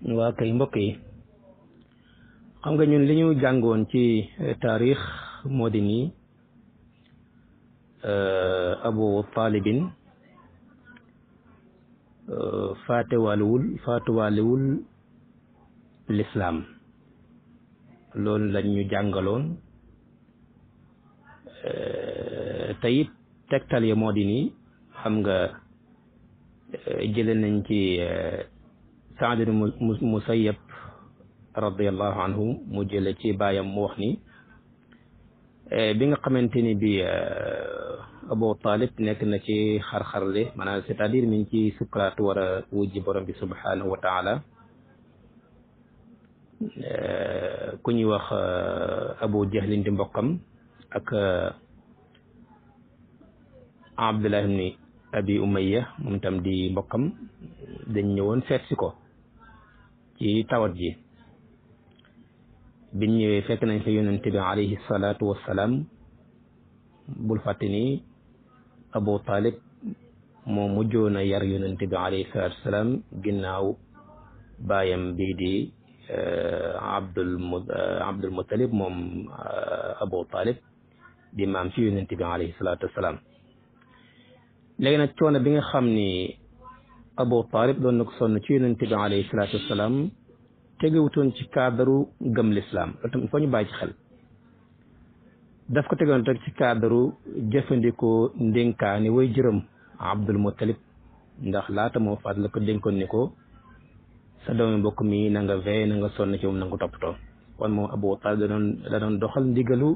waa kay mbokk yi xam nga ñun li ñu jàngoon ci eh, taarix moo di nii eh, abu taalibin eh, faatewaalewul faatuwaalewul lislaam loolu lañ ñu jàngaloon te it tegtal ya moo xam nga jëlee nañ ci Saad ibn Musayyab radiyallahu anhu mu jële ci baayam mu wax ni eh, bi nga xamante ni bi eh, Abu Talib nekk na ci xar-xarle maanaam c'est-à-dire mi ci sukkuraat war a wujji borom bi subhanahu wa taala eh, ku ñuy wax Abu Jahlin di mbokkam ak Abdullah ibni Abi Umayya moom tam di mbokkam dañ ñëwoon seet si ko ci tawat ji biñ ñëwee fekk nañ fa yonent bi alayhi salaatu wassalaam bul fàtte ni Abu Talib moo mujjoon a yar yonent bi alayhi salaatu wassalaam ginnaaw baayam bii di eh, Abdul eh, Abdul Muttalib moom eh, Abu Talib di maam ci yonent bi alayhi salaatu wassalaam léegi nag coono bi nga xam ni Abu Taalib doon na ko sonn ci yonente bi alayhi salaatu wasalaam tegewutoon ci kaadaru gëm lislaam loolu tamit foo ñu bàyyi ci xel daf ko tegoon rek ci kaadaru jëfandikoo ndénkaani way jërëm Abdul Muttalib ndax laata moo faat la ko dénkoon ni ko sa doomi mbokk mi na nga veye na nga sonn ci moom na nga ko toppatoo kon moom Abu Taalib danoon da doon doxal ndigalu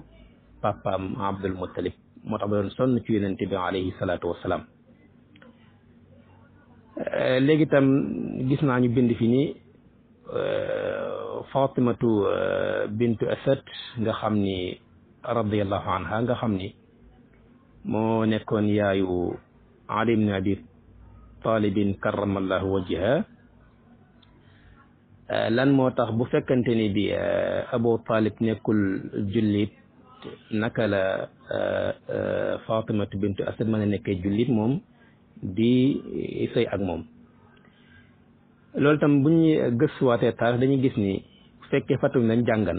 papaam Abdul Muttalib moo tax ba doon sonn ci yonente bi alayhi salaatu wasalaam Euh, léegi itam gis naa ñu bind fi nii euh, Fatimatu euh, bintu Asad nga xam ni radiyallahu anha nga xam ni moo nekkoon yaayu Ali ibn Abi Talibin karramallahu wajha lan moo tax bu fekkente ni bi Abu Talib nekkul jullit naka la Fatimatu bintu Asad mën a nekkee jullit moom di sëy ak moom loolu tam bu ñu gëstuwaatee taarix dañu gis ni bu fekkee fàttali nañ jàngan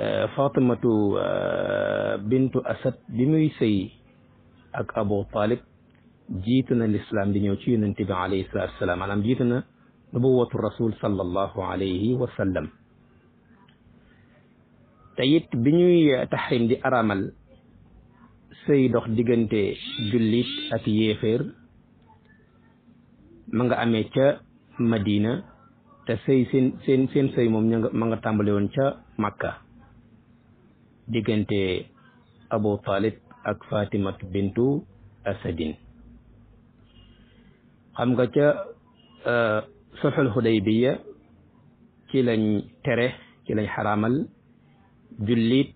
euh, Fatimatu euh, bintu Asad bi muy sëy ak Abu Talib jiitu na lislaam di ñëw ci yonente bi alayhi salatu wasalaam maanaam jiitu na nubuwatu rasul sallallahu alayhi wa sallam bi ñuy taxrim di aramal sëy dox diggante jullit ak yéeféer ma nga amee ca Madina te sëy seen seen seen sëy moom ña nga ma nga tàmbale woon ca Makka diggante Abu Talib ak Fatimatu bintu Asadin xam nga ca euh, sulhul Hudaybiya ci lañ tere ci lañ xaraamal jullit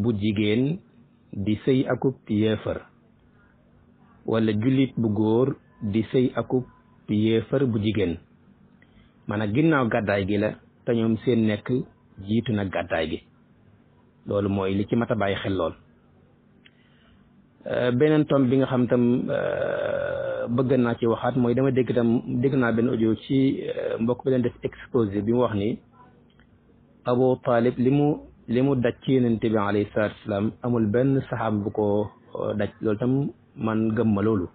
bu jigéen di sëy akub yéefar wala jullit bu góor di sëy akub yéefar bu jigéen maanaam ginnaaw gàddaay gi la te ñoom seen nekk jiitu na gàddaay gi loolu mooy li ci mat a bàyyi xel lool euh, beneen tom bi nga xam tam euh, bëgg naa ci waxaat mooy dama dégg tam dégg naa benn audio ci euh, mbokk bi leen def exposé bi mu wax ni Abu Talib li mu li mu daj ci yenente amul benn saxaab bu ko uh, daj loolu tam man gëm ma loolu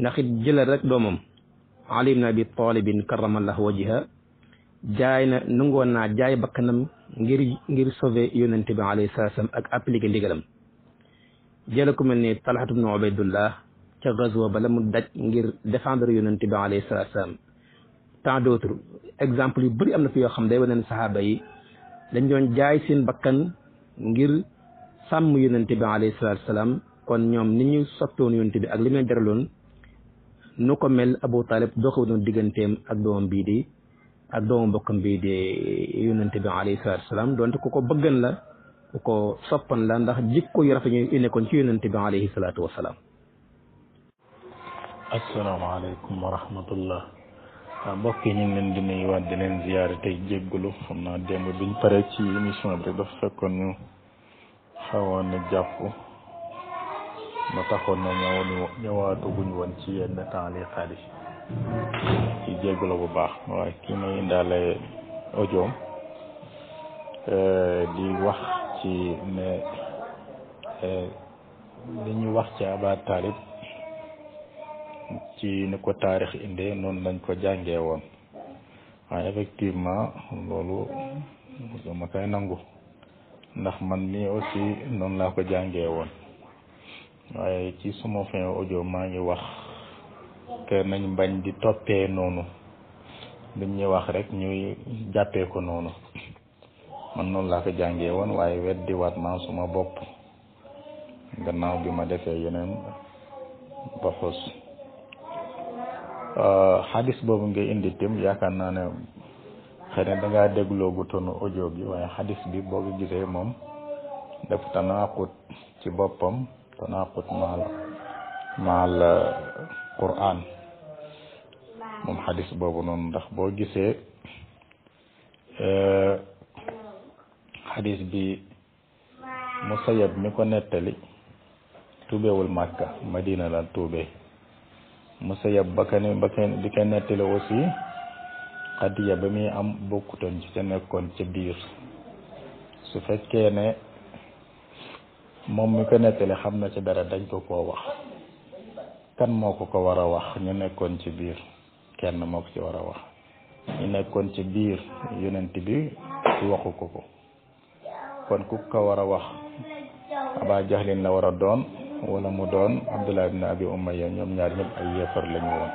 ndax it jëlal rek doomam ali ibn abi talibin karamallahu wajha jaay na nangoon naa jaay bakkanam ngir ngir sauver yonente bi alayhi salatu wasalaam ak appliquer ndigalam jëla ni talhat ibn ubaydullah ca gazwa ba mu daj ngir défendre yonente bi alayhi salatu wasalaam tant d'autres exemple yu am na fi yoo xam day wane ne saxaaba yi dañ doon jaay seen bakkan ngir sàmm yonente bi alayhi salaatu salaam kon ñoom ni ñu sottoon yonente bi ak li mu leen jaraloon nu ko mel Abu Talib doxewu doon digganteem ak doomam bii di ak doomu bokkam bii di yonente bi alayhi salaatu salaam donte ku ko bëggan la ku ko soppan la ndax jikko yu rafet ñu nekkoon ci yonente bi alayhi salaatu wasalaam asalaamaaleykum wa rahmatullah waaw ah, mbokk yi ñu ngi leen di nuyuwaat di leen ziyaare tey jéggalu xam naa démb biñ pare ci émission bi dafa fekkoon ñu xawoon na jàpp ma taxoon na ñëw ñëwaatu guñ woon ci yenn temps li xaali ci jéggalu bu baax waaye kii may indaale audioom eh, di wax ci ne eh, li wax ci Aba Talib ci ni ko taarix indee noonu lañ ko jàngee woon waaye effectivement loolu dama koy nangu ndax man mii aussi noonu laa ko jàngee woon waaye ci suma fin ojo maa ngi wax te nañ mbañ di toppee noonu liñ ñuy wax rek ñuy jàppee ko noonu man noonu laa ko jàngee woon waaye wet weddiwaat naa suma bopp gannaaw bi ma defee yeneen baxus Euh, xadis boobu nga indi tim yaakaar naa ne xëy na dangaa dégloo gu tonu audio bi waaye xadis bi boo gisee moom def tanaqut ci boppam tanaqut maal maal euh, Qur'an moom xadis boobu noonu ndax boo gisee euh, xadis bi Musayyab mi ko nettali tuubewul Màkka Madina la tuube Musayyab ba ka ne ba ka di ka nettali aussi Xadiija ba muy am bokkutoon ci ca nekkoon ca biir su fekkee ne moom mi ko nettali xam na ci dara dañ ko koo wax kan moo ko ko war a wax ñu nekkoon ci biir kenn moo ko ci war a wax ñu nekkoon ci biir yonent bi waxu ko ko kon ku ko war a wax baa Jahlin la war a doon wala mu doon Abdullah ibn Abi Umayya ñoom ñaar ñëpp ay yéefar lañu woon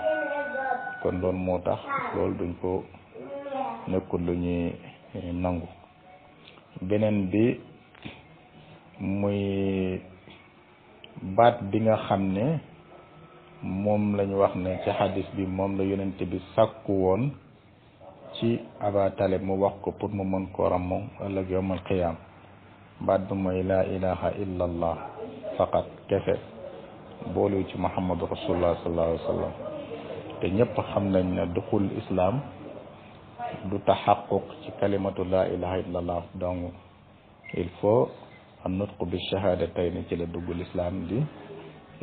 kon loolu moo tax lool duñ ko nekkul lu ñuy eh, nangu beneen bi muy baat bi nga xam ne moom lañu wax ne ci xadis bi moom la yonent bi sàkku woon ci Aba Talib mu wax ko pour mu mën ko ràmm ëllëg yowmal qiyaam baat bi mooy laa ilaha illallah faqat kese boolu ci muhammadu rasulullah sallallahu alayhi wa te ñëpp xam nañ ne duxul islam du taxaquq ci kalimatu la ilaha illallah donc il faut an nutqu bi shahadatayni ci la dugg l'islam di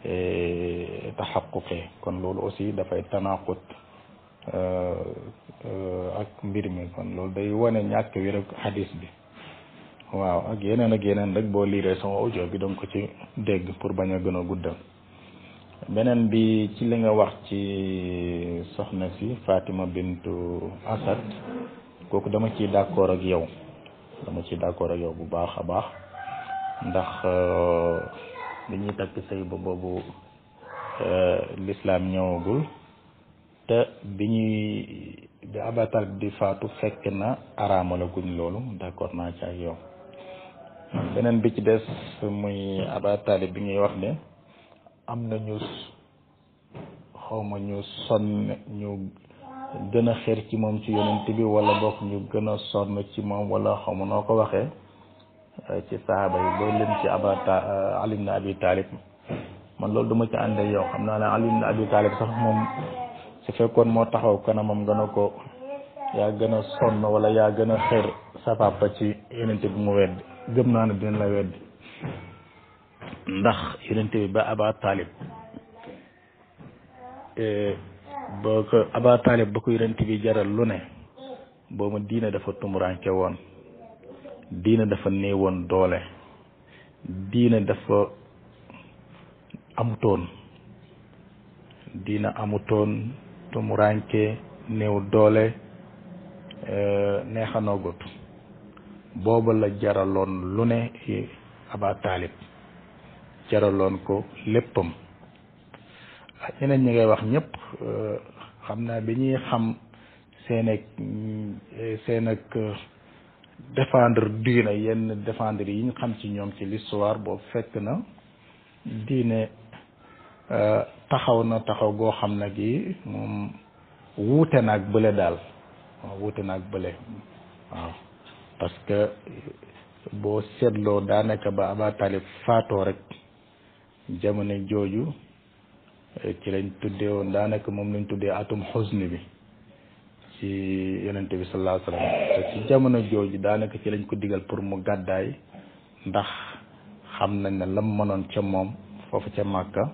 e, taxaquqee kon loolu aussi dafay tanaqut euh, euh, ak mbir mi kon loolu day wone ñàkk wi rek xadis bi waaw ak yeneen ak yeneen rek boo liiree sama audio bi danga ko ci dégg pour bañ a gën a guddal beneen bi ci li nga wax ci soxna si Fatima Bintu Asad kooku dama ciy d'accord ak yow dama ciy d'accord ak bu baax a baax ndax euh, li ñuy takk sëy ba boobu euh, l'islam ñëwagul te bi ñuy bi abatal di faatu fekk na araamala guñ loolu d'accord naa ci ak yow beneen bi ci des muy Aba bi ñuy wax ne am na ñu xaw ma ñu sonn ñu gën a xër ci moom ci yonent bi wala bokk ñu gën a sonn ci moom wala xaw ma noo ko waxee eh, ci saaba yi boo lim ci Aba eh, Ali ibn Abi Talib man loolu duma ci ànd ak yow xam naa ne Ali ibn sax moom su fekkoon moo taxaw kanamam gën a ko yaa gën a sonn wala yaa gën a xër sa papa ci yonent bi mu weddi gëm naa ne dinañ la weddi ndax yonente bi ba Aba Talib e, boo ko Aba ba ko yonente bi jaral lu ne boobu diina dafa tumuranke woon diina dafa néewoon doole diina dafa amutoon diina amutoon tumuranke néew doole e, neexanoogut booba la jaraloon lu ne aba taalib jaraloon ko léppam ah, ñeneen ñi ngay wax ñëpp euh, xam naa bi ñuy xam seen ak euh, seen ak euh, défendre diine yenn défendre yi ñu xam ci ñoom ci l'histoire boo fekk na diine taxaw na taxaw goo xam na gi moom wuute ak bële daal waaw wuute naag bële waaw parce que boo seetloo daanaka ba Aba Talib faatoo rek jamono jooju eh, ci lañ tuddee woon daanaka moom lañ tuddee atum xusni bi ci yonente bi sallallahu alayhi wa sallam te ci jamono jooju daanaka ci lañ ko digal pour mu gàddaay ndax xam nañ ne lam mënoon ca moom foofu ca Màkka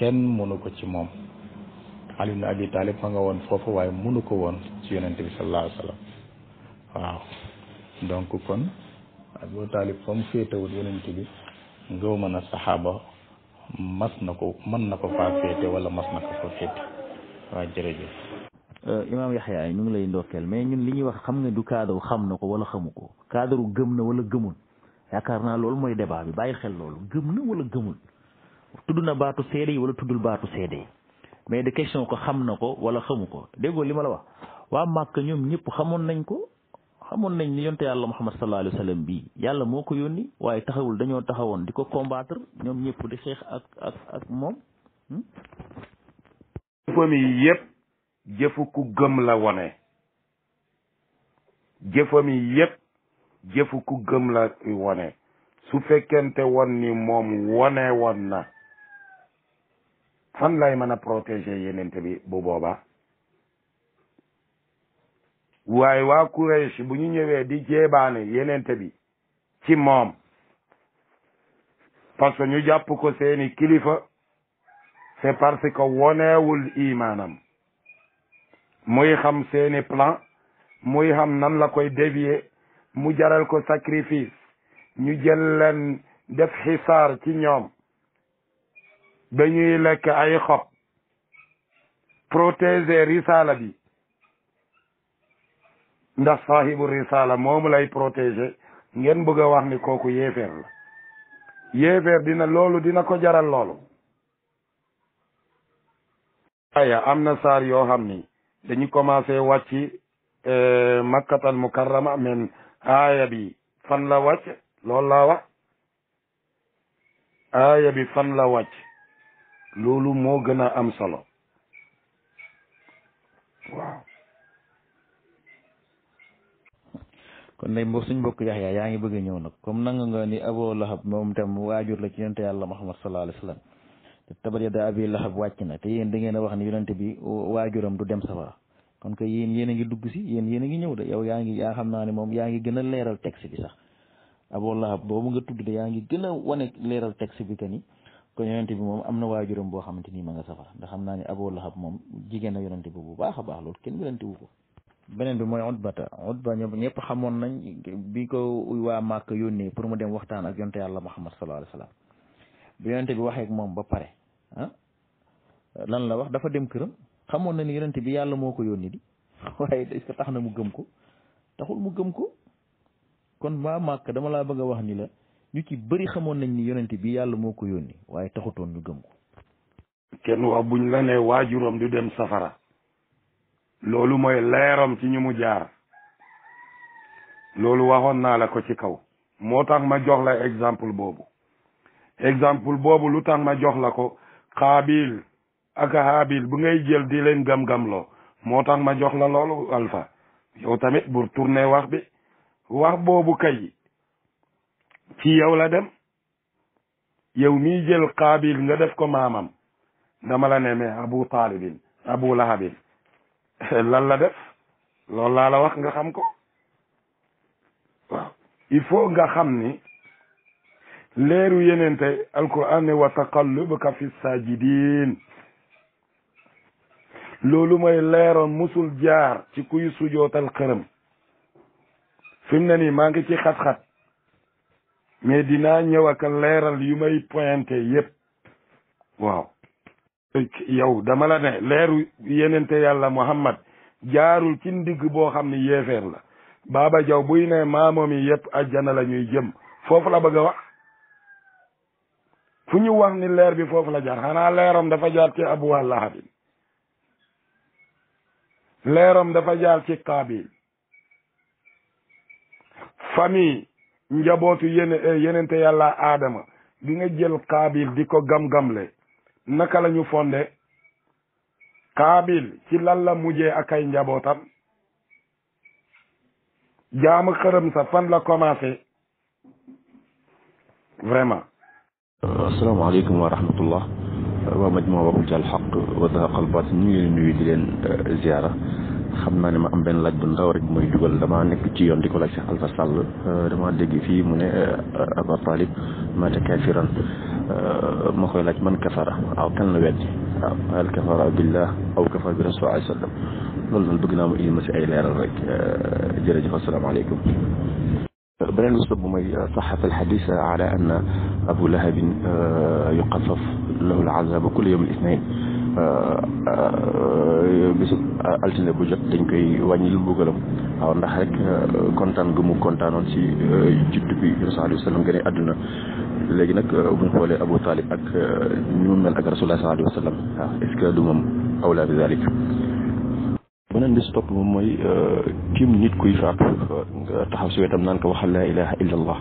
kenn mënu ko ci moom Ali na Abi Talib ma nga woon foofu waaye mënu ko woon ci yonente bi sallallahu alayhi waaw donc kon Abu Taalib fa mu féetewul yonent bi ngëw mën a saxaaba mas na ko mën na ko faa féete wala mas na ko fa féete waa jërëjëf euh, imaam Yaxya ñu ngi lay ndokkeel mais ñun li ñuy wax xam nga du cadre xam na ko wala xamu ko cadre gëm na wala gëmul yaakaar naa loolu mooy débat bi bàyyi xel loolu gëm na wala gëmul tudd na baatu seede yi wala tuddul baatu seede yi mais de question ko xam na ko wala xamu ko déggoo li ma la wax waa màkk ñoom ñëpp xamoon nañ ko xamoon nañ ni yonte yàlla Muhammad sallallahu alayhi wa bii yàlla moo ko yónni waaye taxawul dañoo taxawoon di ko combattre ñoom ñëpp di xeex ak ak ak moom. Hmm? jëfam yi jëfu ku gëm la wone jëfam yi yëpp jëfu ku gëm la wone su fekkente woon ni moom wone woon na fan lay mën a protéger yenente bi bu boobaa. waaye waa Quraysh bu ñu ñëwee di jeebaane yenente bi ci moom parce que ñu jàpp ko seeni kilifa c'est parce que woneewul imaanam muy xam seeni plan muy xam nan la koy dévier mu jaral ko sacrifice ñu jël leen def xisaar ci ñoom dañuy lekk ay xob protéger risaala bi ndax saahibu risala moomu lay protégé ngeen bëgg a wax ni kooku yéefeer la yéefeer dina loolu dina ko jaral loolu aya am na saar yoo xam ni dañu commencé wàcc eh, makkatal mukarrama men aaya bi fan la wàcc loolu bi fan la wàcc loolu moo gën a am solo waaw kon nag mbokk suñ mbokk yaxyaa yaa ngi bëgg ñëw nag comme nanga nga ni Abu Lahab moom tam waajur la ci yonente yàlla Muhammad sallallahu alayhi wa sallam te tabat yada abi Lahab wàcc na te yéen da ngeen a wax ne yonente bi waajuram du dem safara kon que yéen a ngi dugg si yéen yéen a ngi ñëw de yow yaa ngi xam naa ne moom yaa ngi gën leeral texte bi sax Abu Lahab boobu nga tudd de yaa ngi gën a wane leeral texte bi que ni kon yonente bi moom am na waajuram boo xamante nii ma nga safara ndax xam naa ne Abu Lahab moom jigéen a yonente bi bu baax a baax loolu kenn yonente wu ko beneen bi mooy utbata utba ba ñëpp xamoon nañ bi ko waa Màkka yónnee pour ma dem waxtaan ak yonte yàlla Muhammad sallallahu alayhi wa sallam bi bi waxee moom ba pare ah lan la wax dafa dem këram xamoon na ni yonente bi yàlla moo ko yónni di waaye est-ce tax na mu gëm ko taxul mu gëm ko kon waa Màkka dama laa bëgg a wax ni la ñu ci bëri xamoon nañ ni yonente bi yàlla moo ko yónni waaye taxutoon ñu gëm ko kenn wax buñ la ne waajuram du dem safara loolu mooy leeram ci ñu mu jaar loolu waxoon naa la ko ci kaw moo tax ma jox la exemple boobu exemple boobu lu tax ma jox la ko xaabil ak haabil bu ngay jël di leen gam-gamloo moo tax ma jox la loolu alpha yow tamit pour turne wax bi wax boobu kay ci yow la dem yow miy jël xaabil nga def ko maamam dama la ne mais abu taalibin abu lahabin lan la def loolu laa la wax nga xam ko waaw il faut nga xam ni leeru yenente alquran ne wa taqallubaka fi sajidin loolu may leeroon musul jaar ci kuy sujootal xërëm fi mu ne nii maa ngi ci xat-xat mais dinaa ñëw ak leeral yu may pointé yépp waaw yow dama la ne leeru yenente yàlla Muhammad jaarul ci ndigg boo xam ne yeefeer la Baba Jaw buy ne maamoom yi yëpp ajjana la ñuy jëm foofu la bëgg a wax fu ñu wax ni leer bi foofu la jaar xanaa leeram dafa jaar ci abu lahabin leeram dafa jaar ci qaabil famille njabootu yene eh, yenente yàlla aadama bi nga jël qaabil di ko gam-gamle naka la ñu fonde kaabil ci lan la mujjee ak ay njabootam jaamu xërëm sa fan la commencé vraiment asalaamaaleykum wa rahmatullah waa majma wa ruja al xaq wa dahaq al batin ñu ngi leen nuyu di euh, xam naa ne ma am benn laaj bu ndaw rek mooy dugal damaa nekk ci yoon di ko laaj sax Alpha Sall euh, damaa dégg fii mu ne euh, Aba Talib mata kafiran euh, ma koy laaj man kafara aw kan la weddi waaw hal kafara billah aw kafara bi rasul alayhi sallam loolu daal bëgg naa mu indi ma si ay leeral rek jërëjëf asalaamaaleykum beneen usub bu mooy saxafa alxadis ala anna abu lahabin yuqaffaf lahu alazaba kulla yawm al ithnain Euh, euh, bisub bu jot dañ koy wàññil mbugalam waaw ndax rek euh, kontaan gu mu kontaanoon ci juddu bi Yunus alayhi salaam gën a àdduna léegi nag bu ñu xoolee Abu Talib ak ñu mu mel ak Rasulullah sallallahu alayhi wasallam waaw est moom awla bi zalik beneen si topp kuy faatu taxaw si wetam naan ko waxal laa ilaha illa allah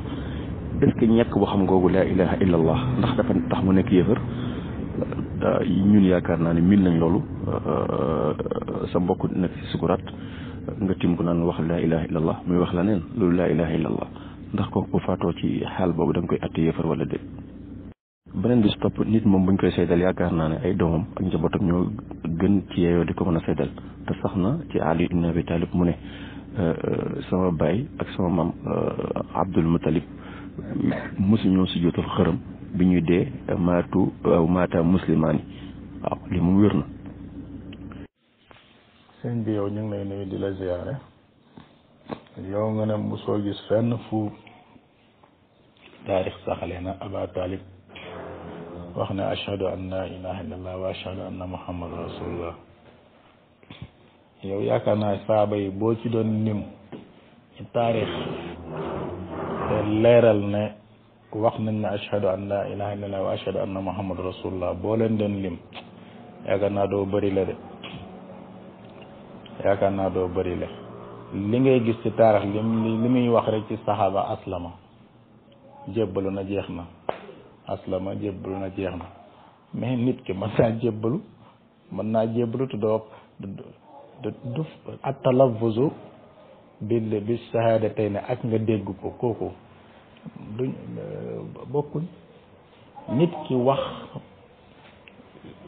est-ce que ñàkk boo xam googu laa ilaha illa allah ndax dafa mu nekk yëfër ñun yaakaar naa ne miin nañ loolu euh, sa mbokk nag ci sukuraat nga tim ko naan wax laa ilaha illallah muy wax la neen loolu laa ilaha illallah ndax kooku bu faatoo ci xaal boobu da nga koy atte yéefar wala déet beneen bi si topp nit moom buñ koy seedal yaakaar naa ne ay doomam ak njabootam ñoo gën ci yeeyoo di ko mën a seedal te sax na ci Ali ibn Abi Talib mu ne euh, sama baay ak sama maam euh, Abdul Mutalib mosu ñoo sujjootal xërëm bi ñuy dee euh, maatu euh, maata muslimaan yi waaw li mu wér na. sëñ bi yow ñu ngi lay nuyu di la ziyaare yow nga ne mosoo gis fenn fu taarix saxalee na Aba Talib wax ne ashhadu an la ilaha illallah wa ashhadu anna muhammad rasulullah yow yaakaar naa saaba yi boo ci doon lim ci taarix leeral ne wax nañ ne ashhadu an la ilaha illallah wa ashhadu anna muhammadu rasulullah boo leen doon lim yaakaar naa doo bëri la de yaakaar naa doo bëri la li ngay gis ci taarix li li muy wax rek ci saxaaba aslama jébbalu na jeex na aslama jébbalu na jeex na mais nit ki mën naa jébbalu mën naa jébbalu te doo du at talaffuzu bil bi shahaadatayni ak nga dégg ko kooku duñ euh, bokkuñ nit ki wax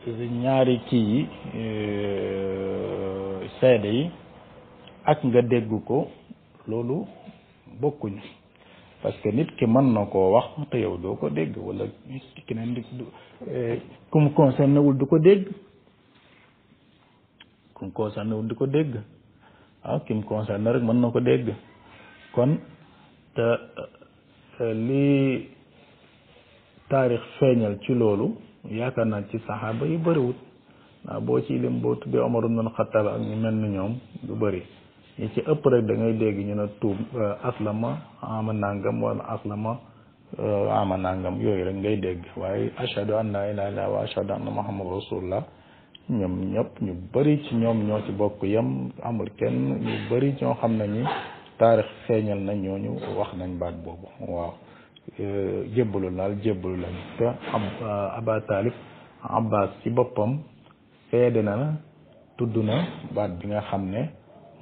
euh, ñaari kii yi euh, seede yi ak nga dégg ko loolu bokkuñ parce que nit ki mën na koo wax te yow doo ko dégg wala keneen di du ko dégg ku mu ko dégg waaw ah, mën na ko dégg kon te Euh, li taarix feeñal ci loolu yaakaar naa ci saxaaba yi bëriwut ndax boo ci lim boo tuddee Omar ibn Khattab ak ñu mel ni ñoom lu bari ñi ci ëpp rek dangay dégg ñu ne tuub euh, aslama ama nangam wala aslama euh, ama nangam yooyu rek ngay dégg waaye ashhadu an la ilaha wa ashhadu anna muhammad rasulullah ñoom ñëpp ñu bëri ci ñoom ñoo ci bokk yem amul kenn ñu bëri ñoo xam ne taarix feeñal na ñooñu wax nañ baat boobu waaw euh, jébbalu laal jébbalu lañ te ab euh, aba ci boppam seede na tudd na baat bi nga xam ne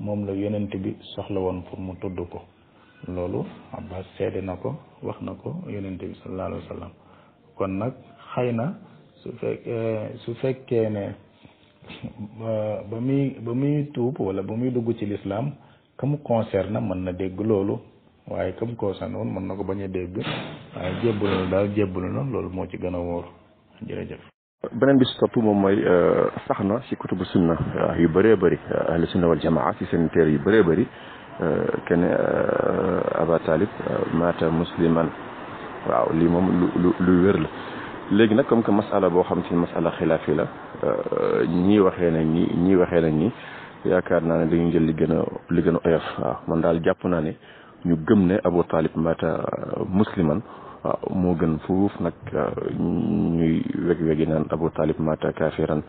moom la yonent bi soxla woon pour mu tudd ko loolu abbas seede na ko wax na ko yonent bi sallallahu alayhi kon nag xëy na su fekk euh, su fekkee ne ba muy ba muy tuub wala ba muy dugg ci lislaam ka mu concerne mën na dégg loolu waaye ka mu concerne mën na ko bañ a dégg waaye jébbalu na daal jébbalu na loolu moo ci gën a wóor beneen bi si topp moom mooy euh, sax na si kutubu sunna euh, yu bëree bëri euh, ahlu sunna wal jamaa si seen téere yu bëree bëri kenn Aba Talib maata musliman waaw lii moom lu lu wér la. léegi nag comme que masala boo xam ci masala xilaafi la ñii waxee nañ nii ñii waxee nañ nii. yaakaar naa ne dañuy jël li gën a li gën a oyof waaw daal jàpp naa ne ñu gëm ne Abu Talib mata euh, musliman waaw moo gën fuuf nag euh, ñuy weg wegi naan Abu Talib mata kafiran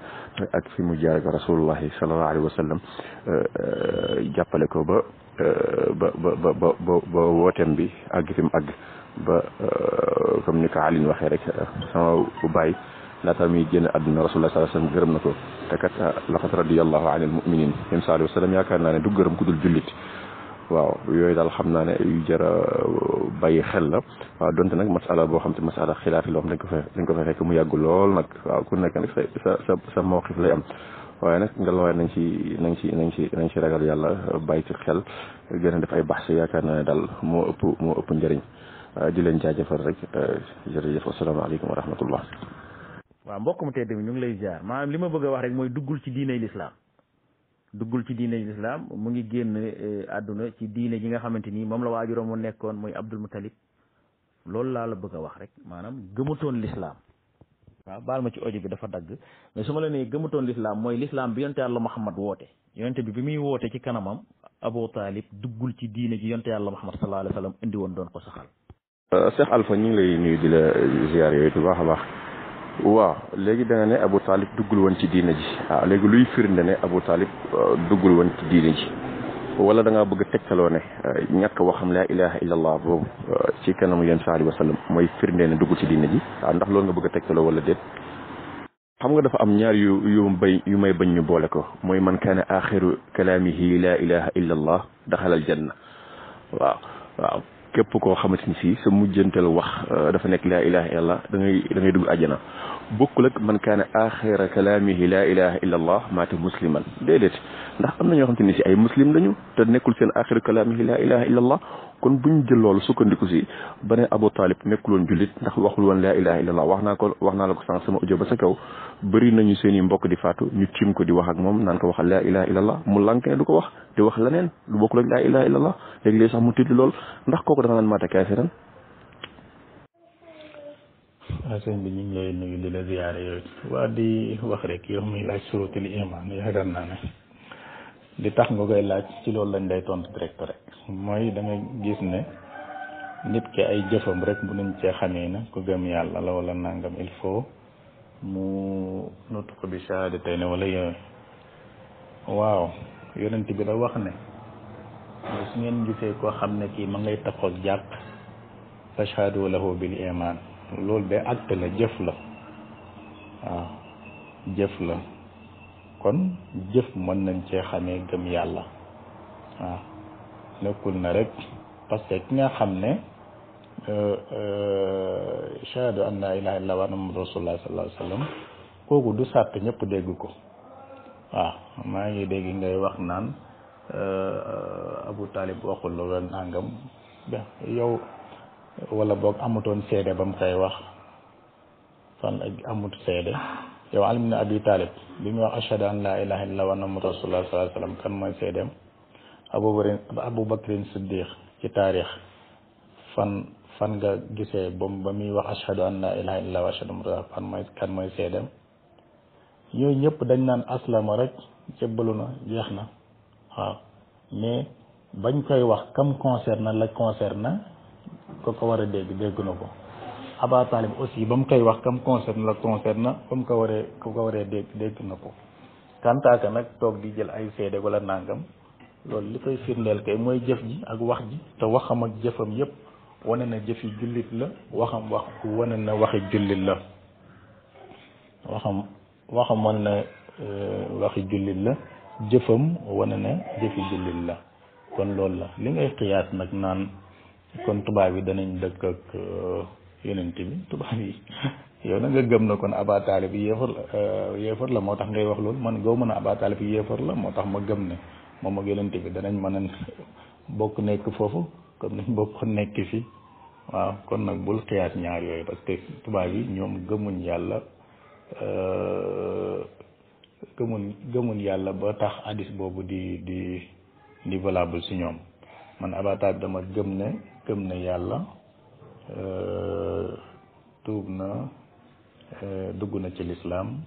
ak fi mu jaar ak rasulullahi sallallahu alayhi wa euh, jàppale ko ba ba ba ba wooteem bi àgg fi mu àgg ba comme ni ko Alioune waxee rek sama baay laata muy génn àdduna rasulullah sallallahu alayhi wasallam gërëm na ko te kat ah, laqad radiyallahu anil mu'minin yéen sallallahu alayhi wasallam yaakaar naa ne du gërëm ku dul jullit waaw yooyu daal xam naa ne yu jar a uh, bàyyi xel la waaw donte nag masala boo xam te masala xilaat yi loo xam dañ ko fa dañ ko fa fekk mu yàgg lool nag waaw ku nekk nag sa sa sa mawqif lay am waaye nag nga la waaye nañ ci nañ ci nañ ci nañ ci ragal yàlla bàyyi ci xel gën a def ay baax si yaakaar naa ne daal moo ëpp moo ëpp njëriñ di leen jaajëfal rek uh, jërëjëf asalaamaaleykum wa rahmatullah waaw mbokk mu tedd mi ñu ngi lay ziar maanaam li ma bëgg a wax rek mooy duggul ci diiney lislaam duggul ci diiney lislaam mu ngi génn eh, àdduna ci diine ji nga xamante ni moom la waajuram mu nekkoon mooy Abdul Mutalib loolu laa la bëgg a wax rek maanaam gëmatoon lislaam waaw baal ma ci audio bi dafa dagg mais su ma la nee lislaam mooy lislaam bi yonte yàlla Muhammad woote yonte bi bi muy woote ci kanamam Abu Talib duggul ci diine ji yonte yàlla Muhammad sallallahu alayhi wa sallam indi woon doon ko saxal. Euh, Cheikh Alpha ñu ngi lay nuyu di la ziar yooyu bu baax a waaw léegi da ne Abu taalib duggul woon ci diine ji waaw ah, léegi luy firnde ne Abu taalib euh, duggul woon ci diine ji wala da ngaa bëgg a tegtaloo ne euh, ñàkk waxam laa ilaha illallah boobu euh, ci kanamu yéen sallallahu alayhi wa sallam mooy firnde ne duggul ci diina ji waaw ah, ndax loolu nga bëgg a tegtaloo wala déet xam nga dafa am ñaar yu yu bay yu may bañ ñu boole ko mooy man kaana axiru kalaamihi laa ilaha illallah daxalal janna waaw waaw képp koo xamante ni si sa mujjantal wax euh, dafa nekk laa ilaha illallah da dangay da ngay dugg àjjana bokkul ak man kaana axira kalaamihi laa ilaha illa allah maata musliman déedéet ndax am na ñoo xam te ni si ay muslim lañu te nekkul seen axira kalaamihi la ilaha illa allah kon bu ñu jël loolu sukkandiku si ba ne Abu Talib nekkuloon woon jullit ndax waxul woon laa ilaha illallah wax naa ko wax naa la ko sànq sama ba sa kaw bëri nañu seen i mbokk di faatu ñu tiim ko di wax ak moom naan ko waxal laa ilaha illallah mu lankee ne du ko wax di wax leneen lu bokkul ak laa ilaha illallah léegi léegi sax mu tiit lool ndax kooku dafa naan maata waaw ah, bi ñu ngi lay nuyu di la ziyaare yooyu waa di wax rek yow muy laaj suratul iman yaakaar naa ne di tax nga koy laaj ci lool lañ lay tontu direct rek mooy da gis ne nit ki ay jëfam rek bu nuñ cee xamee na ku gëm la wala nangam il faut mu nutu ko bi sahaada tey ne wala yooyu waaw yonent bi da wax ne su ngeen gisee koo xam ne kii ma ngay taxoog jàpp fashhadu lahu bil iman loolu de acte la jëf la waaw jëf la kon jëf mën nañ cee xamee gëm yàlla waaw nekkul na rek parce que ki nga xam ne euh, euh, shahadu an la ilaha illallah wa anna muhammadan rasulullah kooku du sàtt ñëpp dégg ko waaw maa ngi dégg ngay wax naan euh, Abu Talib waxul loolu nangam yow wala boog amutoon seede ba mu koy wax fan ak amut seede yow Ali ibn Abi Talib bi muy wax ashhadu an laa ilaaha illallah wa anna muhammadan rasulullah sallallahu alayhi wa sallam kan mooy seedeem Abubakar fan nga gisee ba ba muy wax ashhadu an laa ilaaha illallah wa ashhadu muhammadan fan kan mooy seedeem yooyu yëpp dañ naan aslama rek jébbalu na jeex na waaw mais bañ koy wax kam na la concerne ko ko war a dégg dégg na ko Aba Talib aussi ba mu koy wax kam concerne la concerne ba mu ko waree ko ko waree dégg dégg na ko kantaaka nag toog di jël ay seede wala nangam loolu li koy firndeel kay mooy jëf ji ak wax ji te waxam ak jëfam yépp wane na jëfi jullit la waxam wax wane na waxi jullit la waxam waxam na euh, waxi jullit la jëfam wane na jëfi jullit la kon loolu la li ngay xiyaas nag naan kon tubaab yi danañ dëkk ak euh, yonent bi tubaab yi yow na gëm na kon Aba bi yéefar la euh, yéefar la moo tax ngay wax loolu man goo mën a Aba bi yéefar la moo tax ma gëm ne moom ak yonent bi danañ mën a bokk nekk foofu comme niñ bokk nekk fi waaw kon nag bul xiyaas ñaar yooyu parce tubaab yi ñoom gëmuñ yàlla euh, gëmuñ gëmuñ yàlla ba tax hadis boobu di di di valable si ñoom man Aba Taalib dama gëm ne gëm na yàlla euh, tuub na euh, dugg na ci lislaam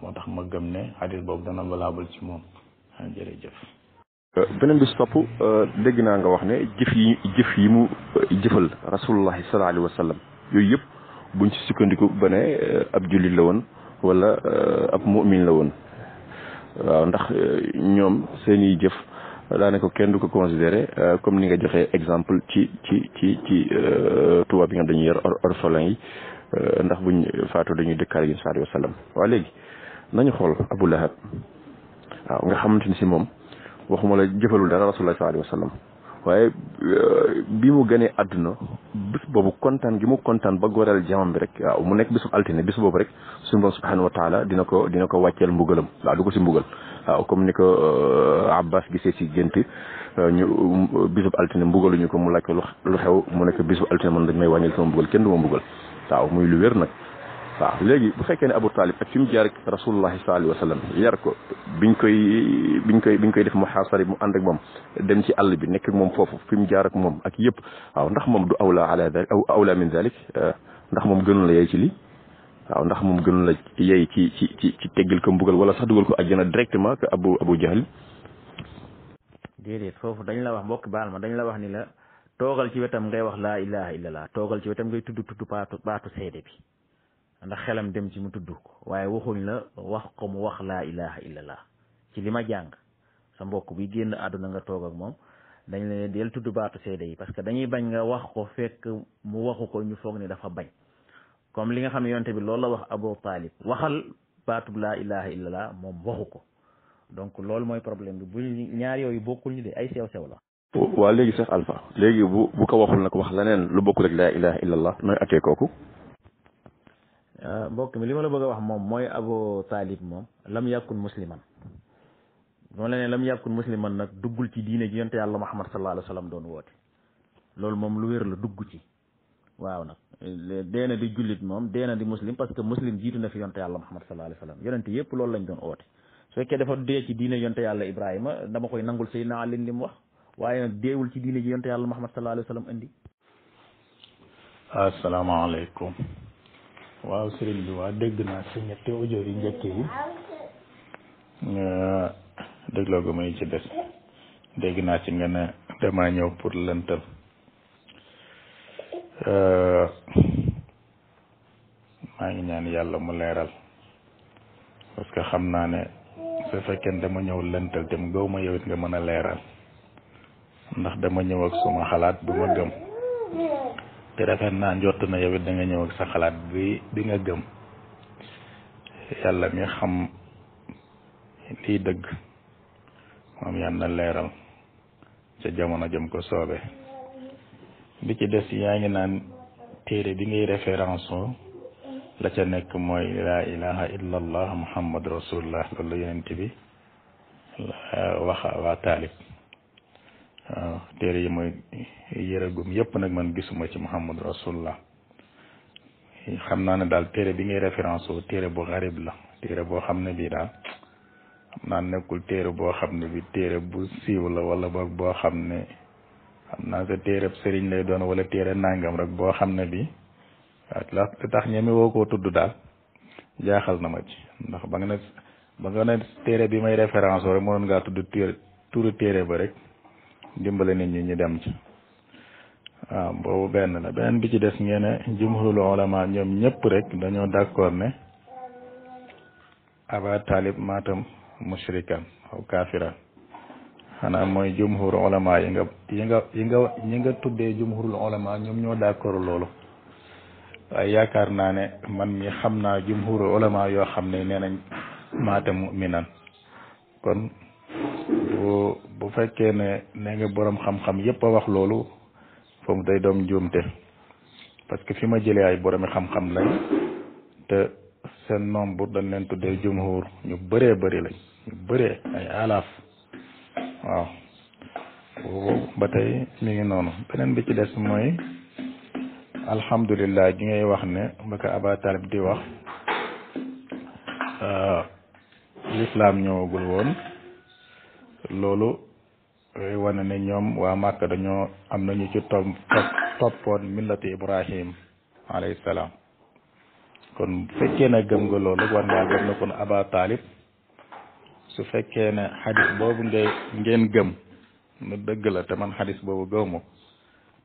moo tax ma gëm ne xadis boobu dana valable ci moom ah, jërëjëf euh, beneen bi si topp dégg naa nga wax ne jëf yi jëf yi mu jëfal rasulullahi sallallahu alayhi wa sallam yooyu yëpp buñ ci sukkandiku ba ne ab jullit la woon wala ab mu'min la woon waaw ndax ñoom seeni jëf ne ko kenn du ko considéré euh, comme ni nga joxe exemple ci ci ci ci euh, tubaab bi nga dañuy yor orphelin yi euh, ndax buñ faatu dañuy dëkkaale yi sallallahu alayhi wa sallam waa léegi nañu xool Abu Lahab waaw nga xamante ni si moom waxuma la jëfalul dara rasulullah sallallahu alayhi wa sallam waaye bi mu gënee àdduna bis boobu kontaan gi mu kontaan ba góoreel jamam bi rek waaw mu nekk bisu altine bis boobu rek su borom subhanahu wa taala dina ko dina ko wàcceel mbugalam waaw du ko si mbugal waaw comme ni ko euh, Abbas gisee ci gént euh, ñu um, bisub altine mbugaluñu ko mu laaj ko lu xew mu nekk bisub altine man dañ may wàññil sama mbugal kenn du ma mbugal waaw muy lu wér nag waaw léegi bu fekkee ne Abu Talib ak fi mu jaar ak rasulullahi sallallahu alayhi wa sallam yar ko ñu koy biñ koy biñ koy def muhaasara mu ànd ak moom dem ci àll bi nekk moom foofu fi mu jaar ak moom ak yëpp waaw ndax moom du awla ala dalik aw awla min dalik euh, ndax moom gënul la yey ci lii waaw ndax moom gënul la yey ci ci ci teggil ko mbugal wala sax dugal ko àjjana directement que abu abu jahal déedéet foofu dañ la wax mbokk baal ma dañ la wax ni la toogal ci wetam ngay wax laa ilaha illallah toogal ci wetam ngay tudd tudd baatu baatu seede bi ndax xelam dem ci mu tudd ko waaye waxuñ la wax ko mu wax laa ilaha illallah ci li ma jàng sa mbokk bi génn àdduna nga toog ak moom dañ la ne del tudd baatu seede yi parce que dañuy bañ nga wax ko fekk mu waxu ko ñu foog ni dafa bañ comme li nga xam ne yonte bi loolu la wax Abu Talib waxal baatub laa ilaha illallah moom waxu ko donc loolu mooy problème bi bu ñaar yooyu bokkul ñu de ay sew sew la. waa léegi Cheikh Alpha léegi bu bu ko waxul nag wax leneen lu bokkul ak laa ilaha illallah nooy atee kooku. Euh, mbokk mi li ma la bëgg a wax moom mooy Abu Talib moom lam yàkkun musliman moom la ne lam yàkkun musliman nag duggul ci diine ji yonte yàlla Muhammad sallallahu alayhi wa sallam doon woote loolu moom lu wér la dugg ci. waaw nag deena di jullit moom deena di muslim parce que muslim jiitu na fi yonte yàlla Muhammad sallallahu alayhi wa sallam yonente yëpp loolu lañ doon oote su fekkee dafa dee ci diine yonte yàlla Ibrahima dama koy nangul Seydina naa li mu wax waaye nag deewul ci diine ji yonte yàlla Muhammad sallallahu alayhi wa sallam indi asalaamaaleykum waaw sëriñ bi naa si ñetti audio yi njëkk yi dégloo dégg naa ci nga dama ñëw pour lëntal maa ngi ñaan yàlla mu leeral parce xam naa ne su fekkee dama ñëw lëntal tam gaw ma yow nga mën a leeral ndax dama ñëw ak suma xalaat bu ma gëm te rafet naa njott na yow danga da ñëw ak sa xalaat bi bi nga gëm yàlla mi xam lii dëgg moom yàlla leeral ca jamono jëm ko soobe li ci des yaa ngi naan téere bi ngay référence la ca nekk mooy laa ilaha illa allah muhammad rasulullah loolu la yonent bi wax waa taalib waaw téere yi mooy yërëgum yépp nag man gisuma ci muhammad rasulullah xam naa ne daal téere bi ngay référence o téere bu xarib la téere boo xam ne bii daal xam naa nekkul téere boo xam ne bi téere bu siiw la wala boo xam ne xam naa sa téereb sëriñ lay doon wala téere nangam rek boo xam ne bi la tax ñeme woo tudd daal jaaxal na ma ci ndax ba nga ne ba téere bi may référence rek mënoon ngaa tudd téere turu téere ba rek dimbale nit ñi ñu dem ci waaw boobu benn la beneen bi ci des ngeen ne jumhurul ulama ñoom ñëpp rek dañoo d'accord ne aba talib matam mushrikan aw kaafiran xanaa mooy jumhur ulama yi nga yi nga yi nga ñi nga tuddee jumhurul ulama ñoom ñoo d'accord loolu waaye yaakaar naa ne man mi xam naa jumhurul ulama yoo xam ne nee nañ mi mu'minan kon bu bu fekkee ne ne nga boroom xam-xam yépp a wax loolu foofu day doom njuumte parce que fi ma jëlee ay boroomi xam-xam lañ te seen nombre dañ leen tuddee jumhur ñu bëree bëri lañ ñu bëree ay alaaf waaw boobu ba tey mi ngi noonu beneen bi ci des mooy alhamdulilah gi ngay wax ne ba ko Aba Talib di wax euh, lislaam ñëwagul woon loolu wane ne ñoom waa Màkka dañoo am nañu ci topp toppoon millati Ibrahim alayhi salaam kon fekkee na gëm nga loolu war ngaa gëm ne kon Aba su fekkee ne xadis boobu ngay ngeen gëm nu dëgg la te man xadis boobu gëwma ko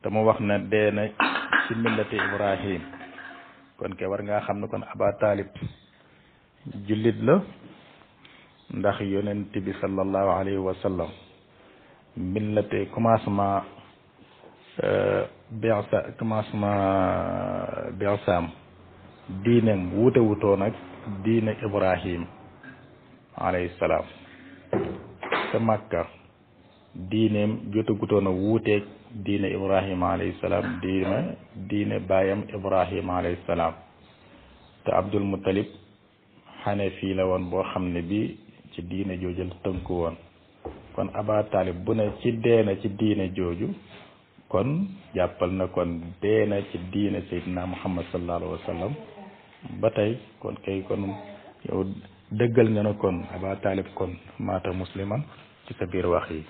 te mu wax na dee na ci millati ibrahim kon ke war ngaa xam ne kon aba taalib jullit la ndax yonent bi sallallahu alayhi wa sallam millate commencement euh, bi'sa commencement bi'sam diineem wuute wutoo nag diine ibrahim alayhi salaam sa Makka diineem jotagutoon a wuuteeg diine Ibrahima alayhi salaam diine diine baayam Ibrahima alayhi salaam te Abdul Muttalib fii la woon boo xam ne bi ci diine jooju la tënku woon kon Aba Taalib bu ne ci dee na ci diine jooju kon jàppal na kon dee ci diine Seydina Muhammad sallallahu alayhi ba tey kon kay kon yow. dëggal nga ne kon Aba Taalib kon maata musliman ci sa biir wax yi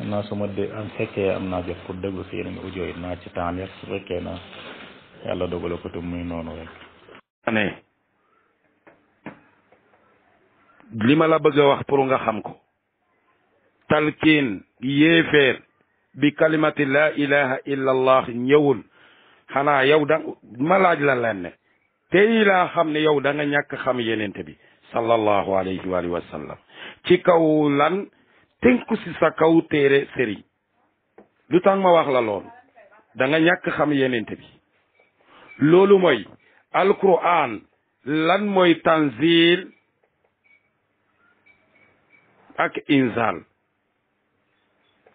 am naa su ma de am fekkee am naa jot pour déglu si yeneen audio naa ci temps su fekkee na yàlla dogala ko te muy noonu rek. ne li ma la bëgg wax pour nga xam ko. talkiin yéeféer bi kalimati laa ilaha illa allah ñëwul xanaa yow da ma laaj la leen ne tey laa xam ne yow danga ñàkk xam yenente bi sallallahu alayhi wa sallam ci kaw lan tënku si sa kaw téere sëriñ lu tax ma wax la lool danga nga xam yenente bi loolu mooy alquran lan mooy tanzil ak inzal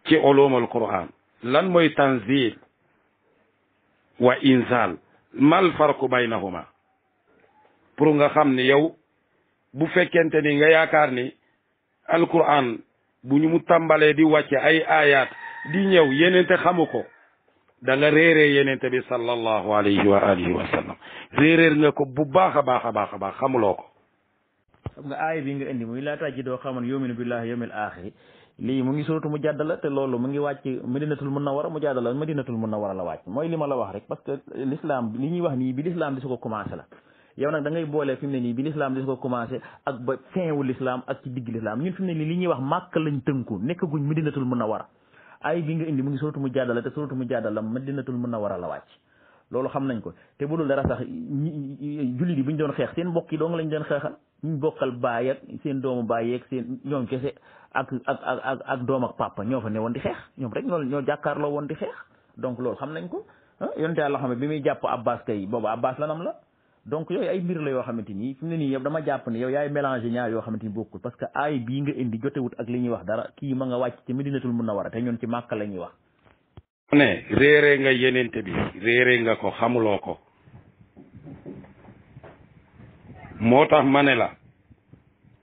ci ulum alquran lan mooy tanzil wa inzal mal farqu baynahuma pour nga xam ni yow bu fekkente ni nga yaakaar ni alquran bu ñu mu tàmbalee di wàcce ay aayaat di ñëw yenente xamu ko da nga réeree yenente bi sallallahu alayhi wa alihi wa sallam nga ko bu baax a baax a baax a baax xamuloo ko xam nga aaya bi nga indi muy laataa ji doo xaman yominu billahi yomil axiri lii mu ngi suratu mu te loolu mu ngi wàcc madinatul munawara mu jàddala madinatul munawara la wàcc mooy li ma la wax rek parce que l'islam li ñuy wax nii bi l'islam di su commencé la yow nag da ngay boole fi mu ne nii bi lislaam di ko commencé ak ba fin wu lislaam ak ci digg lislaam ñun fi mu ne nii li ñuy wax màkk lañ tënku nekkaguñ Madinatul Munawwara ay bi nga indi mu ngi suratu mu jaadala te suratu mu jaadala Madinatul Munawwara la wàcc loolu xam nañ ko te bu dul dara sax jullit yi bu ñu doon xeex seen mbokk yi dong lañ doon xeexal ñu bokkal baay ak seen doomu baay yeek seen ñoom kese ak ak ak ak doom ak papa ñoo fa ne woon di xeex ñoom rek ñoo ñoo jàkkaarloo woon di xeex donc loolu xam nañ ko ah, yonte yàlla xam ne bi muy jàpp Abbas kay boobu Abbas lanam la donc yooyu ay mbir la yoo xamante ni fi mu ne nii yow dama jàpp ne yow yaay mélangé ñaar yoo xamante ni bokkul parce que aay bii nga indi jotewut ak li ñuy wax dara kii ma nga wàcc ci Medinatul Munawwara te ñun ci Màkka la ñuy wax. ne réere nga yenente bi réere nga ko xamuloo ko moo tax ma ne la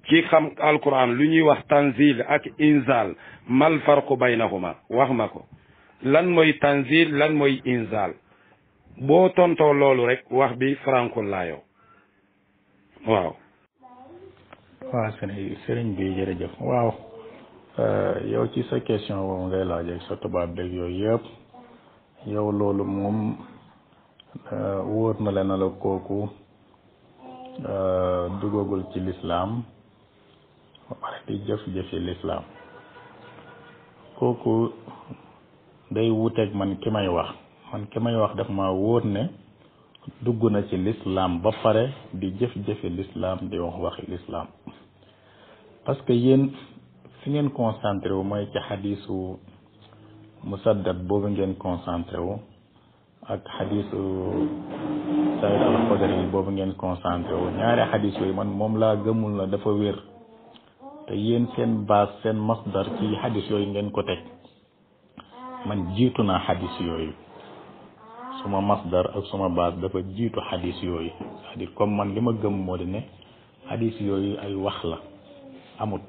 ki xam alquran lu ñuy wax tanzil ak inzal mal farqu baynahuma wax ma ko lan mooy tanzil lan mooy inzal boo tontoo loolu rek wax bi faranku laayoo waaw. waaw sëriñ sëriñ bi jërëjëf waaw eh, yow ci sa question boobu ngay laaj ak sa tubaab beeg yooyu yëpp yow loolu moom eh, wóor na leen la kooku eh, dugagul ci lislaam ba pare di jëf jëfi lislaam kooku day wuuteeg man ki may wax. man ki may wax daf ma wóor ne dugg na ci lislaam ba pare di jëf-jëfi lislaam di wax waxi lislaam parce que yéen fi ngeen concentré wu mooy ci xadiisu musaddad boobu ngeen concentré wu ak xadiisu Saïd al ngeen concentré wu ñaari xadiis yooyu man moom laa gëmul na dafa wér te yéen seen base seen masdar ci xadiis yooyu ngeen ko teg man jiitu naa xadiis yooyu suma masdar ak suma baas dafa jiitu xadis yooyu cest à comme man li ma gëm moo di ne xadis yooyu ay wax la amut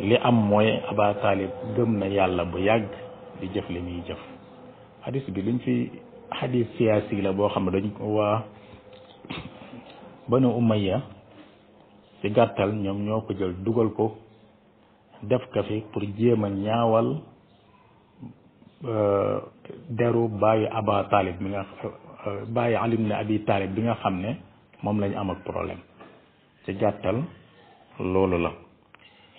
li am mooy Aba Taalib gëm na yàlla bu yàgg di jëf li muy jëf xadis bi luñ fi xadis siyaasi la boo xam ne dañ ko waa Banu Umayya ci gàttal ñoom ñoo ko jël dugal ko def ka fi pour jéem a ñaawal euh, deru bàyyi aba taalib bi nga bàyyi alim ne abi bi nga xam ne moom lañ am ak problème ci gàttal loolu la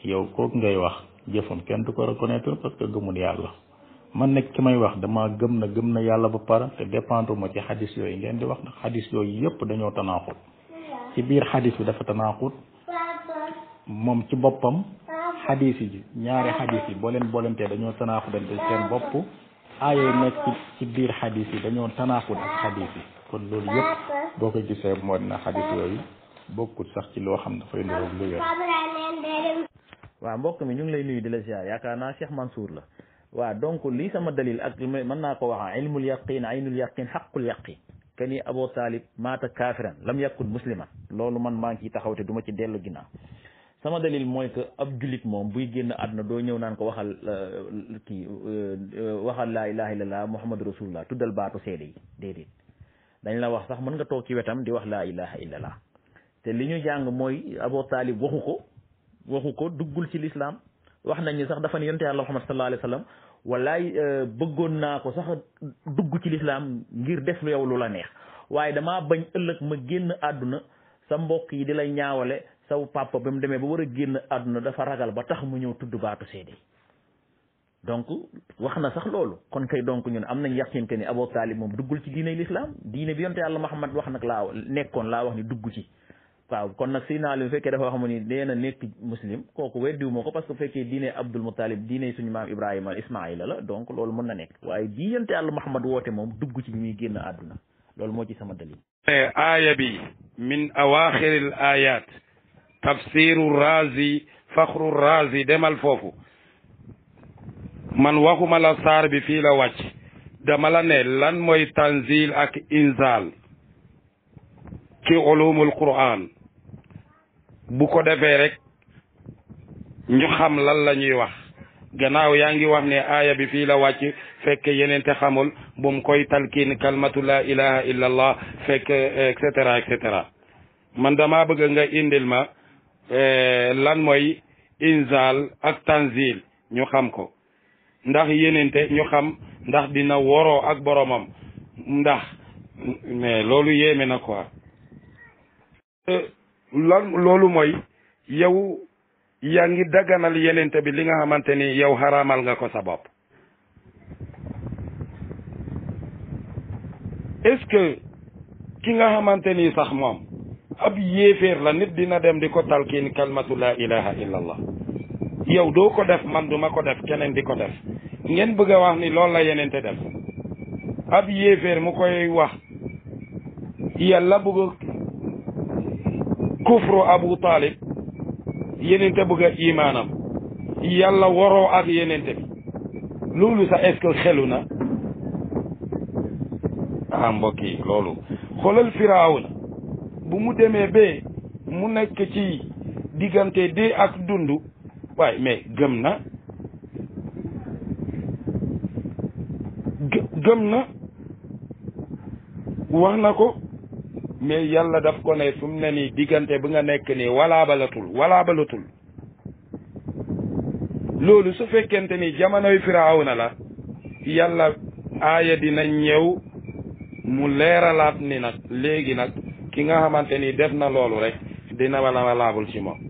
yow kook ngay wax jëfam kenn du ko reconnaître parce que yàlla man nag ki may wax dama gëm na gëm na yàlla ba pare te dépendre ma ci xadis yooyu ngeen di wax ndax xadis yooyu yëpp dañoo tanaaxut ci biir xadis bi dafa tanaaxut moom ci boppam xadis yi ñaari xadis yi boo leen boolentee dañoo tanaaxutante seen bopp aaya yi nekk ci biir xadis yi dañoo tanaakul ak xadis yi kon loolu yëpp boo ko gisee moo dina xadis yooyu bokkul sax ci loo xam dafay niroog lu wér waaw mbokk mi ñu ngi lay nuyu di la ziar yaakaar naa Cheikh Mansour la waa donc lii sama dalil ak man naa ko waxa ilmul yaqin aynul yaqin xaqul yaqin ke ni Abu Talib maata kaafiran lam yakun musliman loolu man maa ngi ciy taxaw te duma ma ci dellu ginnaaw sama dalil mooy que ab jullit moom buy génn àdduna doo ñëw naan ko waxal euh, kii euh, euh, waxal laa ilaha illallah muhammadu rasulullah tuddal baatu seede yi déedéet dañ la wax sax mën nga toog ci wetam di wax laa ilaha illallah te li ñu jàng mooy Abu Taalib waxu ko waxu ko duggul ci lislaam wax nañ ni sax dafa ne yonte yàlla muhammad sallallahu alayhi wa sallam wallaay bëggoon naa ko sax dugg ci lislaam ngir def lu yow lu la neex waaye damaa bañ ëllëg ma génn àdduna sa mbokk yi di la ñaawale saw papa dafa ragal ba tax mu ñëw tudd baatu seede donc wax na sax loolu kon kay donc ñun am nañ yaqin que ni Abu Talib moom duggul ci diine l'islam diine bi yonte yàlla Muhammad wax nag laa nekkoon laa wax ni dugg ci waaw kon nag si naa leen fekkee dafa xam ni nee na nekk muslim kooku weddiwu moo ko parce que fekkee diine Abdul Muttalib diine suñu maam Ibrahima Ismaayila la donc loolu mën na nekk waaye di yonte yàlla Muhammad woote moom dugg ci bi muy génn àdduna moo sama dalil aaya tafsiru razi faxru razi demal foofu man waxuma la saar bi fii la wàcc dama la ne lan mooy tanzil ak inzal ci ulumul quran bu ko defee rek ñu xam lan la ñuy wax gannaaw yaa ngi wax ne aaya bi fii la wàcc fekk yeneen te xamul bu koy talkiin kalmatu la ilaha illa allah fekk et man dama bëgg nga indil ma Euh, lan mooy inzal ak tanzil ñu xam ko ndax yenente ñu xam ndax dina woroo ak boromam ndax mais loolu yéeme na ko euh, lan loolu mooy yow yaa ngi daganal yenente bi li nga xamante ni yow xaraamal nga ko sa bopp est-ce que ki nga xamante ni sax moom ab yéeféer la nit dina dem di ko talkiin kalmatu laa ilaha illa yow doo ko def man duma ko def keneen di ko def ngeen bëgg a wax ni loolu la yenente def ab yéeféer mu koy wax yàlla bëgg kufru abu taalib yenente bëgg a imaanam yàlla waroo ak yenente bi loolu sax est xelu na ah mbokk yi loolu xoolal firawna bu mu demee ba mu nekk ci diggante dee ak dund waaye mais gëm na gëm na wax na ko mais yàlla daf ko ne fu mu ne nii diggante bi nga nekk nii walaabalatul balatul loolu su fekkente ni jamonoy na la yàlla aaya dina ñëw mu leeralaat ni nag léegi nag ki nga xamante ni def na loolu rek dina wala valable ci moom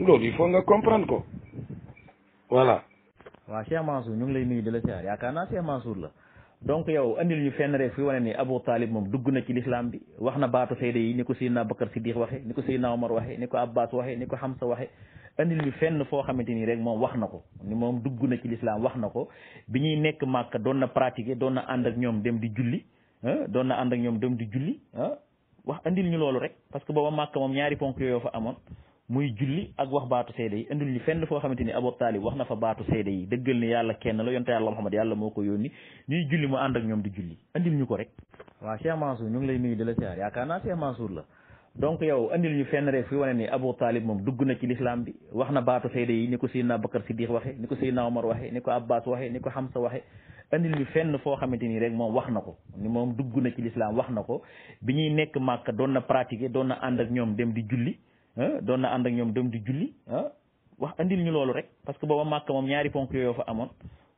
loolu yi faut nga comprendre ko voilà. waaw Cheikh Mansour ñu ngi lay nuyu di la siyaar yaakaar naa Cheikh Mansour la donc yow andil ñu fenn rek fi wane ni Abou Talib moom dugg na ci lislaam bi wax na baatu seede yi ni ko Seydina Bakar Siddiq waxe ni ko Seydina Omar waxe ni ko Abbas waxe ni ko Hamza waxe andil ñu fenn foo xamante ni rek moom wax na ko ni moom dugg na ci lislaam wax na ko bi ñuy nekk màkk doon na pratiquer doon na ànd ak ñoom dem di julli doon na ànd ak ñoom dem di julli ah wax andil ñu loolu rek parce que booba màkk moom ñaari ponk yooyu fa amoon muy julli ak wax baatu seede yi andil ñu fenn foo xamante ni Abu Taalib wax na fa baatu seede yi dëggal ni yàlla kenn la yonte yàlla Muhammad yàlla moo ko yónni ngi lay nuyu di la siyaar yaakaar naa moom dugg na ci lislaam bi wax na baatu seede yi ni ko Seydina Bakar Siddiq waxee ni ko Seydina Omar waxee ni ko Abbas waxee ni ko Hamza waxee andil ñu fenn foo xamante ni rek moom wax na ko ni moom dugg na ci lislaam wax na ko bi ñuy nekk màkk doon na pratiquer doon na ànd ak ñoom dem di julli doon na ànd ak ñoom dem di julli wax andil ñu loolu rek parce que booba màkk moom ñaari ponk yooyu fa amoon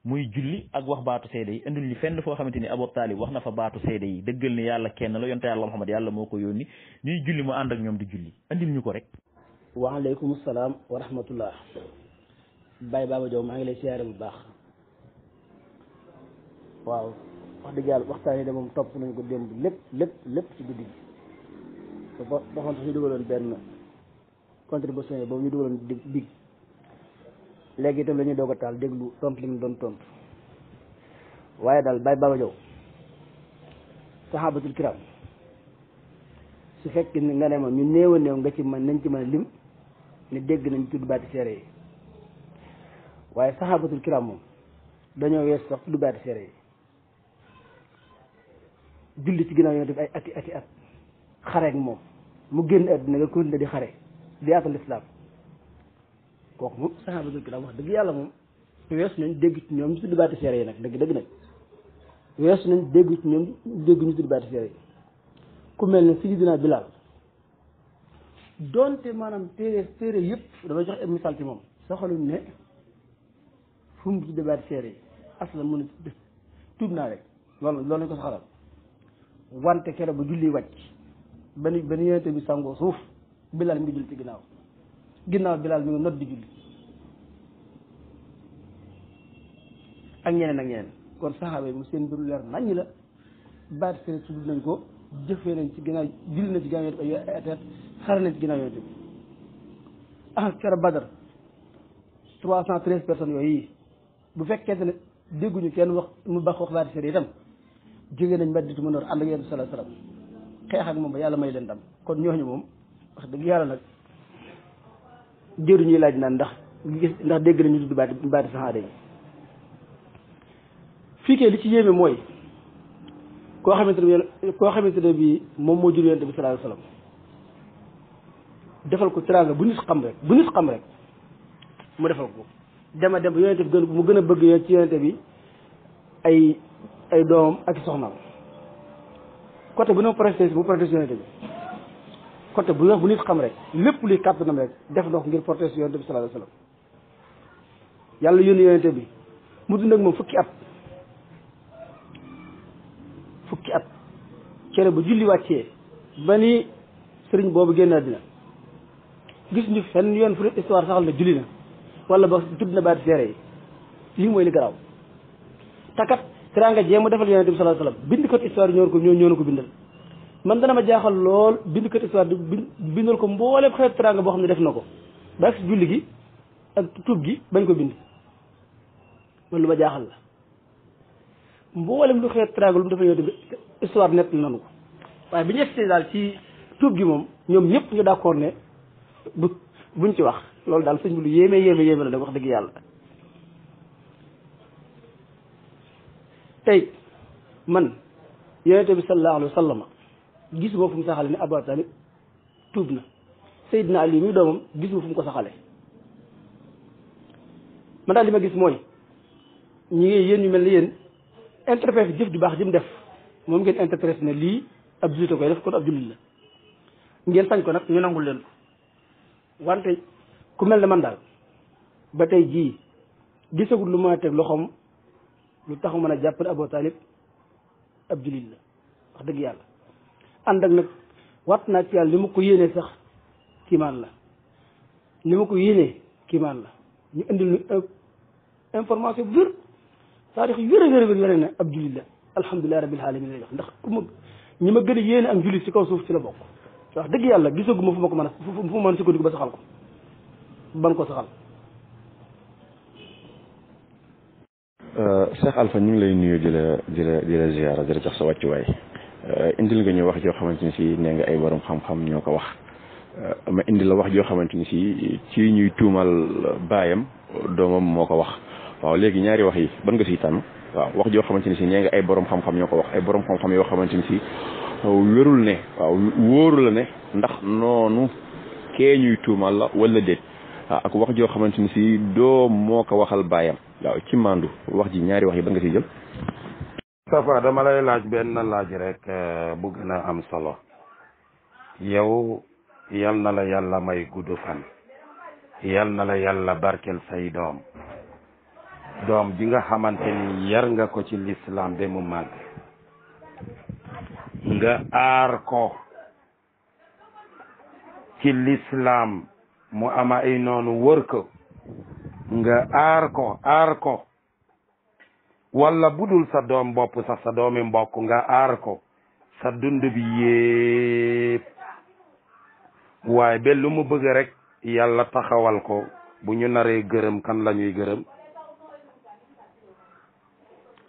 muy julli ak wax baatu seede yi andil ñu fenn foo xamante ni Abu Talib wax na fa baatu seede yi dëggal ni yàlla kenn la yonte yàlla Muhammad yàlla moo ko yónni ñuy mu ànd ak ñoom di julli andil ñu ko rek. waaleykum salaam wa rahmatullah Baye maa ngi lay siyaare bu baax. waaw wax dëgg yàlla waxtaan yi de moom topp nañ ko démb lépp lépp lépp ci guddi gi te ba ba xam suñu dugaloon benn contribution yi boobu ñu dugaloon dig dig léegi itam la ñuy doog a taal déglu tontu li ñu doon tontu waaye daal bay Baba Diaw saxaabatul kiram su fekkee ne nga ne ma ñu néew a néew nga ci mën nañ ci mën a lim ne dégg nañ tudd baati seere yi waaye saxaabatul kiram moom dañoo wees sax tudd baati seere yi julli ci ginnaaw yonent bi ay ati ati at xareek moom mu génn àdduna nga continué di xare di yaatal islam kooku moom saxaabatul kiram wax dëgg yàlla moom weesu nañ dégg ci ñoom ñu tudd baati seere yi nag dëgg dëgg nag weesu nañ dégg ci ñoom dégg ñu tudd baati seere yi ku mel ne Sidina Bilaal donte maanaam téere téere yëpp dama jox misaal ci moom soxaluñ ne fu mu tudd baati seere yi asla mën a tuub naa rek loolu loolu lañ ko soxalal wante kere ba julli wàcc ba ni ba ni yonente bi sàngoo suuf bilaal mi ngi julli ci ginnaaw ginnaaw bilaal mi ngi not di julli ak ñeneen ak ñeneen kon saxaaba yi mu seen mbiru leer naññ la baat fere tudd nañ ko jëfee nañ ci ginnaaw julli na ci ginnaaw yonente bi ay ateet xare nañ ci ginnaaw yonente bi ah kere badar trois cent treize personnes yooyu bu fekkente ne dégguñu kenn wax mu baax wax baati fere itam jóge nañ Madinatu Munawwara ànd ak yonent bi sallallahu alayhi wasallam moom ba yàlla may leen dam kon ñooñu moom wax dëgg yàlla nag jëru laaj naan ndax gis ndax dégg nañu tudd baati baati saxaada yi fii kay li ci yéeme mooy koo xamante ne koo xamante ne bi moom moo jur yonent bi sallallahu alayhi defal ko teraanga bu nit xam rek bu nit xam rek mu defal ko dema dem ba yonent bi mu gën a bëgg ci yonent bi ay ay doom ak i soxnaam côté bu ne protesté bu protesté yonente bi côté bu bu nit xam rek lépp luy kàttanam rek def na ko ngir protesté yonente bi sallallahu alayhi wa sallam yàlla yónni bi mu dund ak moom fukki at fukki at kere bu julli wàccee ba ni sëriñ boobu génn àddina gis ñu fenn yoon fu ne histoire saxal na julli na wala ba tudd na baati seere yi lii mooy li garaaw takat teraanga jee mu defal yonente bi sallallahu alayhi bind kat histoire ñoo ko ñoo ñoo ko bindal man dana ma jaaxal lool bind kat histoire di bindal ko mbooleem xeet teraanga boo xam ne def na ko ba si julli gi ak tuub gi bañ ko bind man lu ma jaaxal la mboolem lu xeet teraanga lu mu defal yonente bi histoire nett nanu ko waaye bi ñu egsi daal ci tuub gi moom ñoom ñëpp ñu d'accord ne bu buñ ci wax loolu daal suñ bi lu yéeme yéeme yéeme la da wax dëgg yàlla tey man yonente bi sallallahu alayhi wa sallam gis moo fu mu saxale ne Abu Talib na Seydina Ali muy doomam gis fu ko saxale man daal li ma gis mooy ñi ngi yéen yu mel ni yéen interprète jëf ju baax jëm def moom ngeen interprète ne lii ab jullit a koy def kon ab jullit la ngeen sañ ko nag ñu nangul leen ko wante ku mel ne man daal ba tey jii gisagul lu ma teg loxoom lu tax mu mën a jàppale ne Abu Talib ab wax dëgg yàlla ànd ak nag wat naa ci yàlla li ma ko yéenee sax kiimaan la li ma ko yéenee kiimaan la ñu indi ñu euh, information bu wér taarix yu wér a wér a wér ne ab jullit la alhamdulilah rabbil alamin ndax ku ma ñi ma gën a yéene ak jullit si kaw suuf ci la bokk wax dëgg yàlla gisaguma fu ma ko mën a fu ma mën a sukkandiku ba saxal ko ban ko saxal Euh, Cheikh Alpha ñu ngi lay nuyu di la di la di la ziara di la sa wàccuwaay euh, indil nga ñu wax joo xamante ni si nee nga ay borom xam ñoo ko wax euh, ma indi la wax joo xamante ni si ci ñuy tuumal baayam doomam moo ko wax waaw léegi ñaari wax yi ban nga siy tànn waaw wax joo xamante ni si nee nga ay borom xam-xam ñoo ko wax ay borom xam-xam yoo xamante ni si wérul ne waaw wóoru la ne ndax noonu kee ñuy tuumal la wala déet ak wax joo xamante ni si doom moo ko waxal baayam waaw ci maandu wax ji ñaari wax yi ba nga ciy jël. Safa dama lay laaj benn laaj rek euh, bu gën a am solo yow yal na la yàlla may gudd fan yal na la yàlla barkel say doom doom ji nga xamante ni yar nga ko ci lislaam ba mu màgg nga aar ko ci lislaam mu ama ay noonu wër ko nga aar ko aar ko wala budul sa doom bopp sax sa doomi mbokk nga aar ko sa dund bi waaye ba lu mu bëgg rek yàlla taxawal ko bu ñu naree gërëm kan lañuy gërëm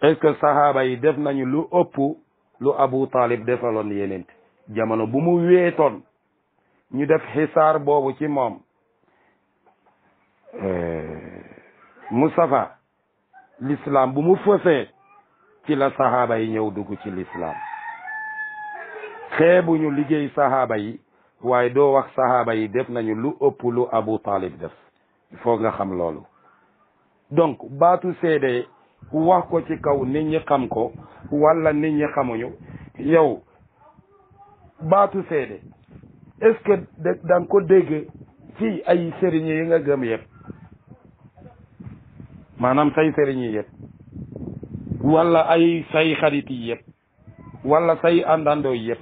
est-ce que saxaaba yi def nañu lu ëpp lu Abu Talib defaloon yeneen jamono bu mu weetoon ñu def xisaar boobu ci moom eh. Moustapha lislaam bu mu fësee ci la sahaaba yi ñëw dugg ci l'islam xeebuñu liggéey sahaaba yi waaye doo wax sahaaba yi def nañu lu ëpp lu Abu Talib def il nga xam loolu donc baatu seede wax ko ci kaw nit ñi xam ko walla nit ñi xamuñu yow baatu seede est da nga ko dégg ci ay sëriñ yi nga gëm yëpp maanaam say sëriñ yi yëpp ay say xarit yi yëpp walla say àndandoo yëpp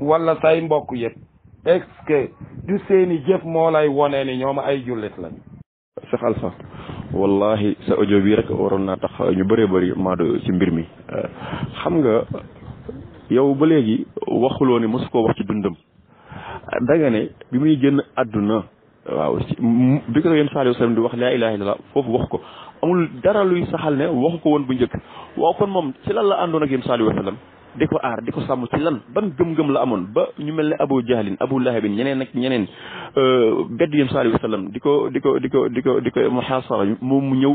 walla say mbokk yépp est-ce que du seeni jëf moo lay wonee ni ñoom ay jullit lañ Cheikh Alpha wallahi sa audio bi rek waroon naa tax ñu bëree bëri maado ci mbir mi euh, xam nga yow ba léegi waxuloo ni mosu ko wax ci dundam da ne bi muy génn àdduna waaw bi ko yéen sallallahu alayhi wasallam di wax laa ilaha illallah foofu wax ko amul dara luy saxal ne waxu ko woon bu njëkk waaw kon moom ci lan la àndoon ak yéen sallallahu alayhi wa sallam di ko aar di ko sàmm ci lan ban gëm-gëm la amoon ba ñu mel ne abu jahlin abu lahabin ñeneen ak ñeneen euh, bedd yéen sallallahu alayhi wa sallam di ko di ko di ko di ko di ko muhaasara moom mu ñëw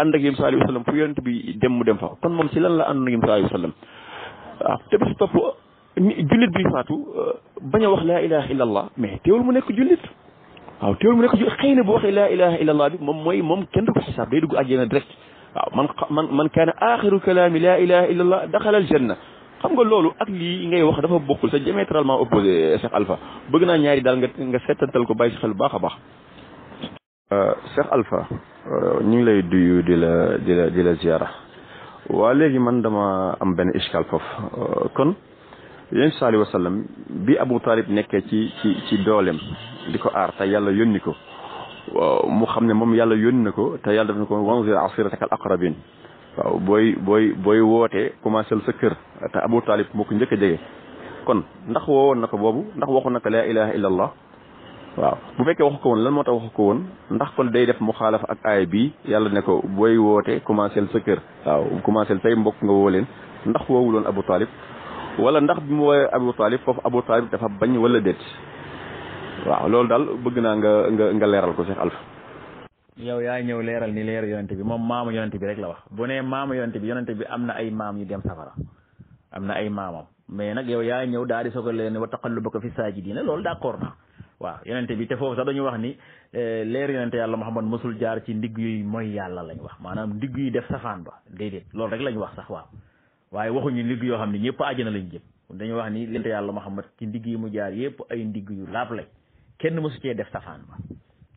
ànd ak yéen sallallahu alayhi wa fu yonent bi dem mu dem fa kon moom ci lan la àndoon ak yéen sallallahu alayhi wa sallam waaw ah, te topp jullit bi faatu euh, bañ a wax laa ilaha illa allah mais teewul mu waaw teewul mu nekk ci xëy na bu waxee laa ilaha illa moom mooy moom kenn du ko xisaab day dugg àjjana direct man man man kaana axiru kalaami laa ilaha illa allah daxala xam nga loolu ak lii ngay wax dafa bokkul sa diamétralement opposé Cheikh alfa bëgg naa ñaari daal nga nga seetantal ko bàyyi si xel bu baax a euh, euh, ñu ngi lay duyu di la di la di la waa léegi man dama am benn iskal foofu euh, kon yonent bi sallallahu alayhi bi Abu Talib nekkee ci ci ci dooleem di ko aar te yàlla yónni ko mu xam ne moom yàlla yónni na ko te yàlla def na ko wanzir asirataka al aqrabin waaw booy booy booy wootee commencé sa kër te Abu Talib moo ko njëkk a jege kon ndax woon na ko boobu ndax waxoon na ko laa ilaha illa allah waaw bu fekkee waxu ko woon lan moo tax waxu ko woon ndax kon day def mu xaalaf ak aay bi yàlla ne ko booy wootee commencé sa kër waaw commencé say mbokk nga woo leen ndax woowuloon Abu Talib wala ndax bi mu woowee Abu Talib foofu Abu Talib dafa bañ wala déet waaw loolu daal bëgg naa nga nga nga leeral ko Cheikh Alpha yow yaa ñëw leeral ni leer yonent bi moom maamu yonent bi rek la wax bu ne maamu yonent bi yonent bi am na ay maam yu dem safara am na ay maamam mais nag yow yaa ñëw daal di soog a leen wa taqallubaka fi saajidiina loolu d'accord na waaw yonent bi te foofu sax dañu wax ni eh, leer yonent yàlla Muhammad mosul jaar ci ndigg yuy mooy yàlla lañ wax maanaam ndigg yuy def safaan ba loolu rek lañ wax sax waaye waxuñu ndigg yoo xam ne ñëpp àjjana lañ jëm dañu wax ni lente yàlla Muhammad ci ndigg yi mu jaar yëpp ay ndigg yu laab lañ kenn mësu cee def safaan ba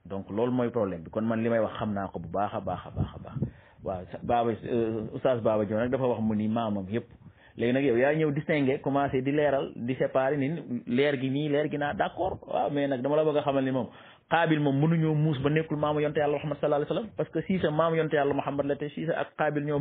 donc loolu mooy problème bi kon man li may wax xam naa ko bu baax a baax a baax waaw baaba euh, oustaz baaba jo nag dafa wax mu ni maamam yëpp léegi nag yow yaa ñëw distingué commencé di leeral di séparé ni leer gi nii leer gi naa d'accord waaw mais nag dama la bëgg a xamal ni moom xaabil moom mënuñoo muus ba nekkul maamu yonte la te si sa ak xaabil ñoo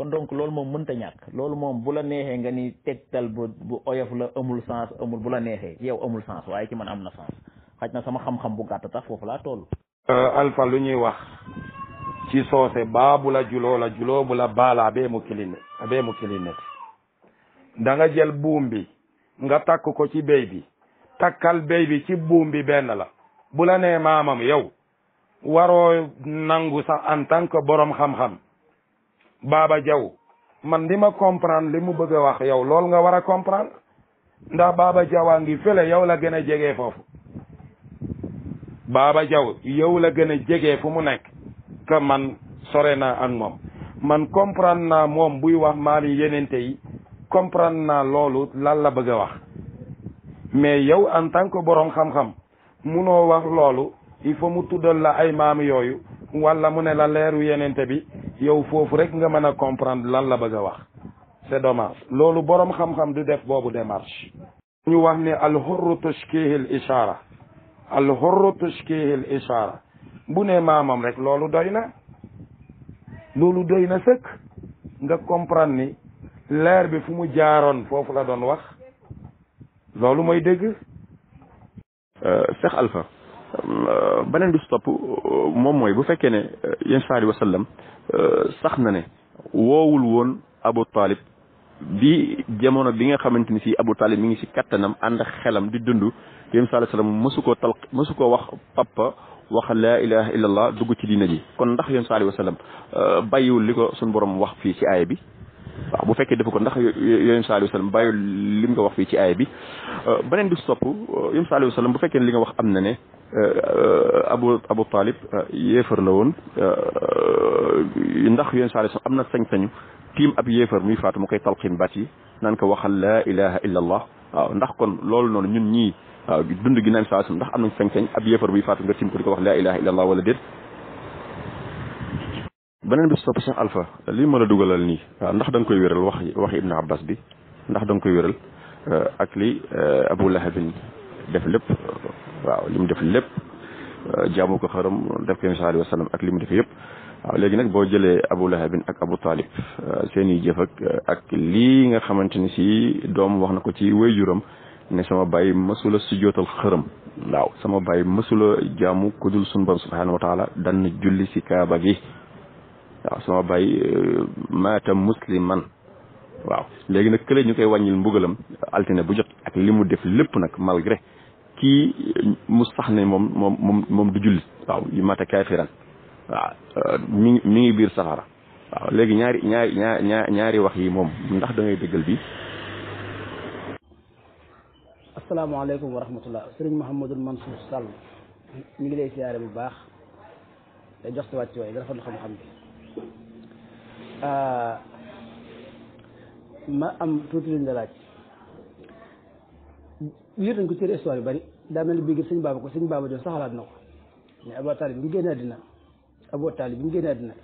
kon donc loolu moom mënta ñàkk loolu moom bu la neexee nga ni tegtal bu bu oyof la amul sens amul bu la neexee yow amul sens waaye ci man am na sens xaj na sama xam-xam bu gàtt tax foofu laa toll. Euh, alpha lu ñuy wax ci soose baa bu la juloo la juloo bula la baala abee mu kiline abee mu kiline da nga jël buum bi nga takk ko ci béy bi takkal béy bi ci buum bi benn la bu la nee maamam yow waroo nangu sax en tant que boroom xam-xam. baaba jaw man li ma comprendre li mu bëgg a wax yow loolu nga war a comprendre ndax baaba jawaa ngi fële yow la gën a jege foofu baaba jaw yow la gën a jege fu mu nekk que man sore naa ak moom man comprendre naa moom buy wax maali yenente yi comprendre naa loolu lan la bëgg a wax mais yow en tant que borom xam-xam munoo wax loolu il faut mu tuddal la ay maam yooyu wala mu ne la leeru yenente bi yow foofu rek nga mën a comprendre lan la bëgg a wax c'est dommage loolu boroom xam-xam du def boobu démarche ñu wax ne alxurru tushkihil ishaara alxurru tushkihil bu ne maamam rek loolu doy na loolu doy na sëkk nga comprendre ni leer bi fu mu jaaroon foofu la doon wax loolu mooy dëgg euh, Cheikh Alpha Euh, beneen bi si topp euh, moom mooy bu fekkee ne euh, yéen saali wasallam sax na ne woowul woon Abu Talib bi jamono bi nga xamante ni si Abu Talib mi ngi si kattanam ànd xelam di dund yéen saali wasallam mësu koo tal mësu koo wax papa wax laa ilaha illallah dugg ci diina ji kon ndax yéen saali wasallam bàyyiwul li ko suñ borom wax fii ci aaya bi waaw bu fekkee defu ko ndax yonent sa alayhi wasallam bàyyi li mu nga wax fii ci aaya bi euh, beneen bi sopp euh, yonent sallallahu alayhi wasallam bu fekkee li nga wax am na ne euh, abu abu talib yéefar la woon ndax yonent sallallahu alayhi wasallam am na sañ-sañu tiim ab yéefar muy faatu mu koy talqin baat yi naan ko waxal laa ilaha illa allah waaw ndax kon loolu noonu ñun ñii waaw dund gi naan sallallahu alayhi wasallam ndax am nañ sañ-sañ ab yéefar buy faatu nga tiim ko di ko wax laa ilaha illa wala déet beneen bi si topp Cheikh lii ma la dugalal nii waaw ndax da koy wéral wax wax Ibn Abbas bi ndax da koy wéral euh, ak li euh, Abu Lahabin def lépp waaw li mu def lépp euh, jaamu ko xaram def ko sallallahu ak li mu yëpp léegi nag boo jëlee Abu ak Abu Talib seen ak ak lii nga xamante ni si doom wax na ko ci wéyjuram ne sama bàyyi mësula sujjootal xërëm waaw sama bàyyi mësula jaamu ku dul sun borom subhanahu wa taala dan julli si kaaba gi waaw sama baay euh, maata musliman waaw léegi nag kële ñu koy wàññil mbugalam altine bu jot ak li mu def lépp nag malgré kii euh, mu sax ne moom moom moom du julli waaw yu maata kaafiran waaw euh, mi ngi ngi biir safara waaw léegi ñaari ñaari ñaari ñaari wax yi moom ndax da ngay dëggal bi asalaamaaleykum wa rahmatullah sëriñ Mouhamadul Mansour Sall ñu ngi lay siyaare bu baax day jox si wàcc waaye dafa xam-xam bi Euh, ma am tuuti luñ la laaj wéer nañ ko ci histoire yu bari daa mel ni bii ngir sëñ baaba ko sëñ baaba joon saxalaat na ko mais abou talib bi mu génnee àddina abou talib bi mu génnee àddina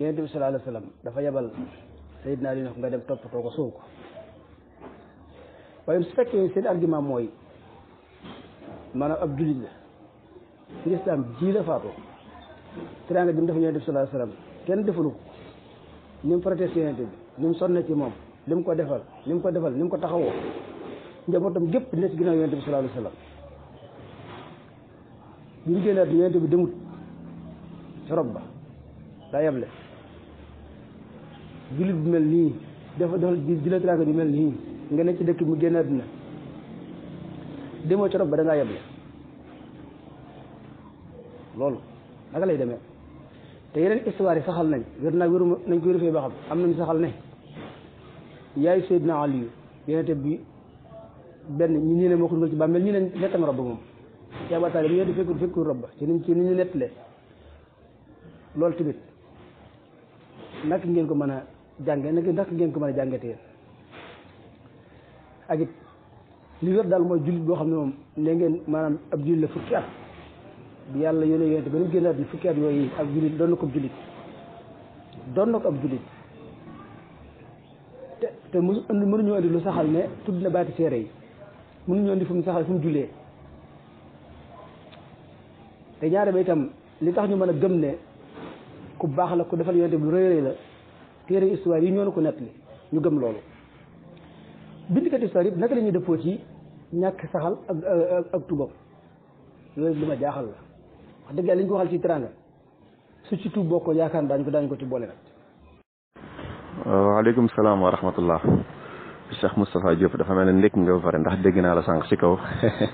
yonente bi sallallahu alayhi wa sallam dafa yebal sayidna nga dem toppatoo ko suuf ko waaye su fekkee seen argument mooy maanaam ab jullit la ci lislaam ji la faatoo teraanga jëm dafa yonente bi sallallahu alayhi wa sallam kenn defalu ko ni mu protesté yonent bi ni mu sonne ci moom li mu ko defal ni mu ko defal ni mu ko taxawoo njabootam gépp dina ci ginnaaw yonent bi sallallahu alayhi wa sallam bi mu génnaat yonent bi demut ci rob ba daa yeble jullit bu mel nii dafa dafa jëlee traité bi mel nii nga ne ci dëkk mu génn àddina demoo ci rob ba da ngaa loolu naka lay demee te yeneen histoire yi saxal nañ wér naa wéru nañ ko wérifee ba xam am nañ saxal ne yaay Seydina Aliyu yenente bi benn ñi ñi ne moo ko dugal ci bàmmeel ñi ne nettam robb moom yabataale bu ñëwee di fekkul fekkul robb ni ñu nettalee loolu tamit nak ngeen ko mën a jànge nak ngeen ko mën a jàngate yéen ak it li wér daal mooy jullit boo xam ne moom ne ngeen maanaam ab jullit la fukki at bi yàlla yónnee yonent ba ni mu génn àddina fukki at yooyu ak jullit doon na ko jullit na ko ab jullit te te mu mënuñoo indi lu saxal ne tudd na baati seere yi mënuñoo indi fu mu saxal fu jullee te ñaare ba itam li tax ñu mën a gëm ne ku baax la ku defal yonent bu lu rëy rëy la téere histoire yi ñoo na ko nettali ñu gëm loolu bindkat histoire yëpp naka la dëppoo ci ñàkk saxal ak ak ak tubam loolu li ma jaaxal la wax dëgg yàlla li ko waxal ci teranga su ci tuub boo ko yaakaar daañu ko daañu ko ci boole nag. waaleykum salaam wa rahmatullah Cheikh Moustapha Diop dafa mel ne ndékki nga ba pare ndax dégg naa la sànq ci kaw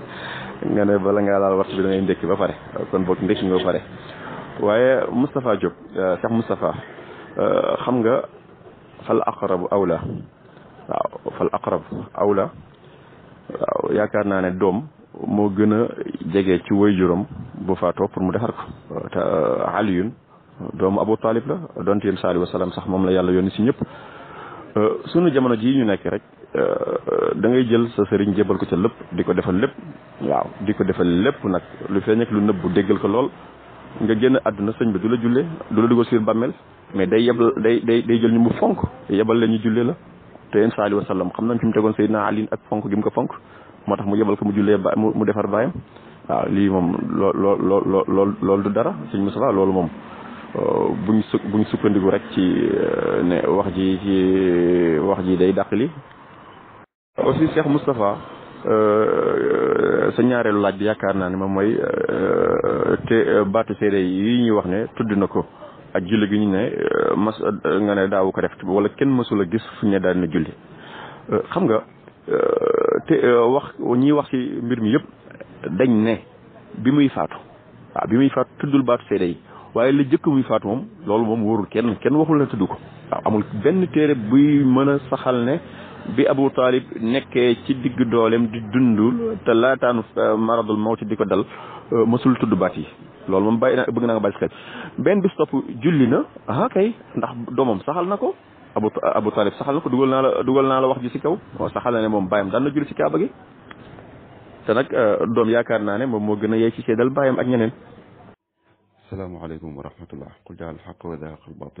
nga ne bala ngaa laal waxtu bi da ngay ndékki ba pare kon boog ndékki nga ba pare waaye Moustapha Diop euh, Cheikh Moustapha euh, xam nga fal aqrabu awla waaw fal aqrab awla waaw yaakaar naa ne doom moo gën a jege ci juróom bu faatoo pour mu defar ko te euh, aliyun doomu abu talib la donte yéen saali wasalaam sax moom la yàlla yónni si ñëpp euh, sunu jamono jii ñu nekk rek euh, da ngay jël sa sëriñ jébal ko ca lépp di ko defal lépp waaw di ko defal lépp nag lu fee ak lu nëbbu déggal ko lool nga génn àdduna sëñ bi du la jullee du la dugal siir bàmmeel mais day yebal day day day jël ñu mu fonk yebal la ñu jullee la te yéen saali wasalaam xam na fi mu tegoon naa Ali ak fonk gi mu ko fonk moo tax mu yebal ko mu jullee ba mu defar baayam waaw lii moom loo loo loolu du dara sëñ Moustapha loolu moom euh, buñ su buñ sukkandiku rek ci euh, ne wax ji ci wax ji day dàq li aussi Cheikh Moustapha euh, sa ñaareelu laaj bi yaakaar naa ne moom mooy te baatu seede yi ñuy wax ne tudd na ko ak julli gi ñu ne mas nga ne daawu ko def wala kenn mësul a gis fu ñu ne daan na julli xam nga. Euh, te euh, wax ñiy wax ci mbir mi yëpp dañ ne bi muy faatu waaw bi muy faatu tuddul baat seede yi waaye la jëkk muy faatu moom loolu moom wóorul kenn kenn waxul la tudd ko waaw amul benn téere buy mën a saxal ne bi Abu Talib nekkee ci digg dooleem di dund te laataanu euh, maradul mawti di ko dal mësul tudd baat yi loolu moom bàyyi na bëgg naa nga bàyyi si benn bis topp julli na ah kay ndax doomam saxal na ko abu abu talib saxal na ko dugal naa la dugal naa la wax ji si kaw waaw saxal ne moom bàyyam daan na julli ci kaaba gi te nag euh, doom yaakaar naa ne moom moo gën a yey ci seedal bàyyam ak ñeneen asalaamaaleykum wa rahmatullah qul jaa al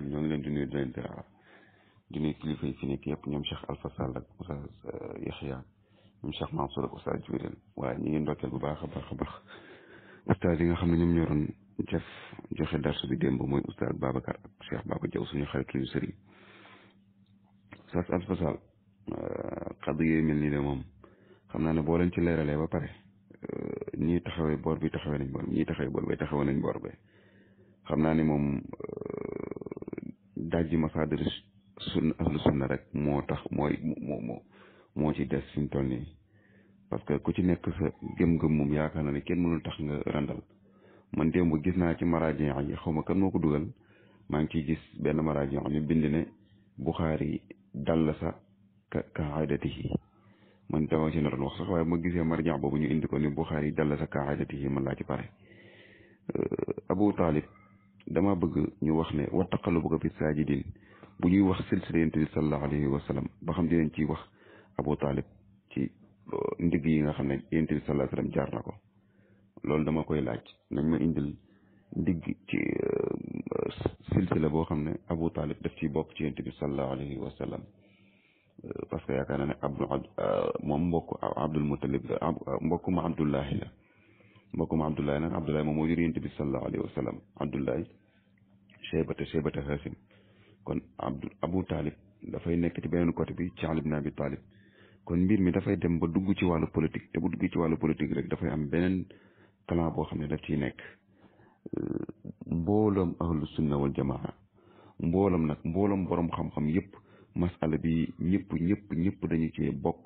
ñoo ngi leen di nuyu di leen ziara di nuyu kilifa yi fi yëpp ñoom Cheikh Alpha Sall ak euh, Yaxya ñoom Cheikh Mansour ak Oustaz Jibril waaye ñi ngi ndokkeel bu baax a baax a baax oustaz yi nga xam ne ñoom ñoo doon def joxe darsu bi mooy oustaz Babacar ak Cheikh Baba Diaw suñu xaritu ñu sëriñ sas al fasal euh, xaddu yooyu mel nii de moom xam naa ne boo leen ci leeralee ba pare euh, ñii taxawee boor bi taxawee nañ boor bi ñii taxawee boor bi nañ boor bi xam naa ne moom euh, dajji masaadir sunna ahlu sunna rek moo tax moo moo moo ci des suñ toll nii parce que ku ci nekk sa gëm-gëm moom yaakaar na ne kenn mënul tax nga randal man démb gis naa ci maraaji yi xaw ma kan moo ko dugal maa ngi ciy gis benn maraaji ñu bind ne Buxaari dalla sa ka ka aadatihi man dama ci naroon wax sax waaye ma gisee marjaax boobu ñu indi ko ni Buxaari dalla sa ka aadatihi man laa ci pare euh, Abu Taalib dama bëgg ñu wax ne wa taqallubuka fi saajidin bu ñuy wax silsila yonent bi sallallahu alayhi wa sallam ba xam dinañ ci wax Abu Taalib ci euh, ndigg yi nga xam ne yonent bi sallallahu alayhi wa jaar na ko loolu dama koy laaj nañ ma indil ndigg euh, silsila boo xam ne Abu Talib daf ci bokk ci yonent bi sallallahu alayhi wa sallam parce que yaakaar naa ne Abdou moom mbokk Abdul Muttalib la mbokk ma Abdullahi la mbokk ma Abdullahi nag moom moo jur yonent bi sallallahu alayhi wa sallam Abdullahi kon Abdou Abu Talib dafay nekk ci beneen côté bi ci Ali ibn Abi Talib kon mbir mi dafay dem ba dugg ci wàllu politique te ci wàllu politique rek dafay am beneen clan boo xam ne daf ciy nekk. mbooloom ahlu sunna wal jamaa mbooloom nag mbooloom boroom xam-xam yëpp masala bi ñëpp ñëpp ñëpp dañu cee bokk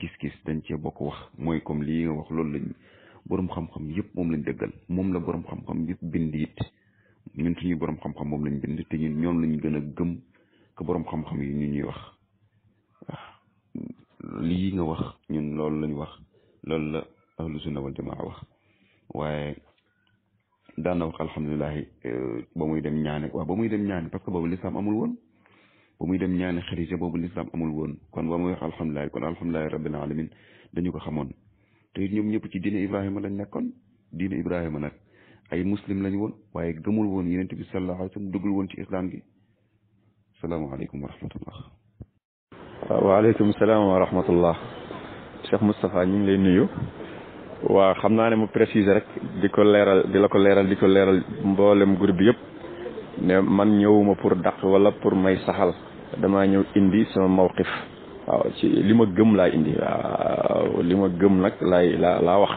gis-gis dañ cee bokk wax mooy comme lii nga wax loolu lañ borom xam-xam yëpp moom lañ dëggal moom la borom xam yëpp bind it ñun borom xam moom lañ bind te ñun ñoom lañ gën a gëm que borom yi ñu ñuy wax waaw wax ñun loolu lañ wax loolu la ahlu sunna wal jamaa wax waaye daan na wax alhamdulilahi ba muy dem ñaani waaw ba muy dem ñaani parce que boobu lislaam amul woon ba muy dem ñaani xarija boobu lislaam amul woon kon ba muy wax alhamdulilahi kon alhamdulilahi rabbil alamin dañu ko xamoon te it ñoom ñëpp ci diine ibrahima lañ nekkoon diine ibrahima nag ay muslim lañ woon waaye gëmul woon yeneen bi sallallahu alayhi wa sallam duggul woon ci islam gi salaamaaleykum wa rahmatullah waaleykum salaam wa rahmatullah Cheikh Moustapha ñu ngi lay nuyu waaw xam naa ne mu préciser rek di ko leeral di la ko leeral di ko leeral mboolem groupe bi yëpp ne man ñëwuma pour dàq wala pour may saxal damaa ñëw indi sama mawqif waaw ci li ma gëm laa indi waaw li ma gëm nag laay laa laa wax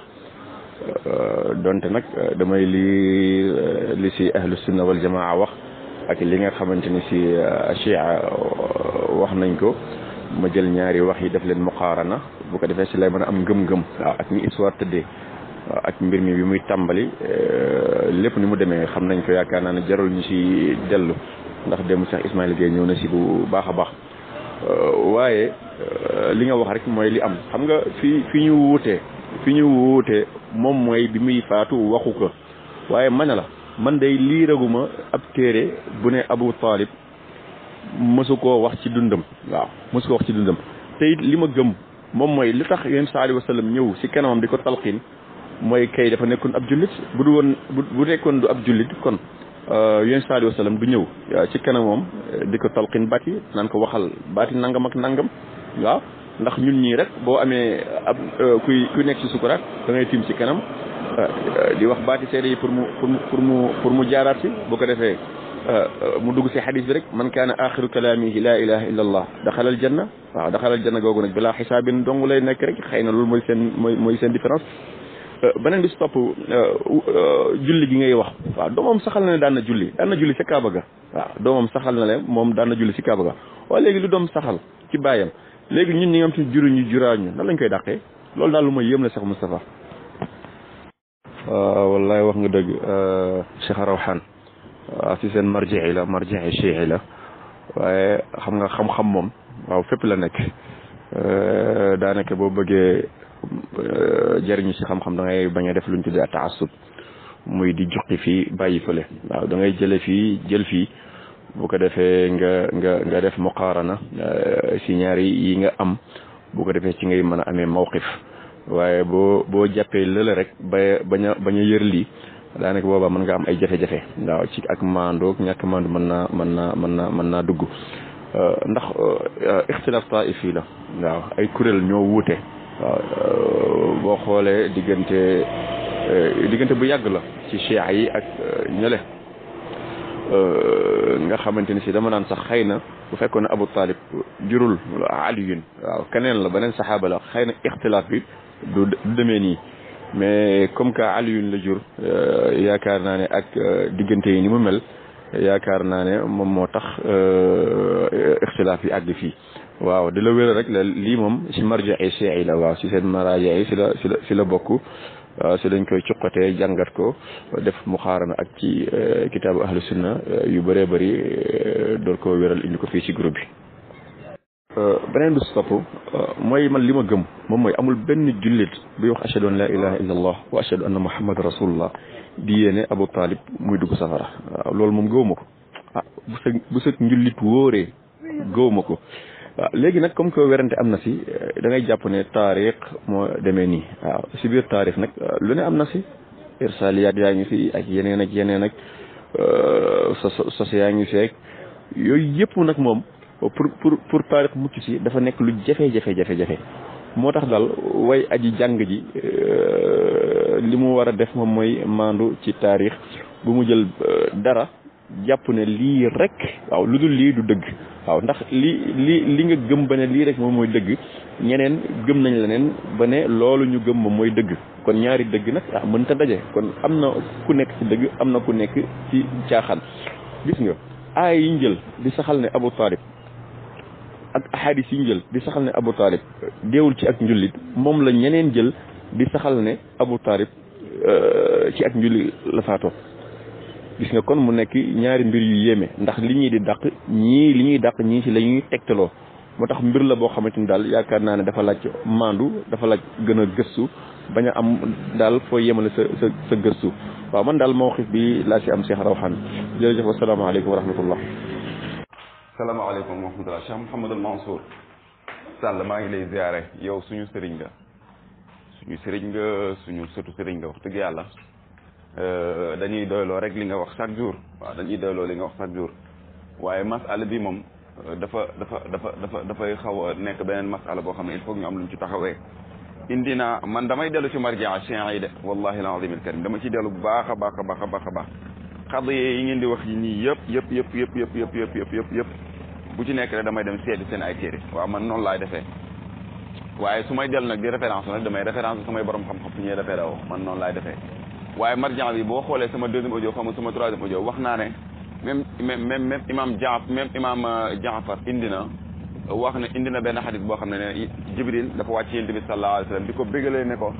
euh, donte nag euh, damay lii euh, li si ahlu sunna wal jamaa wax ak li nga xamante ni si chia wax nañ ko ma jël ñaari wax yi def leen muqaarana boo ko defee si lay mën a am ngëm-ngëm waaw ak ni histoire tëddee waaw ak mbir mi bi muy tàmbali euh, lépp ni mu demee xam nañ ko yaakaar naa ne jarul ñu si dellu ndax dem Cheikh Ismaïla Gueye ñëw na si bu baax a baax euh, waaye euh, li nga wax rek mooy li am xam nga fi fi ñu wuutee fi ñu wuutee moom mooy bi muy faatu waxu ko waaye mën la man day liiraguma ab téere bu ne Abu Talib mësu koo wax ci dundam waaw mësu koo wax ci dundam te it li ma gëm moom mooy li tax yonent sallallahu alayhi wa sallam ñëw si kanamam di ko talqiin mooy kay dafa nekkoon ab jullit bu du woon bu nekkoon du ab jullit kon euh, yonent sallallahu alayhi wa sallam du ñëw euh, ci kanamam euh, di ko talqiin baati naan ko waxal baati nangam ak nangam waaw ndax ñun ñii rek boo amee ab kuy kuy nekk si sukuraat da ngay tiim si kanam di wax baati seede yi pour mu pour mu pour mu pour mu jaaraat si boo ko defee mu dugg si xadis bi rek man kaana axiru kalaamihi laa ilaha illa allah daxal al janna waaw daxal al janna googu nag bilaa xisaabin dong lay nekk rek xëy na loolu mooy seen mooy mooy seen différence euh, beneen bi si topp euh, euh, julli gi ngay wax waaw doomam saxal na ne daan na julli daan na julli si kaaba ga waaw doomam saxal na ne moom daan na julli si kaaba ga waaye léegi lu doom saxal ci baayam léegi ñun ñi nga xam te juruñu juraañu nan lañ koy dàqee loolu daal lu may yëm la Cheikh Moustapha waaw wallaay wax nga dëgg Cheikh Rawhan waaw si seen marjixi la marjixi chiixi la waaye xam nga xam-xam moom waaw fépp la nekk euh, daanaka boo bëggee euh, jëriñu si xam-xam da ngay bañ a def luñ tuddee muy di juqi fii bàyyi fële waaw da jële fii jël fii bu ko defee nga nga nga def muqaarana euh, si ñaari yi nga am bu ko defee ci ngay mën a amee mawqif waaye boo boo jàppee lële rek ba bañ a bañ lii daanaka booba mën nga am ay jafe-jafe waaw ci ak maandoog ñàkk maandu mën naa mën na mën naa mën naa dugg euh, ndax euh, ixtilaaf taif la waaw ay kuréel ñoo wuute euh, boo xoolee diggante diggante bu yàgg la ci chia yi ak ñële nga xamante ni si dama naan sax xëy na bu fekkoon ne Abu Talib jurul Aliyun waaw keneen la beneen saxaaba la xëy na ixtilaaf bi du demee nii mais comme que Alioune la jur euh, yaakaar naa ne ak euh, diggante yi ni mu mel yaakaar naa ne moom moo tax euh, ixtilaaf yi àgg fii waaw di la wéral rek la lii moom si marja ay seey la waaw si seen maraaja yi si la si la si la bokk si lañ koy cuqatee jàngat ko def muxaarana ak ci kitaabu ahlu sunna yu bëree bëri door ko wéral indi ko fii si groupe bi Euh, beneen bi si euh, mooy man li ma gëm moom mooy amul benn jullit buy wax ashhadu an la ilaha illa allah wa ashhadu anna muhammad rasulullah di yéene Abu Talib muy dugg safara waaw loolu moom gëwuma ko ah bu sa bu sa njullit wóoree gëwuma ko ah, léegi nag comme que werante am na si euh, da jàpp ne taarix moo demee nii waaw ah, si biir taarix nag lu ne am na si irsaliyaat yaa ngi fi ak yeneen ak yeneen ak sos sos yaa ngi fi ak yooyu yëpp nag moom pour pour pour taarix mucc si dafa nekk lu jafe-jafe jafe moo tax dal way aji jàng ji euh, li mu war a def moom mooy maandu ci taarix bu mu jël euh, dara jàpp ne lii rek waaw lu dul lii du dëgg waaw ndax li li li nga gëm ba ne lii rek moom mooy dëgg ñeneen gëm nañ leneen ba ne loolu ñu gëm moom mooy dëgg kon ñaari dëgg nag ah, mënta daje kon am na ku nekk ci dëgg am na ku nekk ci caaxaan gis nga aay yi ñu jël di saxal ne Abu Taalib ak ahadis yi ñu jël di saxal ne Abu Talib deewul ci ak njullit moom la ñeneen jël di saxal ne Abu Talib euh, ci ak njulli la faatoo gis nga kon mu nekk ñaari mbir yu yéeme ndax li ñuy di daq ñii li ñuy dàq ñii ci la ñuy tegtaloo moo tax mbir la boo xamante ni daal yaakaar naa ne dafa laaj maandu dafa laj gën a gëstu bañ a am daal foo yemale sa sa sa gëstu waaw man daal mawqif bi laa ci am Cheikh Rawhan jërëjëf wasalaamaaleykum wa rahmatullah salaamaaleykum wa rahmatulah Cheikh Mouhamadul Mansour Sall maa ngi lay ziare yow suñu sëriñ nga suñu sëriñ nga suñu sëtu sëriñ nga wax dëgg yàlla euh, dañuy doyloo rek li nga wax chaque jour waaw dañuy doyloo li nga wax chaque jour waaye masala bi moom euh, dafa dafa dafa dafa dafay xaw a nekk beneen masala boo xam ne il faut ñu am luñ ci taxawee. indi naa man damay dellu ci marjaa chien yi de wallahi alazim alkarim dama ci dellu bu baax a baax a baax a baax a baax xadiya yi ngeen di wax yi nii yëpp yëpp yëpp yëpp yëpp yëpp yëpp yëpp yëpp bu ci nekk rek damay dem seeti seen ay téere waaw man noonu laay defee waaye su may dellu nag di référence nag damay référence samay borom xam-xam su ñuy référé woo man noonu laay defee waaye marjan bi boo xoolee sama deuxième audio xam sama troisième audio wax naa ne même même même imam jaaf même imam euh, jaafar indi na wax ne indi na benn boo xam ne ne jibril dafa wàcc yent bi sallallahu alayhi wa di ko bégalee ne ko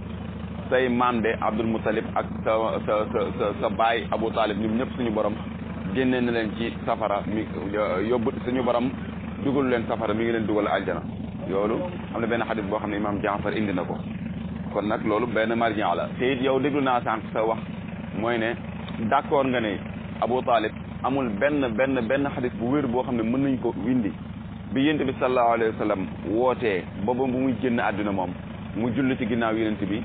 say maam de abdul muttalib ak sa sa sa sa baay abou talib ñëpp suñu borom génne na leen ci safara mi yóbbu suñu borom dugal leen safara mi ngi leen dugal aljana loolu am na benn xadis boo xam ne imaam Jaafar indi na ko kon nag loolu benn margin la te it yow déglu naa sànq sa wax mooy ne d'accord nga ne Abu Talib amul benn benn benn xadis bu wér boo xam ne mën nañ ko windi bi yent bi sallallahu alayhi wa sallam wootee booba bu muy génn àdduna moom mu julli ci ginnaaw yenent bi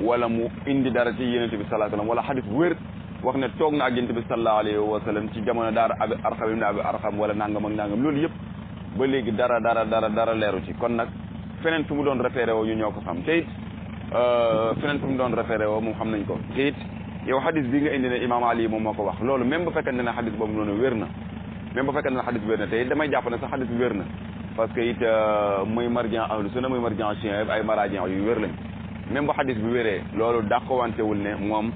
wala mu indi dara ci yenent bi sallallahu wala xadis bu wér wax ne toog na ak yonent bi sallallahu alayhi wa sallam ci jamono daar abi arxam ibn abi arxam wala nangam ak nangam loolu yëpp ba léegi dara dara dara dara leeru ci kon nag feneen fu mu doon référé woo ñu ñoo ko xam te it euh, feneen fu mu doon référé woo moom xam nañ ko te it yow xadis bi nga indi ne imaam Ali moom moo ko wax loolu même bu fekkente ne xadis boobu noonu wér na même bu fekkente ne xadis wér na te it damay jàpp ne sax xadis wér na parce que it euh, muy marjan ahlu sunna muy marjan chien ay marajien yu wér lañ même bu bi wéree loolu dàqowantewul ne moom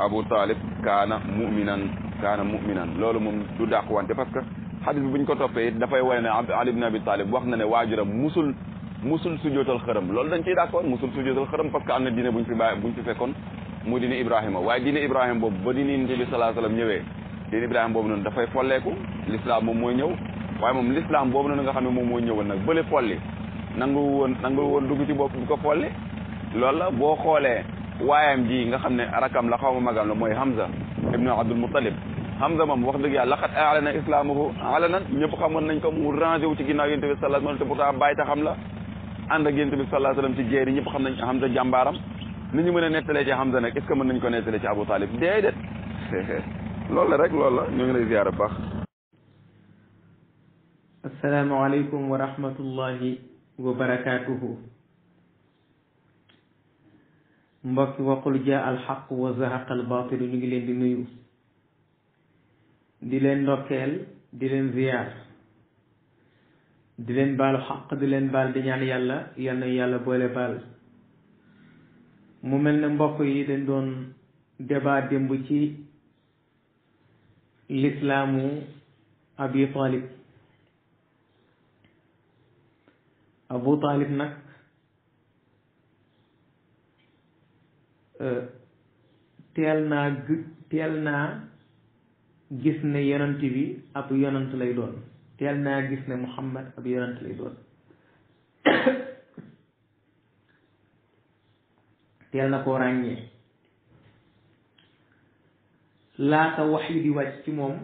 Abu Talib kaana muminan kaana muminan loolu moom du dàq wante parce que xadis bi buñ ko toppee it dafay wane ne Ali ibn Abi Talib wax na ne waajuram musul musul sujootal xërëm loolu dañ ciy d'accord musul sujootal xërëm parce que am na diine buñ fi bàyyi buñ fi fekkoon mu diine Ibrahima waaye diine Ibrahima boobu ba diine Yonent bi sallallahu alayhi wasallam ñëwee boobu noonu dafay folleeku l'islam moom mooy ñëw waaye moom l'islam boobu noonu nga xam ne moom mooy ñëwal nag bële folli nangu woon nangu woon dugg ci bopp bu ko folli loolu la boo xoolee waayam ji nga xam ne rakam la xaw ma magam la mooy Hamza ibnu Abdul Muttalib Hamza moom wax dëgg yàlla laqad aalana islamahu alanan ñëpp xamoon nañ ko mu rangé wu ci ginnaaw yonent bi sallallahu alayhi wa sallam te pourtant xam la ànd ak yonent bi sallallahu alayhi wa sallam ci jeeri ñëpp xam nañ Hamza jàmbaaram ni ñu mën a nettalee ci Hamza nag est ce que mën nañ ko nettalee ci Abu Talib déedéet loolu la rek loolu la ñu ngi lay a baax asalaamaaleykum wa rahmatullahi wa barakaatuhu mbokki waqul jaa alxaq wa zahaqa albatilu ñu ngi leen di nuyu di leen ndokkeel di leen ziyaar di leen baalu xaq di leen baal di ñaan yàlla yàlla boole baal mu mel ne mbokk yi dañ doon débat démb ci lislaamu abi talib abu talib nag Euh, teel naa gë teel naa gis ne yonent bi ab yonent lay doon teel naa gis ne Muhammad ab yonent lay doon teel na koo ràññee laata wax yi di wàcc ci moom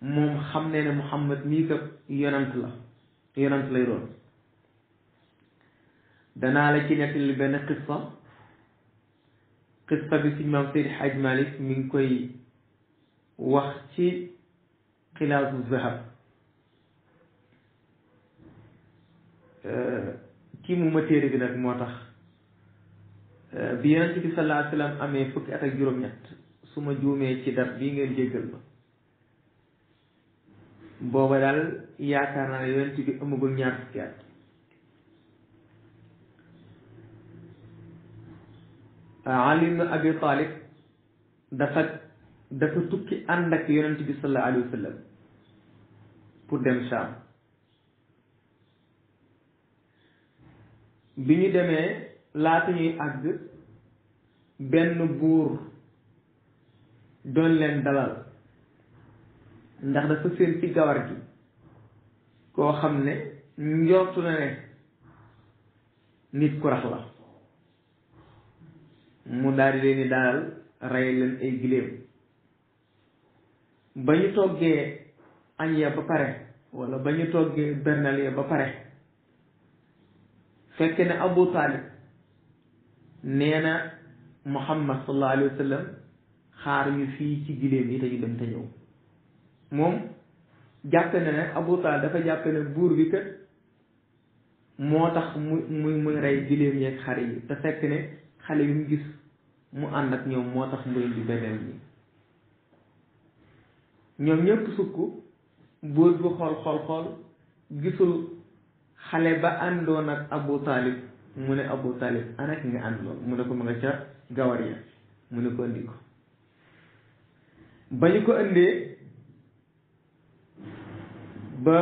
moom xam ne ne Muhammad nii kat yonent la yonent lay doon danaa la ci nettali benn xissa xista bi suñ maam Seydi Hadj Malick mi ngi koy wax ci xilaasu zahab euh, kii mu ma téere bi nag moo tax euh, bi yonent bi sallallahu amee fukki juróom su ma juumee ci dab bii ngeen jéggal ma booba daal yaakaar naa ne yonent bi amagul ñaar fukki at Ali ibn Abi Talib dafa dafa tukki ànd ak yonent bi sallallahu alayhi wa pour dem Sham bi ñu demee laata ñuy àgg benn buur doon leen dalal ndax dafa seen ci gawar gi koo xam ne njortu na ne nit ku rax la mu daal di leen di rey leen ay giléem ba ñu toggee añ ya ba pare wala ba ñu toggee bernal ya ba pare fekk ne Abu Taalib nee Muhammad sallallahu alayhi xaar ñu fii ci giléem yi te ñu dem te ñëw moom jàpp ne Abu Taalib dafa jàpp buur bi kat moo tax mu mu mu rey giléem yeeg xar yi te fekk ne xale yu mu gis mu ànd ak ñoom moo tax mu indi beneen bi ñoom ñëpp sukk buur bi xool xool xool gisul xale ba àndoon ak Abu Talib mu ne Abu Talib ana ki nga àndoon mu ne ko ma nga ca gawar ya mu ne ko indi ko ba ñu ko indee ba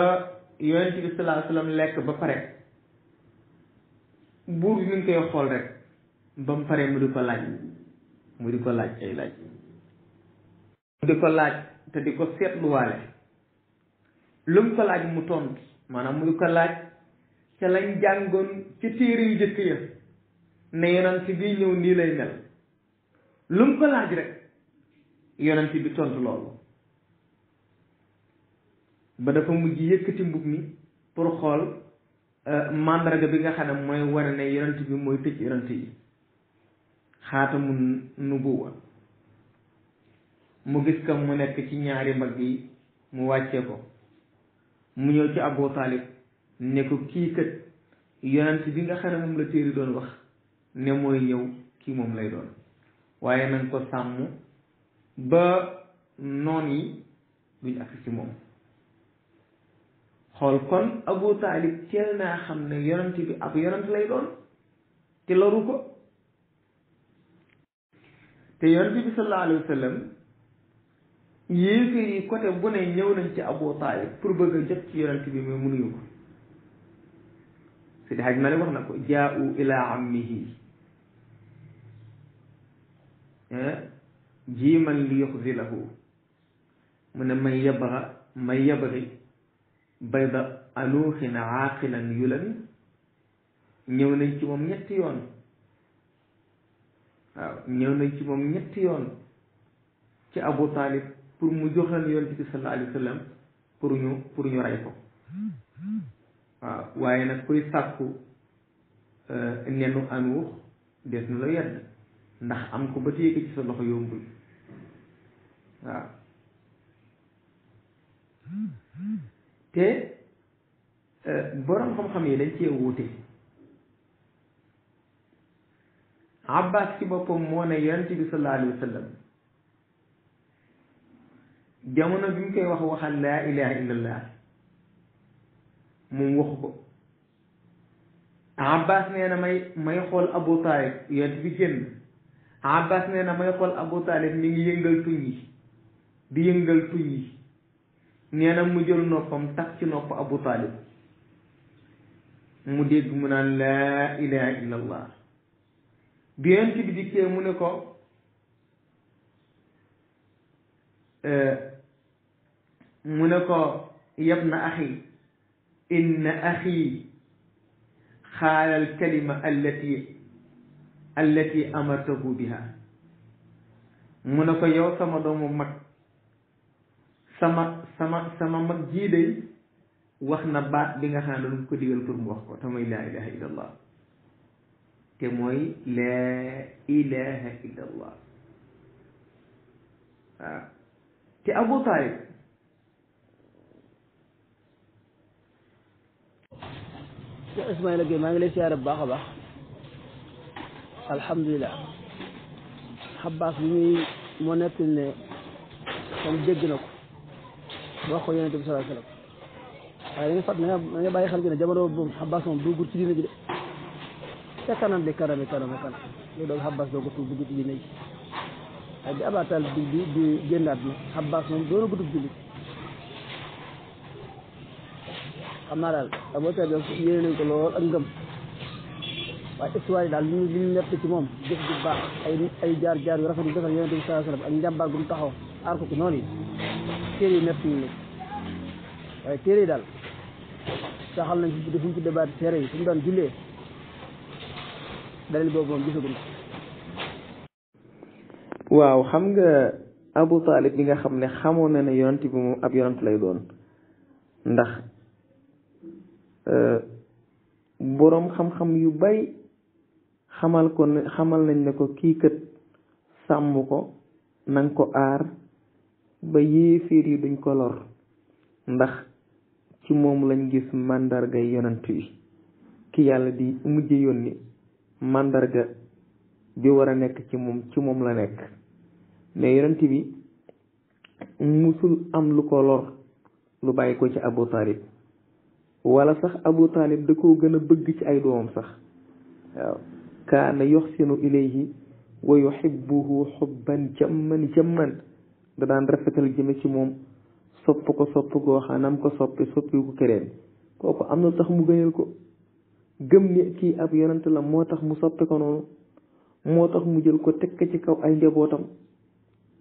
yonent bi sallallahu alayhi wa sallam lekk ba pare buur bi mi ngi koy xool rek ba mu paree mu di ko laaj mu di ko laaj ay laaj mu di ko laaj te di ko seetluwaale lu mu ko laaj mu tontu maanaam mu di ko laaj ca lañ jàngoon ci téere yu jëkk ya ne yonent bi ñëw nii lay mel lu mu ko laaj rek yonent bi tontu loolu ba dafa mujj yëkkati mbub mi pour xool euh, màndarga bi nga xam ne mooy wane ne yonent bi mooy tëj yonent yi xaatamu nubuwa mu gis kam mu nekk ci ñaari mbagg yi mu wàcce ko mu ñëw ci Abu Talib ne ko kii kat yonent bi nga xam la téeri doon wax ne mooy ñëw kii moom lay doon waaye nañ ko sàmm ba noon yi duñ ak ci moom xool kon Abu Talib teel naa xam ne yonent bi ab yonent lay doon te loru ko te yonent bi sallallahu alayhi wa sallam yéeféer yi côté bu ne ñëw nañ ci Abu Taalib pour bëgg a jot ci yonent bi mais mënuñu ko Seydi Hajji Maalik wax na ko jaa'u ilaa ammihi eh? jiiman li yuxzilahu mu ne may yabra may yabri bayda anuuxin aaqilan yulami ñëw nañ ci moom ñetti yoon waaw ñëw nañ ci moom ñetti yoon ci Abu Talib pour mu joxal yonent bi sallallahu alayhi wa sallam pour ñu pour ñu rey ko waaw waaye nag kuy sàkku euh, nenu an wux des na la yedd ndax am ko ba téye ko ci sa loxo yombul waaw te euh, borom xam-xam yi dañ cee wuti abbas ci boppam moo ne yonent bi sallallahu alayhi wa sallam jamono bi mu koy wax waxal laa ilaha illallah moom waxu ko abbas nee na may may xool abu taalib yonent bi génn abbas nee na may xool abu taalib mi ngi yëngal tuñ yi di yëngal tuñ yi nee na mu jël noppam tax ci nopp abu taalib mu dégg mu naan laa ilaha illallah bi yonent bi dikkee mu ne ko eh, mu ne ko yab yabna axi inna axi xaala alkalima allati allati amartahu biha mu ne ko yow sama doomu mag sama sama sama mag jii day wax na baat bi nga xaa ne lu ko digal pour mu wax ko te muy ilaha illallah te mooy laa ilaha illa allah waaw te Abu Talib Cheikh maa ngi lay siyaare bu baax a baax alhamdulilah xabaas bi muy moo nekk ne moom dégg na ko wax ko yonente bi sallallahu alayhi wasallam waaye da nga fàtt na nga bàyyi xel gi moom dugur ci diina e kananɗe karame karame kana oɗon habbas ɗo ko tuubi ɗiɗi ɗi nayyi hayde aɓa talbi ɗi jennat no habbas noon ɗono ko tuubi ɗiɗi amaral abota ɗo yeenen ko lowol angam wa histoire dal limi nette ci moom jëf ju baax ay ay jaar jaar yu rafet yu defal yonente bi ay sallam ak taxaw aar ko ko noonu yi téere yi nett waaye téere yi daal saxal nañ fi tudde fu ñu tudde baati yi fu mu daan jullee dalil boobu moom gisaguñ waaw xam nga Abu Talib bi nga xam ne xamoon na ne yonent bi moom ab yonent lay doon ndax euh, boroom xam-xam yu bari xamal ko xamal nañ ne ko kii kët sàmm ko nang ko aar ba yéeféer yi duñ ko lor ndax ci moom lañ gis màndarga yonent yi ki yàlla di mujje yónni màndarga bi war a nekk ci moom ci moom la nekk mais yonent bi musul am lu ko lor lu bàyyi ko ci Abu Talib wala sax Abu Talib da koo gën a bëgg ci ay doom sax waaw kaana yoxsinu ilayhi wa yuhibbuhu xubban jamman jamman da daan rafetal jëme ci moom sopp ko sopp goo xanam ko soppi soppi ko keneen kooku am na tax mu gënal ko gëm ni kii ab yonent la moo tax mu soppe ko noonu moo tax mu jël ko teg ko ci kaw ay njabootam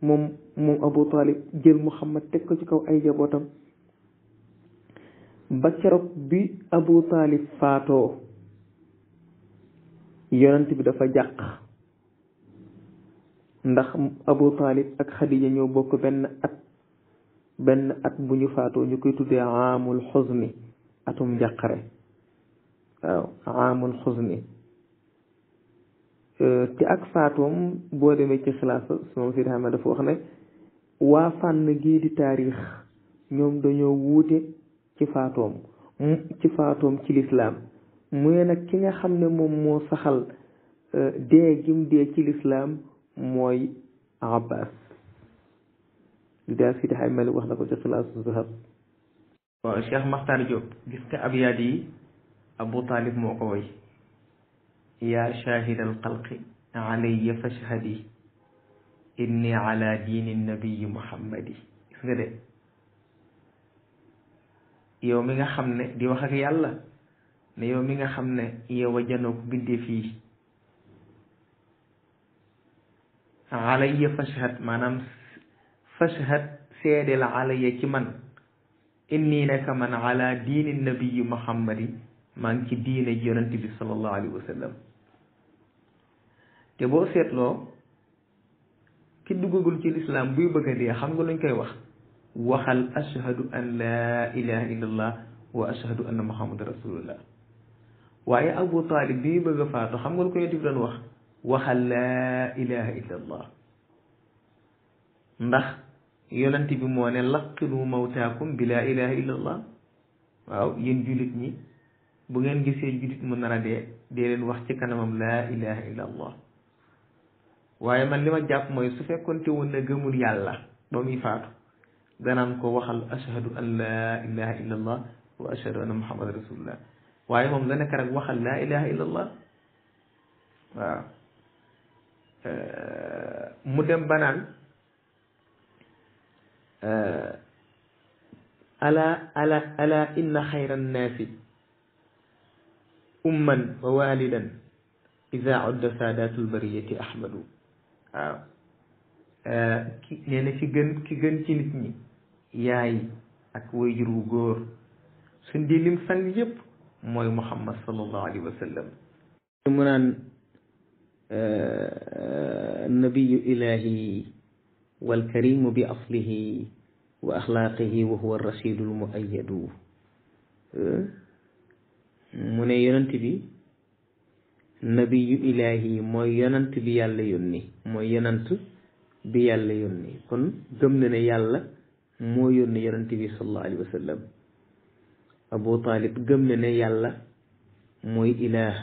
moom moom Abu Talib jël Muhammad teg ko ci kaw ay jabootam ba keroog bi Abu Talib faatoo yonent bi dafa jàq ndax Abu Talib ak Xadija ñoo bokk benn at benn at bu ñu faatoo ñu koy tuddee aamul xusni atum jàqare waaw amul xusni euh, te ak faatoom boo demee ci xilaasa moom Sidi Ahmed dafa wax ne waa fànn gii di taarix ñoom dañoo wuute ci faatoom ci faatoom ci lislaam mu ne nag ki nga xam ne moom moo saxal euh, dee gim dee ci lislaam mooy Abbas li daal Sidi Ahmed wax na ko ci xilaasa Zahab. waaw Cheikh Makhtar Diop gis nga abyaat yi. abu taalib moo ko yaa shaahid alxalqi alayya fashhadi inni ala diini nabiyi muhammadi gis de yow mi nga xam ne di wax ak yàlla ne yow mi nga xam ne yow a janoo ko bindee fii alayya fashhad maanaam fashhad seedeel alayya ci man inni naka man ala diini nabiyi muhammadi maa ngi ci diine yonent bi sallallahu alayhi wa sallam te boo seetloo ki duggagul ci lislaam buy bëgg a dee xam nga luñ koy wax waxal ashhadu an laa ilaha illallah wa ashhadu abu taalib bi bëgg a faatu xam nga lu ko yonent bi doon wax waxal laa ilaha illallah ndax yonent bi moo ne laqinu mawtaakum bi laa ilaha illallah waaw yéen jullit ñi bu ngeen gisee jullit mu nar a dee dee wax ci kanamam laa ilaha illa waaye man li ma jàpp mooy su fekkoon te woon na gëmul yàlla ba muy faatu danaan ko waxal ashhadu an laa ilaha illa allah wa ashhadu mu dem banaan ala ala ala inna umman wa walidan ida odda saadatul bariyati ahmadu waaw eh, ki nee na ci gën ki gën ci nit ñi yaay ak wayjur wu góor suñ di lim sang yépp mooy muhammad sallallahu alayhi wa sallam mu naan eh, nabiyu ilahi walkarimu bi aslihi wa axlaaqihi wa huwa arrasidu almuayyadu eh? mu ne yonent bi nabiyu ilaahi mooy yonent bi yàlla ni mooy yonent bi yàlla yónni kon gëm na ne yàlla moo yónni yonent bi sallallahu alayhi wa sallam abu taalib gëm na ne yàlla mooy ilaah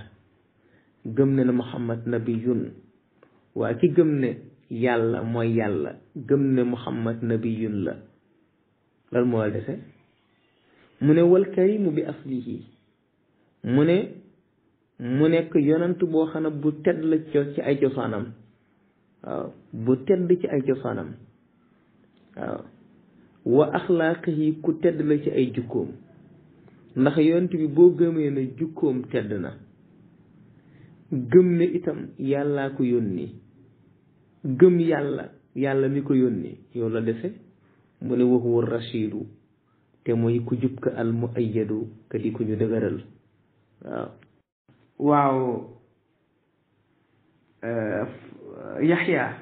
gëm na ne muhammad nabiyun waaye ki gëm ne yàlla mooy yàlla gëm ne muhammad nabiyun la lan moo la dese mu ne wal karimu bi aslihi mu ne mu nekk yonent boo xam bu tedd la ci ay cosaanam waaw bu tedd ci ay cosaanam waaw wa axlaaqihi ku tedd la ci ay jukkoom ndax yonent bi boo gëmee na jukkoom tedd na gëm ne itam yàllaa ko yónni gëm yàlla yàlla mi ko yónni yow la defe mu ne waxuwa rashidu te mooy ku jub ka al mu ka di ko ñu dëgëral waaw waaw euh, yaxya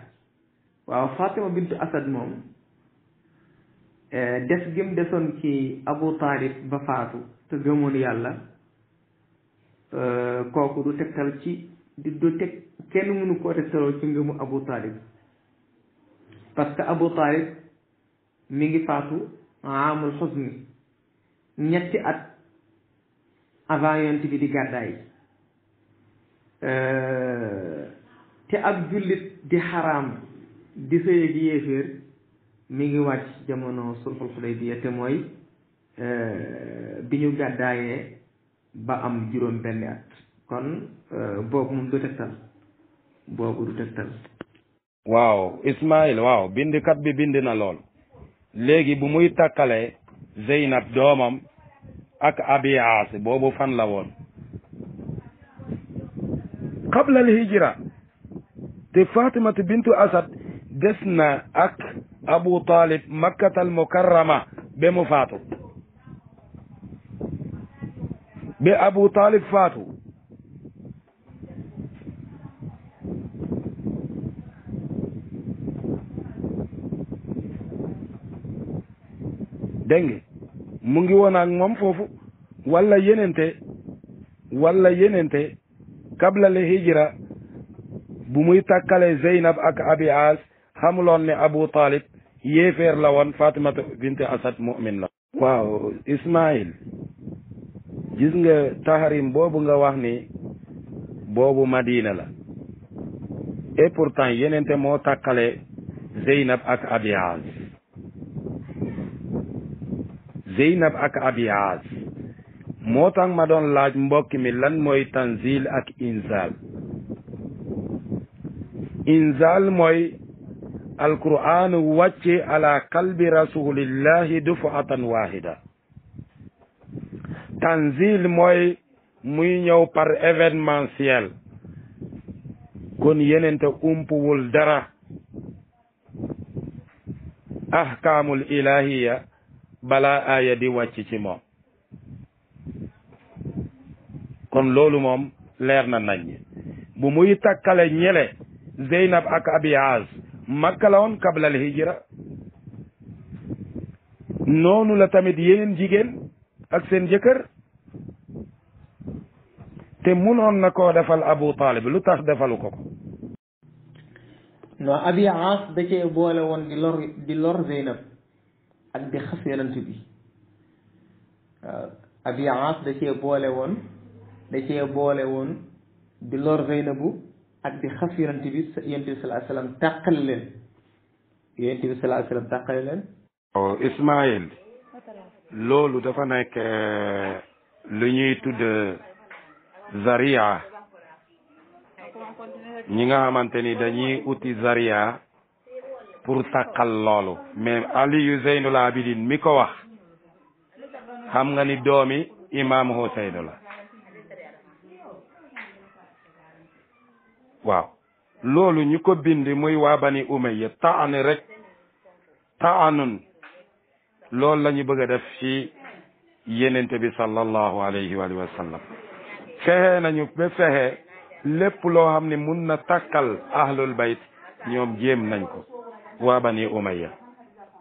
waaw fatima bintu asad moom euh, des gëm desoon ci abu taalib ba faatu te gëmoon yàlla euh, kooku du tegtal ci di du teg kenn mënu koo tegtaloo ci ngëmu abu taalib parce que abu taalib mi ngi faatu amul xusni ñetti at avant yonent bi di gàddaay euh, te ab jullit di xaraam di sëy ak yéeféer mi ngi wàcc jamono sulxul xudaybiya te mooy euh, bi ñu gàddaayee ba am juróom benni at kon euh, boobu moom du tegtal boobu du tegtal waaw Ismaïl waaw bindkat bi bind na lool léegi bu muy takkale Zeynab doomam ak abi aas boobu fan la woon qabla al hijra te fatimatu bintu asad des na ak abu talib makkat al mukarrama be mu faatu be abu talib faatu dégg mu ngi woon moom foofu wala yenente wala yenente kablale hijra bu muy takkale zeynab ak abi as xamuloon ne abu talib yéefeer la woon fatimata bint asad mu'min la waaw ismail gis nga taharim boobu nga wax ni boobu madina la et pourtant yenente moo takkale zeynab ak abi Zeynab ak Abiyaas moo tax ma doon laaj mbokk mi lan mooy tanzil ak inzal inzal mooy alquran wàcce ala qalbi rasulillahi dufatan wahida tanzil mooy muy ñëw par événementiel kon yenente umpuwul dara ahkaamul ilahiya balaa aaya di wàcc ci moom kon loolu moom leer na nañ bu muy takkale ñele zeynab ak abiyaaz makka la woon kablal hijra noonu la tamit yeneen jigéen ak seen jëkkër te munoon na koo defal abu taalib lu tax defalu ko ko non abiyaaz da cee boole woon di lor zeynab ak di xas yonent bi waaw abiance da cee boole woon da cee boole woon di lor Zeynabu ak di xas yonent bi yonent bi salaa sallam tàqale leen yonent bi salaa sallam leen o oh, Ismaïl loolu dafa nekk euh, lu ñuy tudd zaria ñi nga xamante ni dañuy uti zaria pour takkal loolu mais Aliyu Zeynul Abidin mi ko wax xam nga ni doomi imaam Huseynu la waaw loolu ñu ko bind muy waa bani umayya taanu rek taanun loolu la ñu bëgg a def ci yenente bi sallallahu alayhi wa fexe nañu ba fexe lépp loo xam ne mun na takkal ahlul bayt ñoom jéem nañ ko waa bani umayya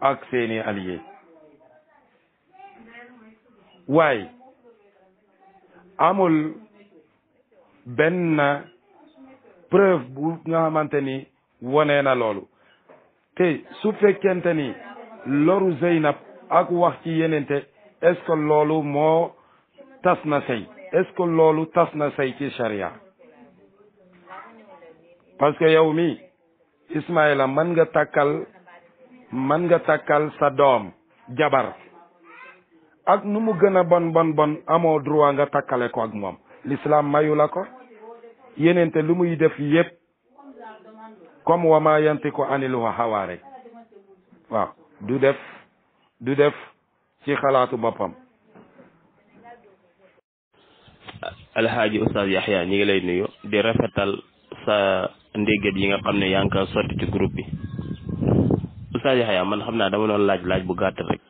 ak seeni alliés waaye amul benn preuve bu nga ni wone na loolu te su fekkente ni loru Zeynab ak wax ci yenente est loolu moo tas na sëy est loolu tas na sëy ci charia parce que mi Ismaïla mën nga takkal man nga takkal sa doom jabar ak nu mu gën a bon bon bon amoo droit nga takkale ko ak moom l'islam mayu la ko yenente lu muy def yépp comme wa ma yantiku anil hawa rek waaw du def du def ci xalaatu boppam alhaaji ustaz yaxya ñi ngi lay nuyu di rafetal sa ndéggat yi nga xam ne yaa ngi ko sotti ci groupe bi Oustaz Yaxya man xam naa dama doon laaj laaj bu gàtt rek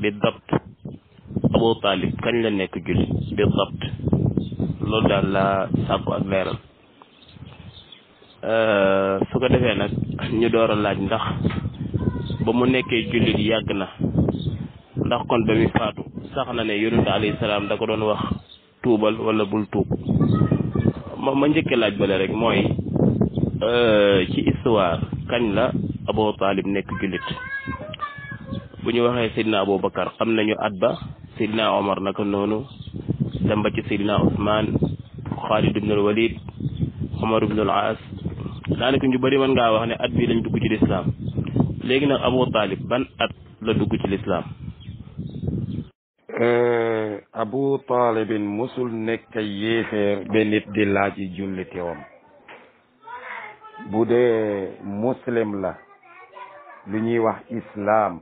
bi dabt Abu Talib kañ la nekk julli bi daal laa sàkku ak leeral euh, su ko defee nag ñu door laaj ndax ba mu nekkee jullit yàgg na ndax kon ba muy faatu sax na ne yonent alayhi salaam da ko doon wax tuubal wala bul tuub ma ma njëkkee laaj bale rek mooy Euh, ci histoire kañ la Abu Talib nekk jullit bu ñu waxee Seydina Aboubacar xam nañu at ba Seydina Omar naka noonu dem ba ci Seydina Ousmane Khalid ibn walid Omar ibn al-As daanaka ñu bëri mën ngaa wax ne at bii lañ dugg ci lislaam léegi nag Abu Talib ban at la dugg ci lislaam euh, Abu Talibin mosul nekk yéeféer ba nit di laaj yi julliteewam bu dee muslim la lu ñuy wax islam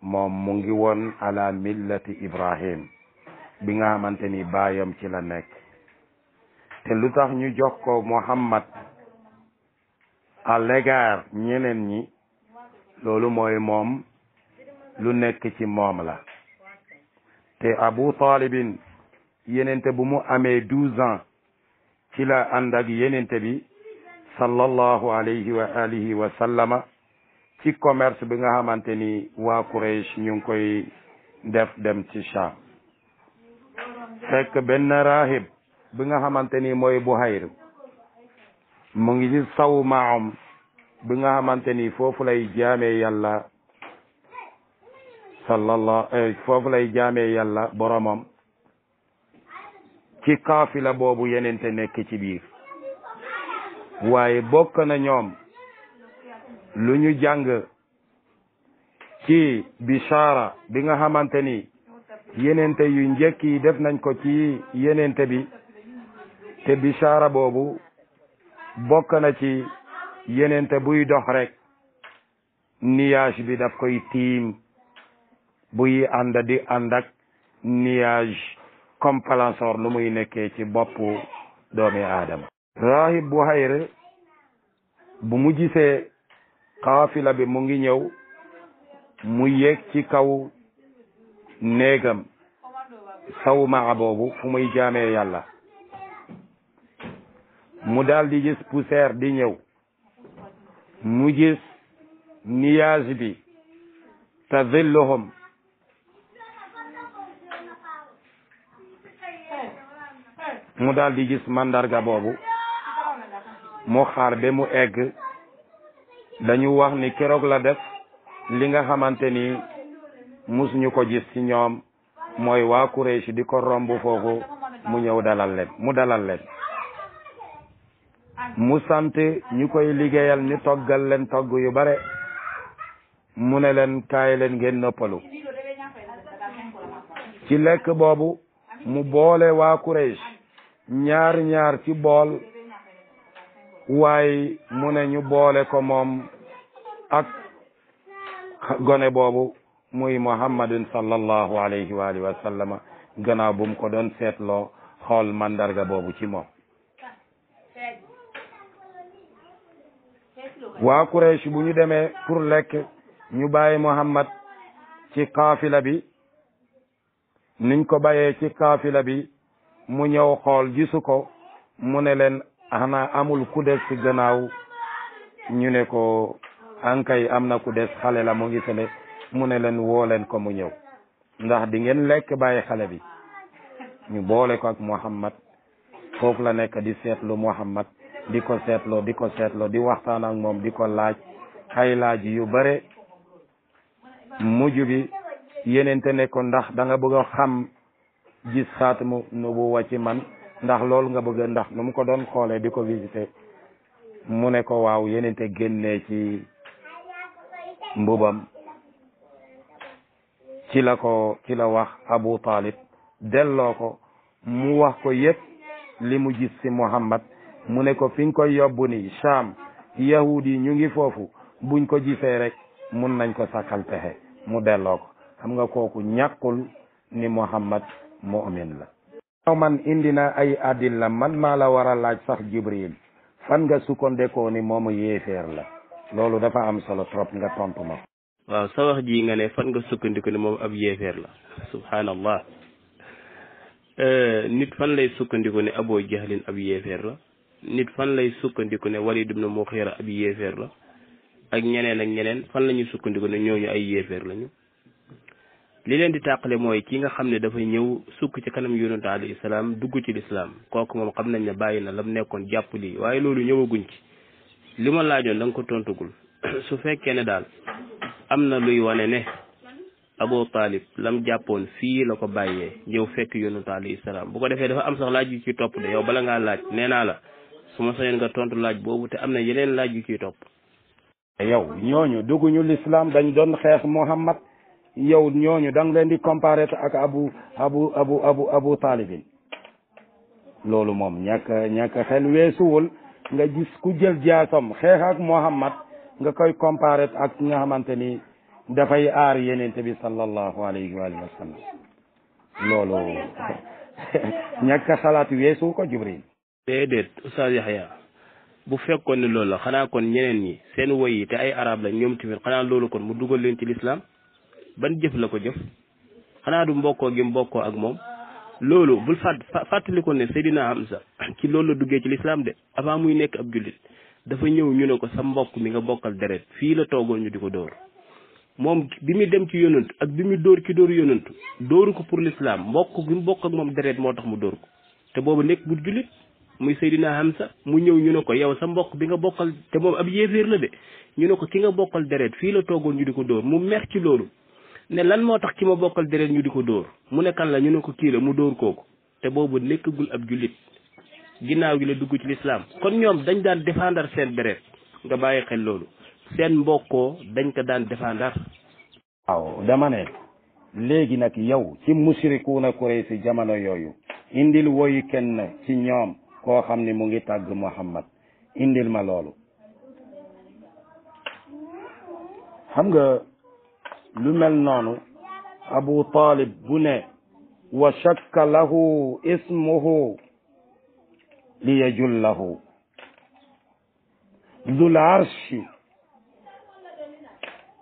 moom mu ngi woon ala millati ibrahim bi nga xamante ni baayam ci la nekk te lu tax ñu jox ko muhammad à l'égard ñeneen ñi loolu mooy moom lu nekk ci moom la te abu talibin yenente bu mu amee douze ans ci la ànd ak yenente bi sallallahu alayhi wa alihi wa sallama ci commerce bi nga xamante ni waa Quraysh ñu ngi koy def dem ci Sham fekk benn rahib bi nga xamante ni mooy Buhayr mu ngi ci saw maam bi nga ni foofu lay jaamee yàlla sallallahu eh, foofu lay jaamee yàlla boromam ci kaafila boobu yenente nekk ci biir waaye bokk na ñoom lu ñu jàng ci bichara bi nga xamante ni yenente yu njëkk yi def nañ ko ci yenente bi te bichara boobu bokk na ci yenente buy dox rek nuage bi daf koy tiim buy ànd di ànd ak nuage comme palansoor lu muy nekkee ci boppu doomi aadama rahib bu bu mu gisee xaafila bi mu ngi ñëw mu yéeg ci kaw néegam sawmaa boobu fu muy jaamee yàlla mu daal di gis poussière di ñëw mu gis nuage bi tazilluhum mu daal di gis mandarga boobu mu xaar ba mu egg dañu wax ni keroog la def li nga xamante ni musuñu ko gis ci ñoom mooy waa Quraysh di ko romb foogu mu ñëw dalal leen mu dalal leen mu sant ñu koy liggéeyal ni toggal leen togg yu bare mu ne leen kaay leen ngeen noppalu ci lekk boobu mu boole waa Quraysh ñaar ñaar ci bool waaye mu ne ñu boole ko moom ak gone boobu muy muhammadin sallallahu alayhi wa alihi wa sallama gannaaw bu ko doon seetloo xool mandarga boobu ci moom waa Quraysh bu ñu demee pour lekk ñu bàyyi muhammad ci kaafila bi niñ ko bàyyee ci kaafila bi mu ñëw xool gisu ko mu ne leen xanaa amul ku des ci gannaaw ñu ne ko ankay am na ku des xale la mu ngi fele mu ne leen wooleen ko mu ñëw ndax di ngeen lekk bàyyi xale bi ñu boole ko ak Muhammad foofu la nekk di seetlu Muhammad di ko seetloo di ko seetloo di waxtaan ak moom di ko laaj ay laaj yu bare mujj bi yenente ne ko ndax danga nga xam a xam gis xaatmu nubuwa ci man ndax loolu nga bëgg ndax nu mu ko doon xoolee di ko visité mu ne ko waaw yeneen yenente génnee ci mbubam ci la ko ci la wax Abu Talib delloo ko mu wax ko yëpp li mu gis ci Muhammad mu ne ko fi nga koy yóbbu ni Sham yahud yi ñu ngi foofu buñ ko gisee rek mun nañ ko sakkal pexe mu delloo ko xam nga kooku ñàkkul ni Muhammad mu'min la man indi na ay la man maa la war a laaj sax jibril fan nga sukkandekoo ni moomu yéeféer la loolu dafa am solo trop nga tontu ma waaw sa wax ji nga ne fan nga sukkandiku ni moom ab yéeféer la subhanallah euh, nit fan lay sukkandiku ne aboo jahlin ab yéeféer la nit fan lay sukkandiku ne walid ibn muxira ab yéeféer la ak ñeneen ak ñeneen fan la ñu sukkandiku ne ñooñu ay yéeféer lañu li leen di tàqale mooy ki nga xam ne dafa ñëw sukk ci kanam yonent alayhi salaam dugg ci lislaam kooku moom xam nañ ne bàyyi na lam nekkoon jàpp lii waaye loolu ñëwaguñ ci li ma laajoon da ko tontugul su fekkee ne daal am na luy wane ne Abu Talib lam jàppoon fii la ko bàyyee ñëw fekk yonent alayhi salaam bu ko defee dafa am sax laaj yu ci topp de yow bala ngaa laaj nee naa la su ma sañoon nga tontu laaj boobu te am na yeneen laaj yu ci top yow ñooñu danga leen di comparer ak abu abu abu abu abu taalibin loolu moom ñàkk ñàkk xel weesuwul nga gis ku jël jaasam xeex ak Muhammad nga koy comparer ak nga xamante ni dafay aar yeneen bi sallallahu alayhi wa sallam loolu ñàkk xalaat weesu ko Jibril déedéet Oustaz Yahya bu fekkoon ne loolu la xanaa kon ñeneen ñi seen woy yi te ay arab la ñoom tamit xanaa loolu kon mu dugal leen ci lislaam ban jëf la ko jëf xanaa du mbokkoo gi mbokkoo ak moom loolu bul fàtt fàttali ko ne Seydina Hamza ci loolu la duggee ci lislaam de avant muy nekk ab jullit dafa ñëw ñu ne ko sa mbokk mi nga bokkal deret fii la toogoon ñu di ko dóor moom bi muy dem ci yonant ak bi muy dóor ki dóor yonant dóoru ko pour l'islam mbokk gi mu ak moom deret moo tax mu dóor ko te boobu nekk bu jullit muy Seydina Hamza mu ñëw ñu ne ko yow sa mbokk bi nga bokkal te moom ab yéeféer la de ñu ne ko ki nga bokkal deret fii la toogoon ñu di ko dóor mu mer ci loolu ne lan moo tax ki ma bokkal deret ñu di ko dóor mu ne kan la ñu ne ko kii la mu dóor kooku te boobu nekkagul ab jullit ginnaaw gi la dugg ci lislaam kon ñoom dañ daan défendre seen deret nga bàyyi xel loolu seen mbokkoo dañ ko daan défendre. waaw dama ne léegi nag yow ci musrikuuna Kuraysi jamono yooyu indil woyu kenn ci ñoom koo xam ne mu ngi tàgg Muhammad indil ma loolu xam nga. lu mel noonu abu talib bu ne wa shakka lahu ismuhu li yajullahu dul arshi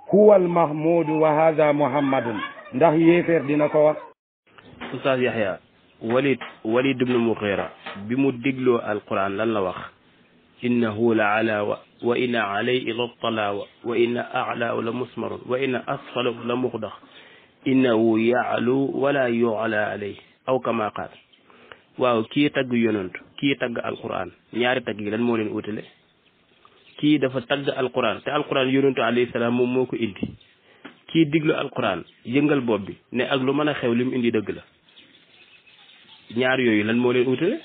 huwa almahmudu wa hada muhammadun ndax yéeféer dina ko wax oustaz yahya walid walid ibnu mughira bi mu dégloo alquran lan la wax innahu la ala wa inna alay ila talaawa wa inna alaaw la musmarun wa inna asfalaw la muxdax innahu yaalu wala yuala alay aw kama qaal waaw kii tagg yonent kii tagg alquran ñaari tagg yi lan moo leen kii dafa tagg alquran te alquran yonentu alayhi salaam moom moo ko indi kii diglu alquran yëngal bopp bi ne ak lu mën a xew li indi dëgg la ñaar yooyu lan moo leen utale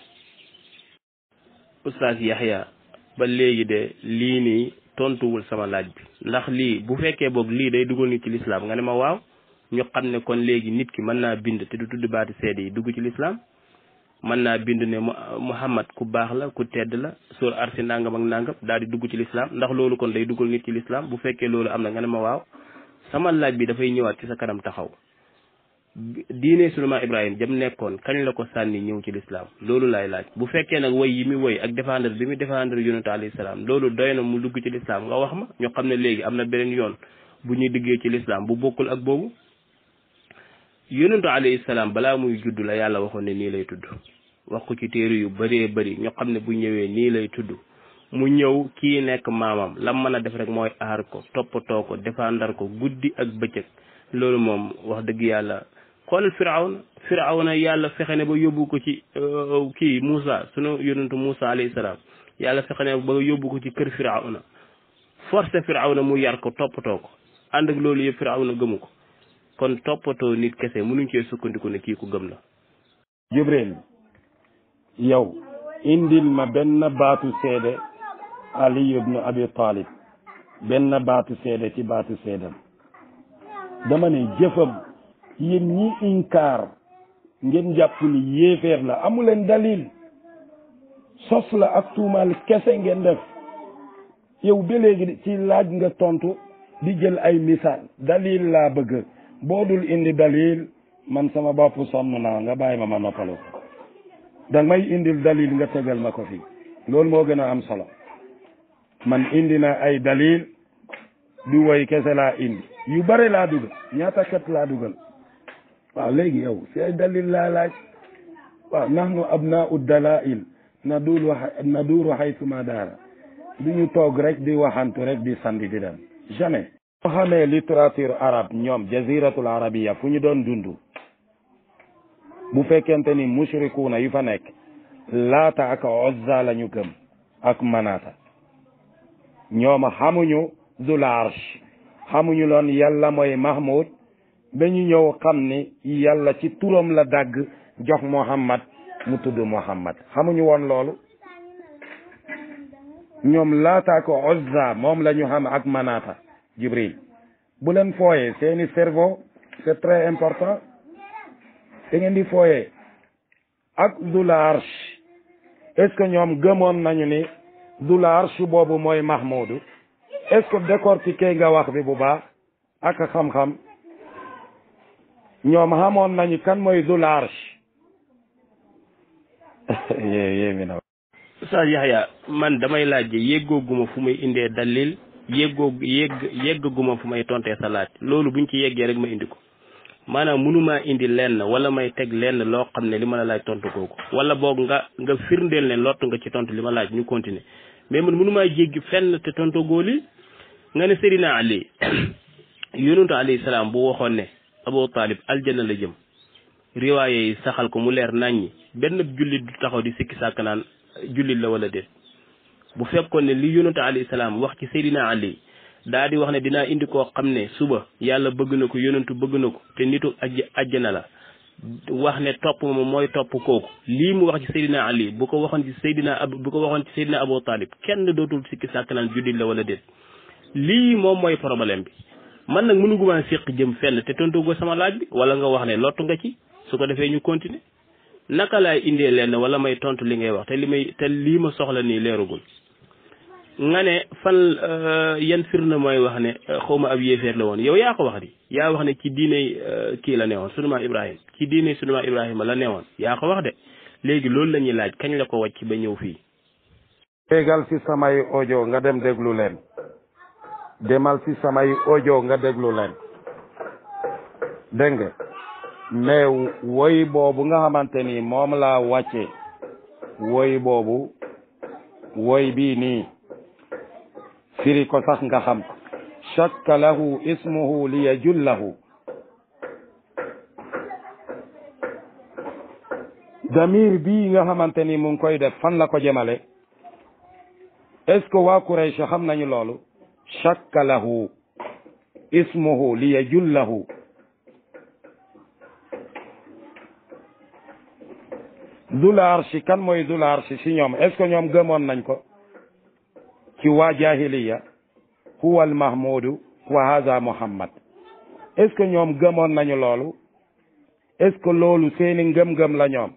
ustaas Yaxya ba léegi de lii nii tontuwul sama laaj bi ndax lii bu fekkee boog lii day dugal nit ci lislaam nga ne ma waaw ñu xam ne kon léegi nit ki mën naa bind te du tudd baati seede yi dugg ci lislaam mën naa bind ne Muhammad ku baax la ku tedd la sóor arsi nangam ak nangam daal di dugg ci lislaam ndax loolu kon day duggal nit ci lislaam bu fekkee loolu am na nga ne ma waaw sama laaj bi dafay ñëwaat ci sa kanam taxaw diine suleyman ibrahim jam nekkoon kañ la ko sànni ñëw ci lislaam loolu laay laaj bu fekkee nag woy yi muy woy ak défendre bi muy défendre yonent alayhi salaam loolu doy na mu dugg ci lislaam nga wax ma ñu xam ne léegi am na beneen yoon bu ñuy diggee ci lislaam bu bokkul ak boobu yonentu alayhi salaam balaa muy judd la yàlla waxoon ne nii lay tudd wax ko ci téere yu bëree bëri ñoo xam ne bu ñëwee nii lay tudd mu ñëw kii nekk maamam la mën a def rek mooy aar ko toppatoo ko défendre ko guddi ak bëccëg loolu moom wax dëgg yàlla xoolal firawna firawna yàlla fexe ne ba yóbbu ko ci euh, kii Moussa sunu yonentu muusa alayhi salaam yàlla fexe ne ba yóbbu ko ci kër firawna forcé firawna mu yar ko toppatoo ko ànd ak loolu yëpp firawna gëmu ko kon toppatoo nit kese mënuñ cee sukkandiku ne kii ku gëm la. Jibril yow indil ma benn baatu seede Ali ibn Abi Talib benn baatu seede ci baatu seedam dama ne jëfam. yéen ñi inkaar ngeen jàpp ni yéeféer la amuleen dalil sos la ak tuumaal kese ngeen def yow ba léegi ci laaj nga tontu di jël ay misaal dalil laa bëgg boo dul indi dalil man sama bopp sonn naa nga bàyyi ma ma noppalu ko da may indil dalil nga tegal ma ko fii loolu moo gën a am solo man indi na ay dalil du woy kese laa indi yu bare laa dugal ñaata kat laa dugal waa léegi yow si ay dalil laa laaj waaw nahnu abnaau dalail nadulu naduru haytuma daara du ñu toog rek di waxantu rek di sandi di dem jamais boo xamee ñoom jaziratul arabiya fu ñu doon dund bu fekkente ni mushrikuuna yu fa nekk laata ak ozza la ñu gëm ak manaata ñoom xamuñu zul arsh xamuñu loon yàlla mooy mahmud dañu ñëw xam ni yàlla ci turam la dagg jox Muhammad mu tudd Muhammad xamuñu woon loolu ñoom laataa ko Uzza moom la ñu xam ak Manata Jibril bu leen fooyee seeni cerveau c'est très important da ngeen di fooyee ak Zul Arsh est-ce que ñoom gëmoon nañu ni du Zul Arsh boobu mooy Mahmoud est-ce que décortiquer nga wax bi bu baax ak xam-xam ñoom xamoon nañu kan mooy Zul Arsh yéemi na Oustaz Yahya man damay laaj yéggooguma fu may indee dalil yéggoo yégg yéggaguma fu may tontee sa laaj loolu bu buñ ci yeggee rek ma indi ko maanaam mënumaa indi lenn wala may teg lenn loo xam ne li ma laaj tontu kooku wala boog nga nga firndeel ne lottu nga ci tontu li ma laaj ñu continuer mais man mënumaa jéggi fenn te tontu góoli nga ne Seydina Ali yonentu alayhi salaam bu waxoon ne Abu Taalib aljana la jëm riwaaye yi saxal ko mu leer naññi benn jullit du taxaw di sikki sàkk naan jullit la walla déet fekkoon ne li yonente alayhi wax ci Seydina Ali daa wax ne dinaa indi koo xam ne suba yàlla bëgg na ko yonentu bëgg na ko te nitu ajj la wax ne topp ma mooy topp kooku mu wax ci Seydina Ali bu ko waxoon ci Seydina ab bu dootul sikki sàkk la wala déet lii moom mooy problème bi man nag mënu gumaa séq jëm fenn te tontoogoo sama laaj bi wala nga wax ne lottu nga ci su ko defee ñu continuer naka laay indee lenn wala may tontu li ngay wax te li may te lii ma soxla nii leerugul nga ne fan euh, yan na mooy wax ne euh, xawma ab yéeféer la woon yow yaa ko wax di yaa wax ne ci diine euh, kii la newoon sunuma Ibrahima ci diine sunuma Ibrahima la newoon yaa ko wax de léegi loolu la ñuy laaj kañ la ko wàcc ba ñëw fii. tegal ci samay nga dem déglu leen. demal ci samay audio nga déglu leen dégg nga mais woy boobu nga xamante ni moom laa wàcce woy boobu woy bi ni firi ko sax nga xam ko shakka lahu ismuhu li yajullahu damir bii nga xamante ni mu koy def fan la ko jemale est-ce que waa Quraysh xam nañu loolu shakka lahu ismuhu li yajullahu dul arshi kan mooy dul arshi si ñoom est ce ñoom gëmoon nañ ko ci waa jahiliya huwa al mahmudu wa haza muhammad est ce ñoom gëmoon nañu loolu est ce que loolu seeni ngëm-ngëm la ñoom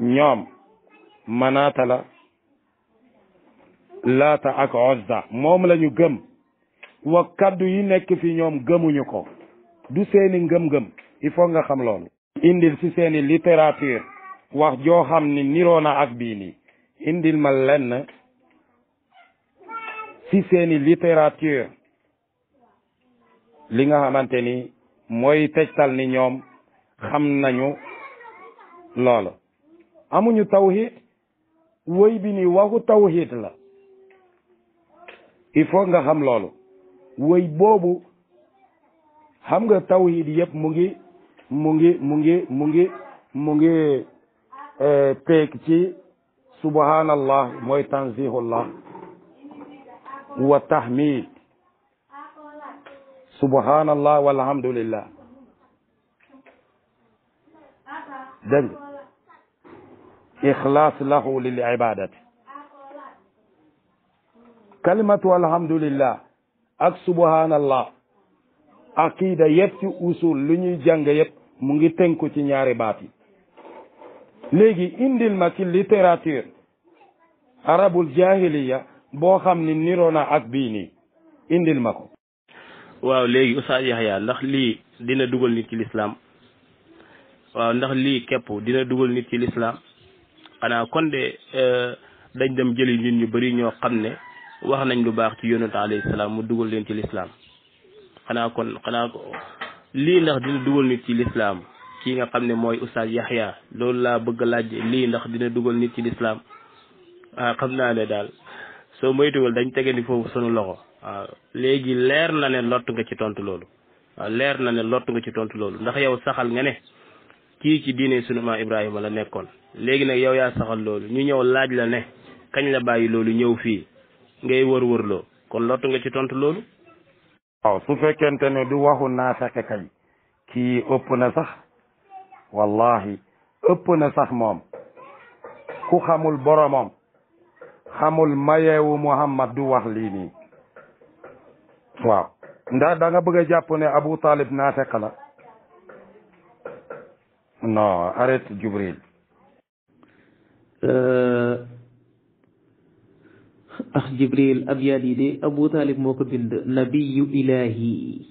ñoom manaata la laata ak Uzza moom lañu gëm wa kàddu yi nekk fi ñoom gëmuñu ko du seeni ngëm-ngëm il faut nga xam loolu indil ci seeni littérature wax joo xam ni niroo na ak bii nii indil ma lenn ci seeni littérature li nga xamante ni mooy tegtal ni ñoom xam nañu loolu amuñu tawhid woy bi ni taw tawhid la il faut nga xam loolu woy boobu xam nga tawhid yëpp mu ngi mu ngi mu ngi mu ngi mu ngi e, peeg ci subhanallah mooy tanzihullah wa tahmid subhanallah walhamdulillah dégg nga ixlaas lahu lil ibadati kalimatu alhamdulillah ak subhanallah aqida yëpp ci usul lu ñuy jàng yépp mu ngi tenku ci ñaari baat yi léegi indil ma ci littérature arabul jahiliya boo xam ni niroo na ak bii indil ma ko waaw léegi Oustaz Yahya ndax lii dina dugal nit ci lislaam waaw ndax lii képp dina dugal nit ci lislaam xanaa kon de euh, dañ dem jëli nit ñu bari ñoo xam ne wax nañ lu baax ci yonent alayhi salaam mu dugal leen ci lislaam xanaa kon xanaa ko lii ndax dina dugal nit ci lislaam kii nga xam ne mooy oustaz Yaxya loolu laa bëgg laaj lii ndax dina dugal nit ci lislaam ah xam naa ne daal soo moytuwul dañ tege ni foofu sunu loxo waaw ah, léegi leer na ne lott nga ci tontu loolu waaw ah, leer na ne lott nga ci tontu loolu ndax yow saxal nga ne kii ci diine suñu ma Ibrahima la nekkoon léegi nag yow yaa saxal loolu ñu ñëw laaj la ne kañ la bàyyi loolu ñëw fii ngay wër-wërloo kon lottu nga ci tontu loolu. waaw su fekkente ne du waxu naafeq kay kii ëpp na sax wallahi ëpp na sax moom ku xamul boromam xamul mayeewu Muhammad du wax lii nii waaw ndax da bëgg a jàpp ne Abu Talib naafeq la non arrête Jibril euh, ax jibril abyaat yi de abu taalib moo ko bind nabiyu ilaahi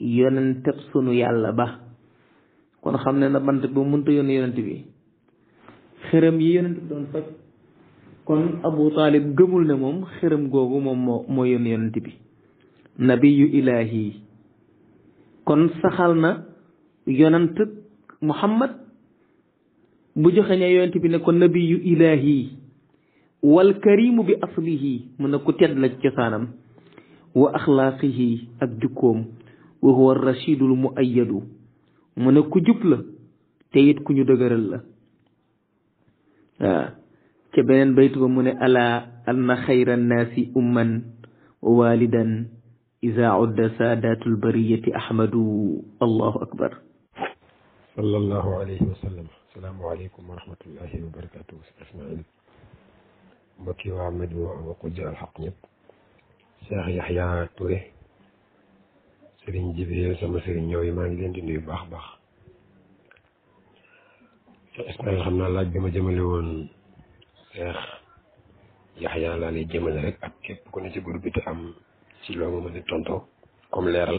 yonenteb sunu yàlla ba kon xam ne na bant bu mënta yónni yonent bi xërëm yi yonent bi doon faj kon abu taalib gëmul ne moom xërëm googu moom moo moo yónni yonent bi nabiyu ilaahi kon saxal na yonent muhammad bu joxe ne yonent bi ne kon nabiyu ilaahi wal karimu bi aslihi mu ne ku tedd la ci cosaanam wa axlaaqihi ak jukkoom wa huwa rachidul muayyadu mu ne ku jub la te it ku ñu dëgëral la waaw ca beneen baytu ba mu ne alaa anna xayra annaasi umman wa walidan iza udda saadatul bariyati ahmadu allahu akbar sallallahu alayhi wa sallam asalaamu aleykum wa rahmatullahi wa barakatuhu asmain mbokki waa Medina mbokku Jaal xaq ñëpp Cheikh Yaxya Touré sëriñ Jibril sama sëriñ ñëw yi maa ngi leen di nuyu baax baax Cheikh Ismaïl xam naa laaj bi ma jëmale woon Cheikh Yaxya laa lay jëmale rek ak képp ku ne ci groupe bi te am ci loo ma mën a tontoo comme leeral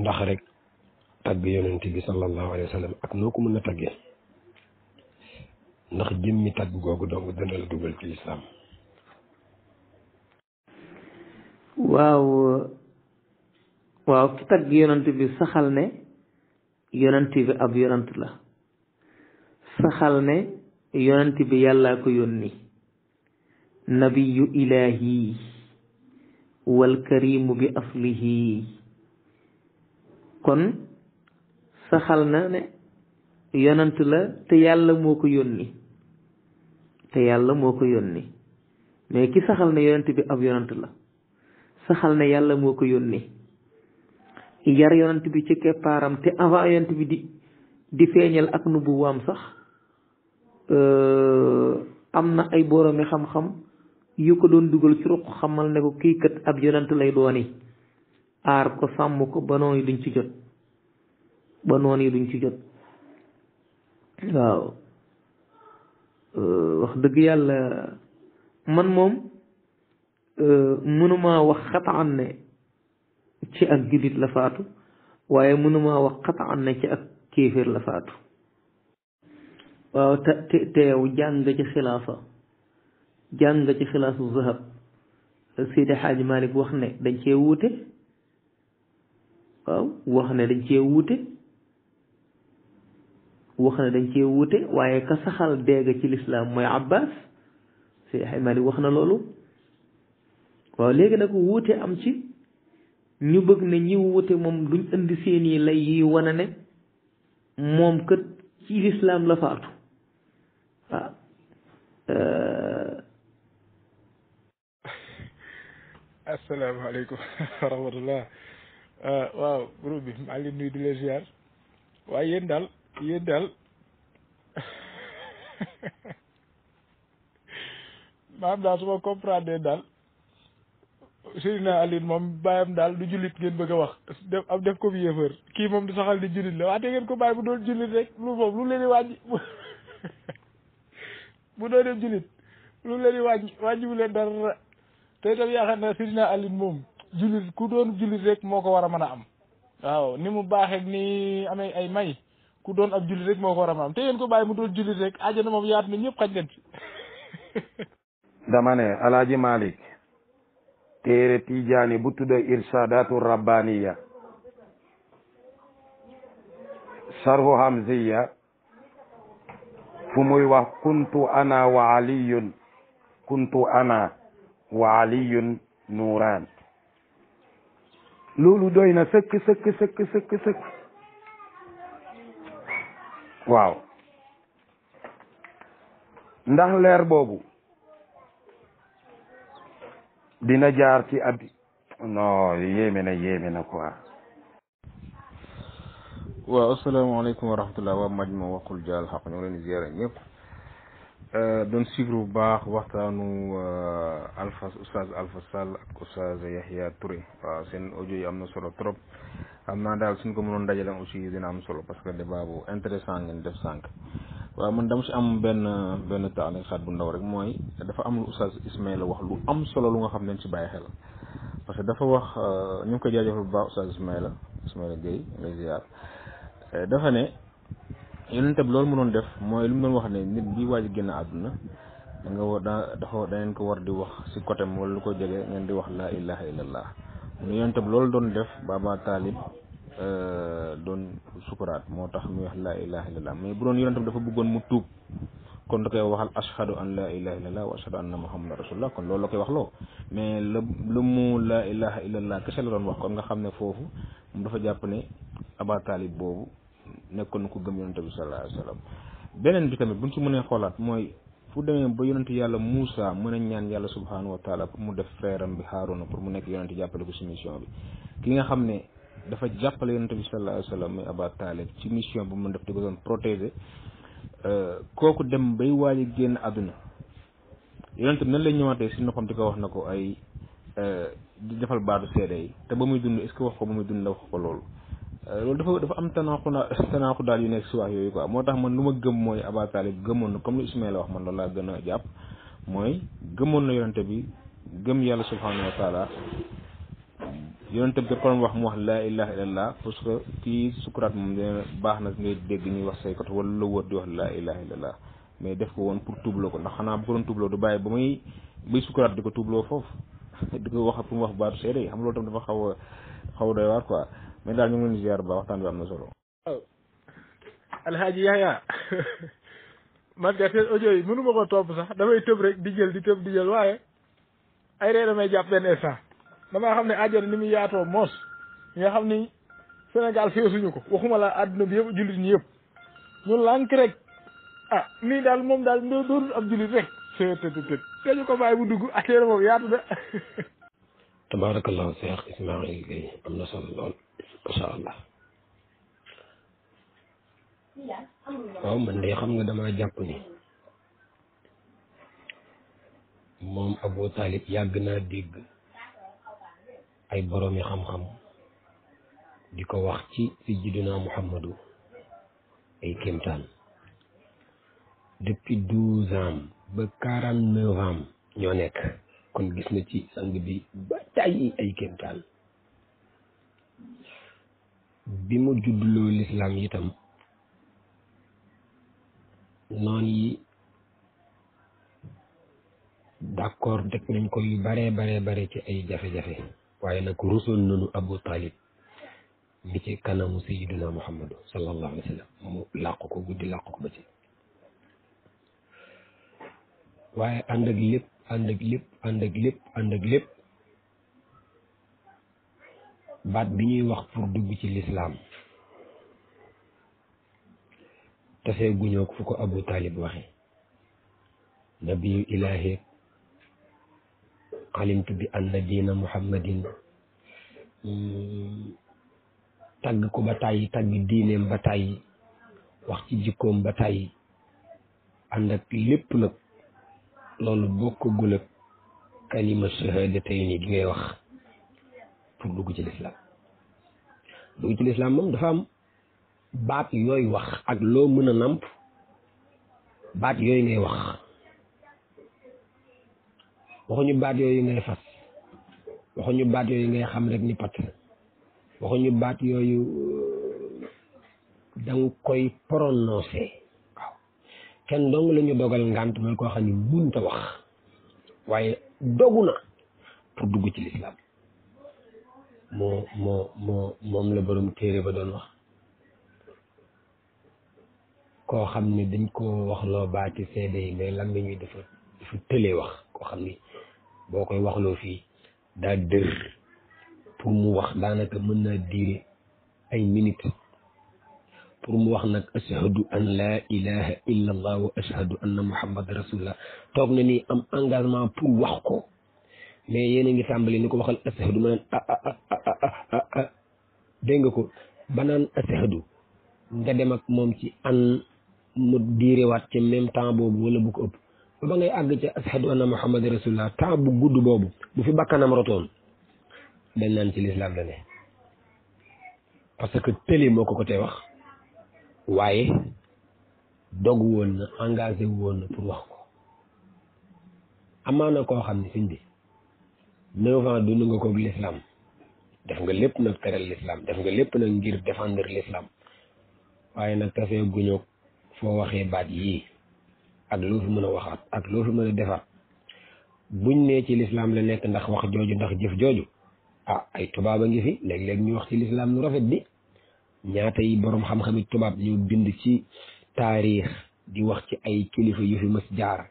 ndax rek tagg yonent bi sallallahu alayhi wa ak noo ko mën a taggee ndax jëmmi tagg googu dong dana dugal ci lislaam waaw waaw ki tagg yonant bi saxal ne yonant bi ab yonant la saxal ne yonant bi yàllaa ko yónni nabiyu ilaahi walkarimu bi aslihi kon xal na ne yonant la te yàlla moo ko yónni te yàlla moo ko yónni mais ki saxal na yonent bi ab yonent la saxal na yàlla moo ko yónni yar yonent bi ci keppaaram te avant yonent bi di di feeñal ak nubuwaam sax euh, am na ay boroomi xam-xam yu ko doon dugal ci ruq xamal na ko kii kat ab yonent lay dooni aar ko sàmm ko ba noon yi duñ ci jot ba noon yi duñ ci jot waaw wax dëgg yàlla man moom euh, mënuma wax xataan ne ci ak jullit la faatu waaye mënuma wax xataan ne ci ak kéeféer la faatu waaw te te yow jàng ci xilaafa jàng ci xilaasu zahab Seydi Xaaji Malik wax ne dañ cee wuute waaw wax ne dañ cee wuute wax na dañ cee wute waaye ka saxal dégg ci lislaam mooy abbas si xaymaali wax na loolu waaw léegi nag wuute am ci ñu bëgg ne ñi wute moom duñ indi seeni lay yi wane ne moom kët ci lislaam la faatu waaw euh, asalaamaaleykum wa rahmatullah euh, waaw daal yéen daal maam daal su ma comprendre daal Seydina Alioune moom bàyyam daal du jullit ngeen bëgg a wax def am def ko bi yéefar kii moom du saxal di jullit la wax ngeen ko bàyyi bu doon jullit rek lu moom lu leen di wàññi bu doon dem jullit lu leen di wàññi wàññi dara te itam yaakaar naa Seydina Alioune moom jullit ku doon jullit rek moo ko war a mën a am waaw ni mu baaxee ni amee ay may ku doon ab jullit rek moo ko war a maam te yéen ko bàyyi mu doon jullit rek àjjana moom yaatu na ñëpp xaj ngeen ci. dama ne alaaji Malick téere tijaani bu tudda irsaadatu rabbaniya sarhu hamziya fu muy wax kuntu ana wa aliyun kuntu ana wa aliyun nuuraan loolu doy na sëkk sëkk sëkk sëkk waaw ndax leer boobu dina jaar ci ab non yéeme na yéeme na quoi waaw asalaamaaleykum wa rahmatullah waa maj ma waxul jaal xaq ñoo leen ziyaare ñëpp euh, doon suivre bu baax waxtaanu euh, alpha oustaz alpha sall ak oustaz yahya touré waaw seen audio yi am na solo trop xam naa daal suñ ko mënoon dajale aussi dina am solo parce que débat bu intéressant ngeen def sànq waaw man dama si am benn benn tax xat bu ndaw rek mooy dafa am lu oustaz Ismaïla wax lu am solo lu nga xam ne ci bàyyi xel parce que dafa wax euh, ñu ngi koy jaajëfal bu baax oustaz Ismaïla Ismaïla Gueye ngay ziar euh, dafa ne yonente bi loolu mu doon def mooy lu mu doon wax ne nit bi waaj génn àdduna da nga war da dafa da ngeen ko war di wax si côté am wala lu ko jege ngeen di wax laa ilaha illallah ne yonent bi loolu doon def Baba Taalib euh, doon sukuraat moo tax mu wax laa ilaha illallah mais bu doon yonent bi dafa bëggoon mu tuub kon da koy waxal ashhadu an laa ilaha illallah wa ashhadu anna muhammadan rasulullah kon loolu la koy wax loo mais la lu mu laa ilaha illallah kese la doon wax kon nga xam ne foofu mu dafa jàpp ne Aba Taalib boobu nekkoon na ko gëm yonent bi sallallahu alayhi wa sallam beneen bi tamit buñ ci mënee xoolaat mooy fu demee ba yonentu yàlla Moussa mën a ñaan yàlla subhanahu wa taala pour mu def feeram bi Haaruna pour mu nekk yonentu jàppale ko si mission bi ki nga xam ne dafa jàppale yonentu bi sallallahu alayhi wa sallam muy Aba Taalib ci mission bu mu def di ko doon euh, kooku dem bay waaj génn àdduna yonentu nan lay ñëwaatee si noppam di ko wax na ko ay euh, di defal baatu seede yi te ba muy dund est-ce que wax ko ba muy dund la wax ko loolu Euh, loolu dafa dafa am tanaaxu tanaaxu daal yu nekk si wax yooyu ko moo tax man lu ma gëm mooy Aba Talib gëmoon na comme lu Ismaïla wax man loolu laa gën a jàpp mooy gëmoon na yonente bi gëm yàlla subhanahu wa taala yonente bi ko doon wax mu wax laa ilaha illallah parce que kii sukuraat baax na ngay dégg ñuy wax say côté wala di wax laa ilaha illallah mais def ko woon pour tuubloo ko ndax xanaa bu ko doon tuubloo du bàyyi ba muy bay di ko tuubloo foofu di ko wax pour mu wax baatu seede yi xam loolu tam dafa xaw a xaw a waar quoi mais daal ñu ngi leen ba waxtaan bi am na solo. waaw Alhaji Yaya man de seen audio yi ko topp sax damay tëb rek di jël di tëb di jël waaye ay ree damay jàpp benn instant damaa xam ne àjjana ni muy yaatoo moos nga xam ni Sénégal feesuñu ko waxuma laa àdduna bi yëpp jullit ñi yëpp ñu lànk rek ah nii daal moom daal ndoo doonul jullit rek së të te ñu ko bàyyi bu dugg affaire moom yaatu na tabaarakallah Cheikh Ismaïl Gueye am na solo lool macha allah waaw man de xam nga dama jàpp ni moom Abu Talib yàgg naa dégg ay boroomi xam-xam di ko wax ci sayyidina Muhammadu ay kéemtaan depuis douze ans ba quarante neuf ans ñoo nekk kon gis na ci sang bi ba tàyyi ay kéemtaan bi mu juddloo lislaam itam noon yi d'accord dëkk nañ koy yu baree bare ci ay jafe-jafe waaye nag rusoon nañu Abu Talib mbi ci kanamu sayyiduna Muhammadu sallallahu alayhi wa sallam mu làq ko guddi làq ko ba ci waaye lépp ànd ak lépp ànd ak lépp ànd ak lépp baat bi ñuy wax pour dugg ci lislaam tasee guñoog fu ko Abu Talib waxe nabiyu ilaahi xalimtu bi anna diina muhammadin tagg ko ba tàyyi tagg diineem ba tàyyi wax ci jikkoom ba tàyyi ànd ak lépp nag loolu bokkagul ak kalima shahadatayni gi ngay wax pour dugg ci lislaam dugg ci lislaam moom dafa am baat yooyu wax ak loo mën a namp baat yooyu ngay wax waxuñu baat yooyu ngay fas waxuñu baat yooyu ngay xam rek ni pat waxuñu baat yooyu euh, danga koy prononcé waaw kenn dong la ñu dogal ngànt mooy koo xam ne mënta wax waaye dogu na pour dugg ci lislaam moo moo moo moom la borom téere ba doon wax koo xam ni dañ ko wax loo baati seede yi mais lan la ñuy dafa dafa tëlee wax koo xam ni boo koy waxloo fii daa dër pour mu wax daanaka mën naa diire ay minute pour mu wax nag ashhadu an laa ilaha illa allah wa ashhadu anna muhammad rasulullah toog na nii am engagement pour wax ko mais yéen a ngi tàmbali ni ko waxal ashadu ma naan ah, ah, ah, ah dégg nga ko ba naan ashadu nga dem ak moom ci an mu diiriwaat ci même temps boobu wala bu ko ëpp ba ba ngay àgg ci ashadu anna muhammad rasulullah temps bu gudd boobu bu fi bakkanam rotoon dañ ci lislaam la ne parce que tëli moo ko ko tey wax waaye dog woon na engagé woon na pour wax ko amaana koo xam ne fiñ bi neuf ans dund nga koog l'islam def nga lépp nag teral l'islam def nga lépp nag ngir défendre l'islam waaye nag tasee guñoog foo waxee baat yii ak loo fi mën a waxaat ak loo fi mën a defaat buñ nee ci l'islam la nekk ndax wax jooju ndax jëf jooju ah ay tubaab a ngi fi léeg-léeg ñu wax ci l'islam lu rafet bi ñaata yi boroom xam-xami tubaab ñu bind ci taarix di wax ci ay kilifa yu fi mës jaar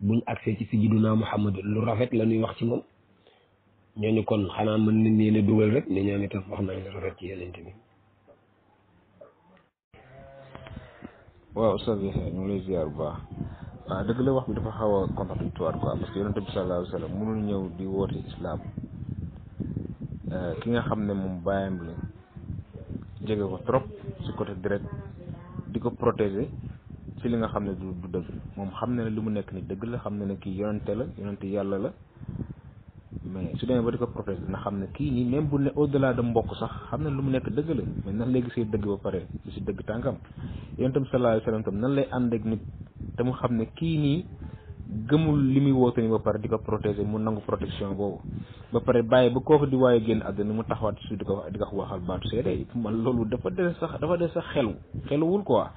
buñ agsee ci sayyiduna Muhammad lu rafet la ñuy wax ci moom ñooñu kon xanaa mën nañ leen a dugal rek ne ñoom itam wax na la rek ci yeneen bi waaw Oustaz Yaxya ñu ngi lay ziar bu baax ah, dëgg la wax bi dafa xaw a contradictoire ko parce que yonent bi sallallahu alayhi wa sallam mënul ñëw di woote islam euh, ki nga xam ne moom bàyyam la jege ko trop ci côté direct di ko protégé ci li nga xam ne du du dëgg moom xam na ne li mu nekk ni dëgg la xam ne ne kii yonente la yonente yàlla la mais su demee ba di ko protéger dina xam ne kii nii même bu ne au delà de mbokk sax xam ne lu mu nekk dëgg la mais nan lay gisee dëgg ba pare du si dëgg tànkam yonent bi sallallahu alayhi wasallam tam nan lay ànd ak nit te mu xam ne kii nii gëmul li muy woote ni ba pare di ko protéger mu nangu protection boobu ba pare bàyyi ba kooku di waaye génn àddina mu taxawaat su di ko di ko waxal baatu seede man loolu dafa des sax dafa des sax xelu xeluwul quoi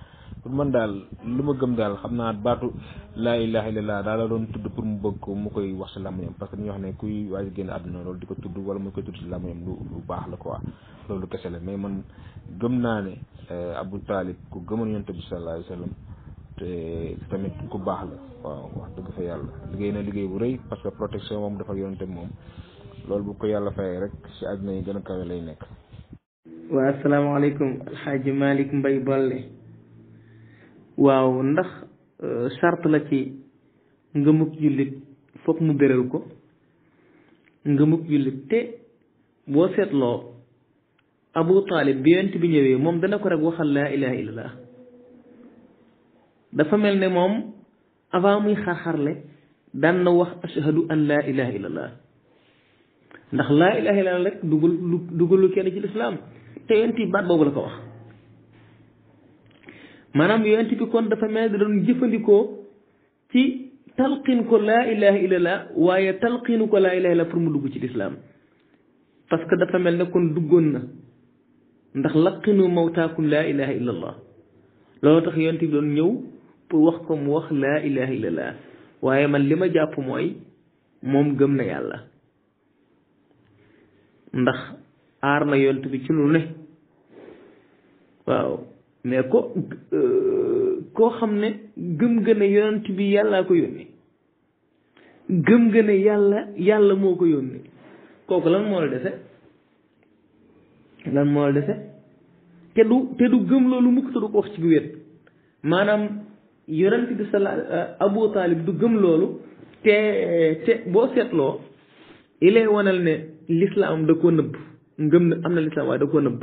pour man daal lu ma gëm daal xam naa baatu laa ilaha illallah daal la doon tudd pour mu bëgg ko mu koy wax si làmmiñam parce que dañuy wax ne kuy waaj génn àdduna loolu di ko tudd wala mu koy tudd si làmmiñam lu lu baax la quoi loolu kese la mais man gëm naa ne euh, Abu Taalib ku gëmoon yonent bi sallallahu alayhi wa sallam te tamit ku baax la waaw wax dëgg fa yàlla liggéey na liggéey bu rëy parce que protection moom dafa yonente moom loolu bu ko yàlla fayee rek si àdduna yi gën a kawe lay nekk. waaw ndax euh, charte la ci ngëmug jullit foog mu bérél ko ngëmug jullit te boo seetloo abu taalib bi yonent bi ñëwee moom dana ko rek waxal laa ilaha la dafa mel ne moom avant muy xarxarle daan na wax ashhadu an laa ilaha illallah ndax laa ilaha illallah rek dugal lu dugalu kenn ci lislaam te yonent bi baat boobu la ko wax maanaam yonent bi kon dafa mel da doon jëfandikoo ci talqin ko laa ilaha illallah waaye talqinu ko laa ilaha illallah pour mu dugg ci lislaam parce dafa mel ne kon duggoon na ndax laqinu mawtaakum laa ilaha illallah loolu tax yonent bi doon ñëw pour wax ko mu wax laa ilaha illallah waaye man li ma jàpp mooy moom gëm na yàlla ndax aar na yonent bi ci lu ne waaw mais ko euh, koo xam ne gëm gën a yonent bi yàllaa ko yónni gëm gën a yàlla yàlla moo ko yónni kooku lan moo la dese lan moo la dese te du te du gëm loolu mukk te du ko wax ci wet maanaam yonent bi sala Abu Taalib du gëm loolu te te boo seetloo ilay wanal ne lislaam da ko nëbb gëm na am na lislaam waaye da ko nëbb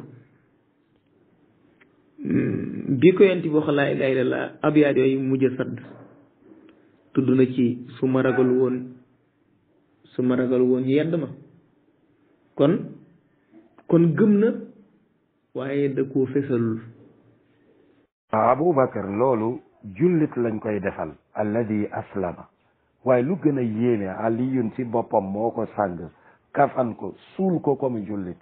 Hmm, bi ko yonent bi wax laa ilaaha illallaah abyaat yooyu mujj sadd tudd na ci su ma ragal woon su ma ragal woon ñu ma kon kon gëm na waaye da koo abu ah, abubakar loolu jullit lañ koy defal alladi aslama waaye lu gën a yéene aliyun ci boppam moo ko sàng kafan ko suul ko comme jullit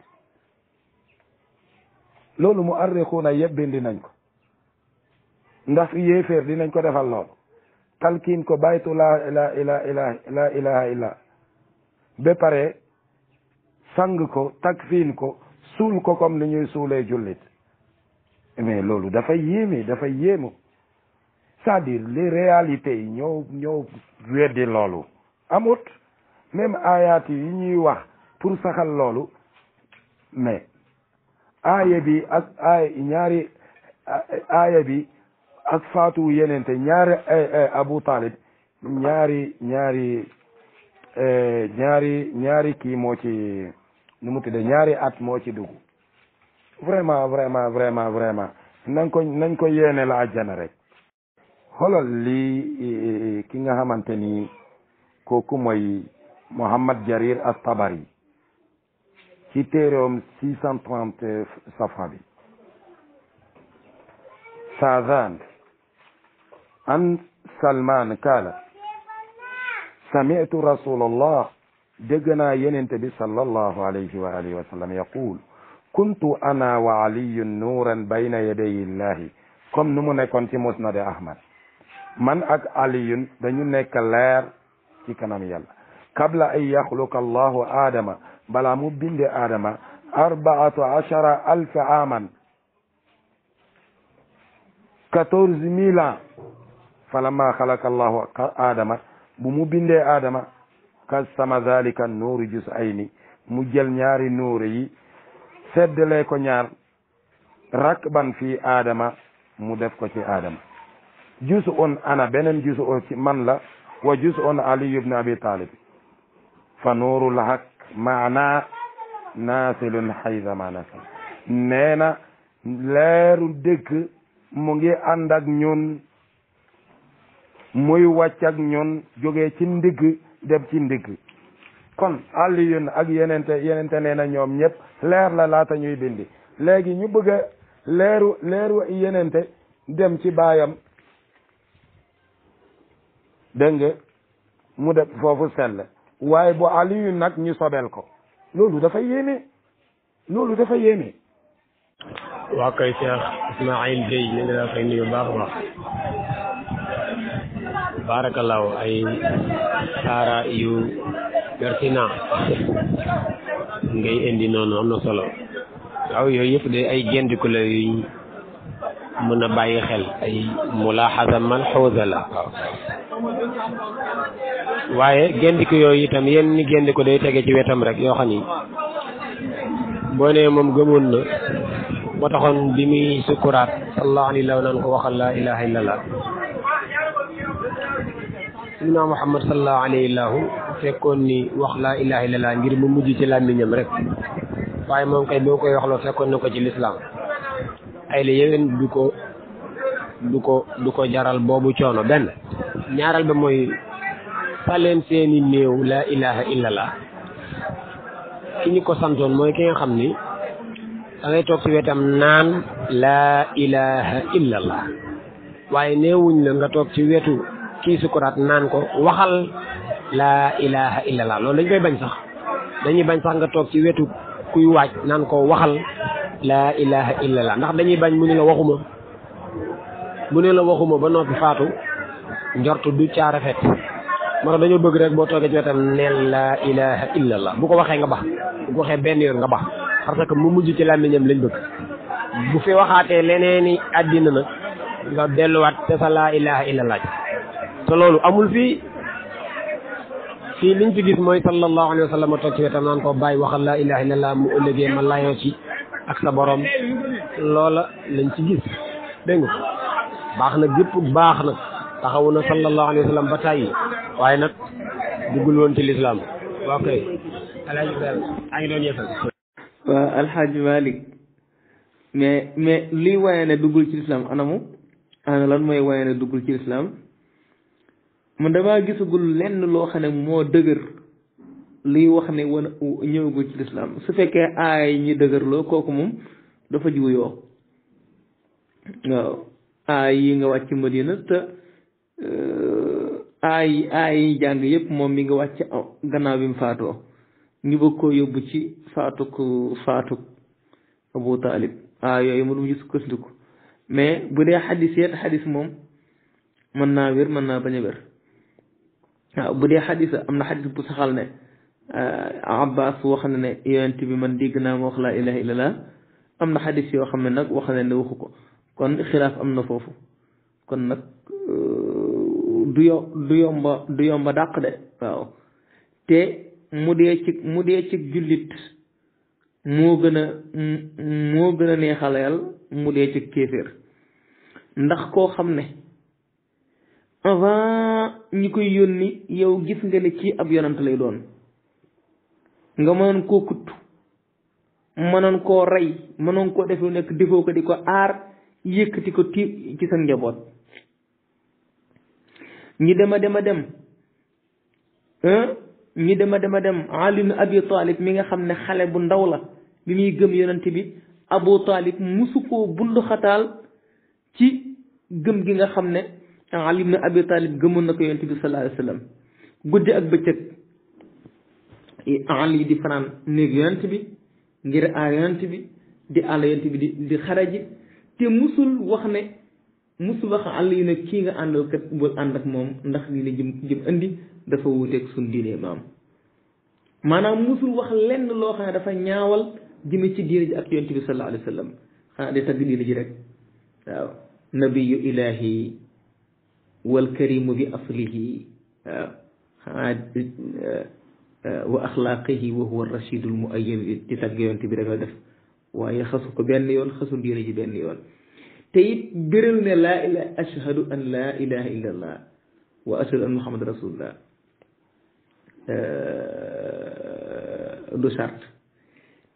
loolu mu arrikuuna bindi nañ ko ndax yéeféer dinañ ko defal loolu talkiin ko la laa ila ila ila laa ilaha illa ba pare sang ko takfiin ko suul ko comme ni ñuy suulee jullit mais loolu dafa yéeme dafa yéemu c'est-à-dire les réalités ñëw ñëw ñoo weddi loolu amut même ayaat yi ñuy wax pour saxal loolu mais aaya bi ak aaya ñaari aaya bi ak faatu yenente ñaari eh, eh, Abu Talib ñaari ñaari eh, ñaari ñaari kii moo ci nu mu tuddee ñaari at moo ci dugg vraiment vraiment vraiment vraiment nañ ko nañ ko yéene la àjjana rek xoolal lii ki nga xamante ni kooku mooy Muhammad Jarir at-Tabari ci téeréom 630 safa bi sazan an salman kaala sami'tu rasulallah dégg naa yenente bi sallallahu alayhi wa alihi wa sallam yaqul kuntu ana wa aliyun nuuran bayna yaday illahi comme nu mu nekkoon ci musnad ahmad man ak aliyun dañu nekk leer ci kanam yàlla an yaxluqa allahu aadama bala mu binde aadama arbaatu achara alfa aman quatorze mille falamma xalaqa allahu aadama bu mu bindee adama kasama zalika nuuru jus ay ni mu jël ñaari nuuru yi seddalee ko ñaar rakban fii aadama mu def ko ci aadama jus ana beneen jus ci man la wa jus on aliyu abi talib fa nuurul haq maana naasilun haydama nasal nee na leeru dëkk mu ngi ànd ak ñun muy wàcc ak ñun jógee ci ndigg dem ci ndigg kon Aliyun ak yenente yenente nee na ñoom ñëpp leer la laata ñuy bindi léegi ñu bëgg a leeru leeru yenente dem ci baayam dégg mu def foofu sell waaye bu aliyu nag ñu sobel ko loolu dafa yéeme loolu dafa yéeme waa koy Cheikh Ismaïl Gueye ñu ngi laa koy nuyu baax a baax baarakallaahu ay saara yu pertinent ngay indi noonu am na solo aw yooyu yëpp de ay gendiku la yuñ mën a bàyyi xel ay mulaaxasa malxuusa la waaw waaye gendiku yooyu itam yenn ni gendiku day tege ci wetam rek yoo xam ni boo nee moom gëmoon na moo taxoon bi muy sukkuraat sallallahu alayhi wa naan ko waxal laa ilaha illallah sidina muhammad sallallahu alayhi wa fekkoon ni wax laa ilaha illallah ngir mu mujj ci làmmiñam rek waaye moom kay boo koy waxloo fekkoon na ko ci lislaam ay la yéwén du ko du ko du ko jaral boobu coono benn ñaaral bi mooy faleen seeni néew laa ilaha illallah ki ñu ko santoon mooy ki nga xam ni dangay toog ci wetam naan laa ilaha illallah waaye néewuñ la nga toog ci wetu kii sukuraat naan ko waxal laa ilaha illallah loolu dañ koy bañ sax dañuy bañ sax nga toog ci wetu kuy waaj naan ko waxal laa ilaha illallah ndax dañuy bañ mu ne la waxuma mu ne la waxuma ba noppi faatu njortu du caa rafet moo tax dañoo bëgg rek boo toogee ci wetam neel laa ilaha illallah bu ko waxee nga bax bu ko waxee benn yoon nga bax parce que mu mujj ci làmmiñam lañ bëgg bu fi waxaatee leneeni àddina nag nga delluwaat te sa laa ilaha illallah te loolu amul fii fii liñ fi gis mooy sallallahu alayhi wa sallam toog ci wetam naan ko bàyyi laa ilaha illallah mu ëllëgee ma layoo ci ak sa borom loola lañ ci gis dégg baax na gépp baax na taxawu na sallallahu alayhi wa sallam ba tàyyi waaye nag duggul woon ci lislaam ok alaaji a ngi Malik mais mais liy waaye duggul ci lislaam anamu ana lan mooy waaye duggul ci lislaam man damaa gisagul lenn loo xam moo dëgër liy wax ne wan ñëwagul ci lislaam su fekkee aay ñi dëgërloo kooku moom dafa jiw yoo waaw aay yi nga wàcc Madina te aay euh, aay yi jàng yëpp moom mi nga wàcc gannaaw bi mu faatoo ñu bëgg koo yóbbu ci faatuk faatuk Abu Taalib aay yooyu ma lu mu gis mais bu dee xadis yeet xadis moom mën naa wér mën naa bañ waaw bu dee xadis am na xadis bu saxal ne Euh, Abbas wax na ne yonent bi man dégg naa ma wax laa ilaha am na xadis yoo xam ne nag wax na ne waxu ko kon xilaaf am na foofu kon nag euh, du yo du yomba du yomba dàq de waaw te mu dee ci mu dee ci jullit moo gën a moo gën a neexal mu dee ci kéeféer ndax koo xam ne avant ñi koy yónni yow gis nga ne ci ab yonant lay doon nga mënoon koo kutt mënoon koo rey mënoon koo def nekk defoo ko di ko aar yëkkati ko ti ci sa njaboot ñi dema dema dem ñi dema dema dem Ali ibn Abi Talib mi nga xam ne xale bu ndaw la bi muy gëm yonent bi Abu musu koo bundu ci gëm gi nga xam ne Ali ibn Abi na ko yonent bi sallallahu alayhi guddi ak bëccëg Ali di fanaan néeg yonent bi ngir aar yonent bi di àll bi di di xaraji te musul wax ne musul wax àll yi ne kii nga àndal kat bul ànd ak moom ndax lii la jëm jëm indi dafa wuuteeg suñ diine maam maanaam musul wax lenn loo xam ne dafa ñaawal jëme ci diine ji ak yonent bi sallallahu alayhi wa sallam xanaa de tagg diine ji rek waaw nabiyu ilahi wal karimu bi aslihi waaw wa axlaaqihi wa huwa rachidul mu ayyad ci tagg yonent bi rek la def waaye xasu ko benn yoon xasul diine ji benn yoon te it béral ne laa ila ashhadu an laa ilaha illa allah wa ashhadu an muhammad rasulullah du sart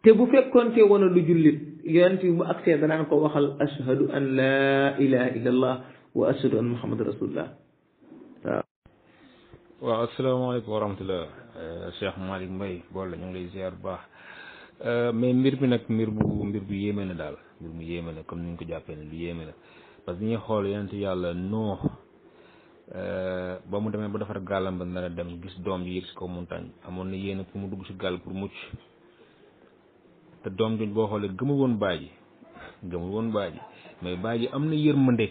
te bu fekkoonte woon lu jullit yonent bi bu agsee danaan ko waxal ashhadu an laa ilaha illa allah wa ashhadu an muhammad rasulullah waaw waaw asalaamaaleykum wa rahmatullah Euh, Cheikh Malick Mbaye boole ñu ngi lay ziar bu baax euh, mais mbir mi nag mbir bu mbir bu yéeme na daal mbir mu yéeme na comme ni ñu ko jàppee ne lu yéeme na ñuy xool yonent yàlla noo euh, ba mu demee ba defar gàllam ba nar a dem gis doom ji yëg si kaw montagne amoon na yéene pour mu dugg si gàll pour mucc te doom jooju boo xoolee gëmul woon baay ji gëmul woon baay ji mais baay ji am na mënde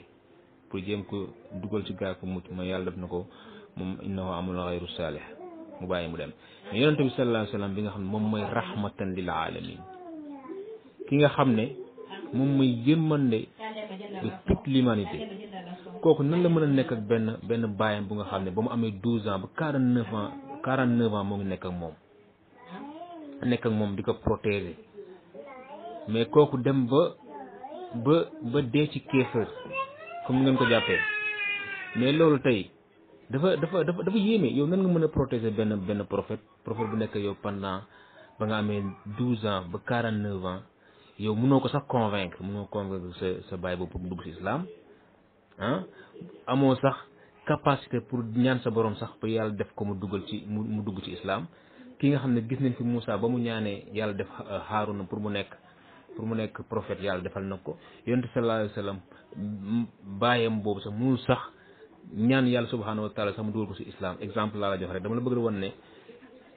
pour jéem ko dugal si gaal ko mucc ma yàlla def na ko moom innahu amul xayru saalih mu bàyyi mu dem mais yonent bi sallallahu bi nga xam ne moom mooy rahmatan lil alamin ki nga xam ne moom mooy yërmande de toute kooku nan la mën a nekk ak benn benn bàyyam bu nga xam ne ba mu amee douze ans ba quarante neuf ans quarante neuf moo ngi nekk ak moom nekk ak moom di ko protéger mais kooku dem ba ba ba dee ci kéefër mu ngeen ko jàppee mais loolu tey dafa dafa dafa dafa yéeme yow nan nga mën a protéger benn benn prophète prophète bu nekk yow pendant ba nga amee douze ans ba quarante neuf ans yow munoo ko sax convaincre mënoo convaincre sa sa baay boobu pour mu dugg si islam ah? amoo sax capacité pour ñaan sa borom sax yàlla def ko mu duggal ci mu mu dugg ci islam ki nga xam ne gis nañ fi Moussa ba mu ñaanee yàlla def euh, Haaruna pour mu nekk pour mu nekk profet yàlla defal na ko yonent sa alayhi wa sallam baayam boobu sax mënul sax. ñaan yàlla subhanahu wa taala sax mu dugal ko si islam exemple laa la jox rek dama la bëgg a won ne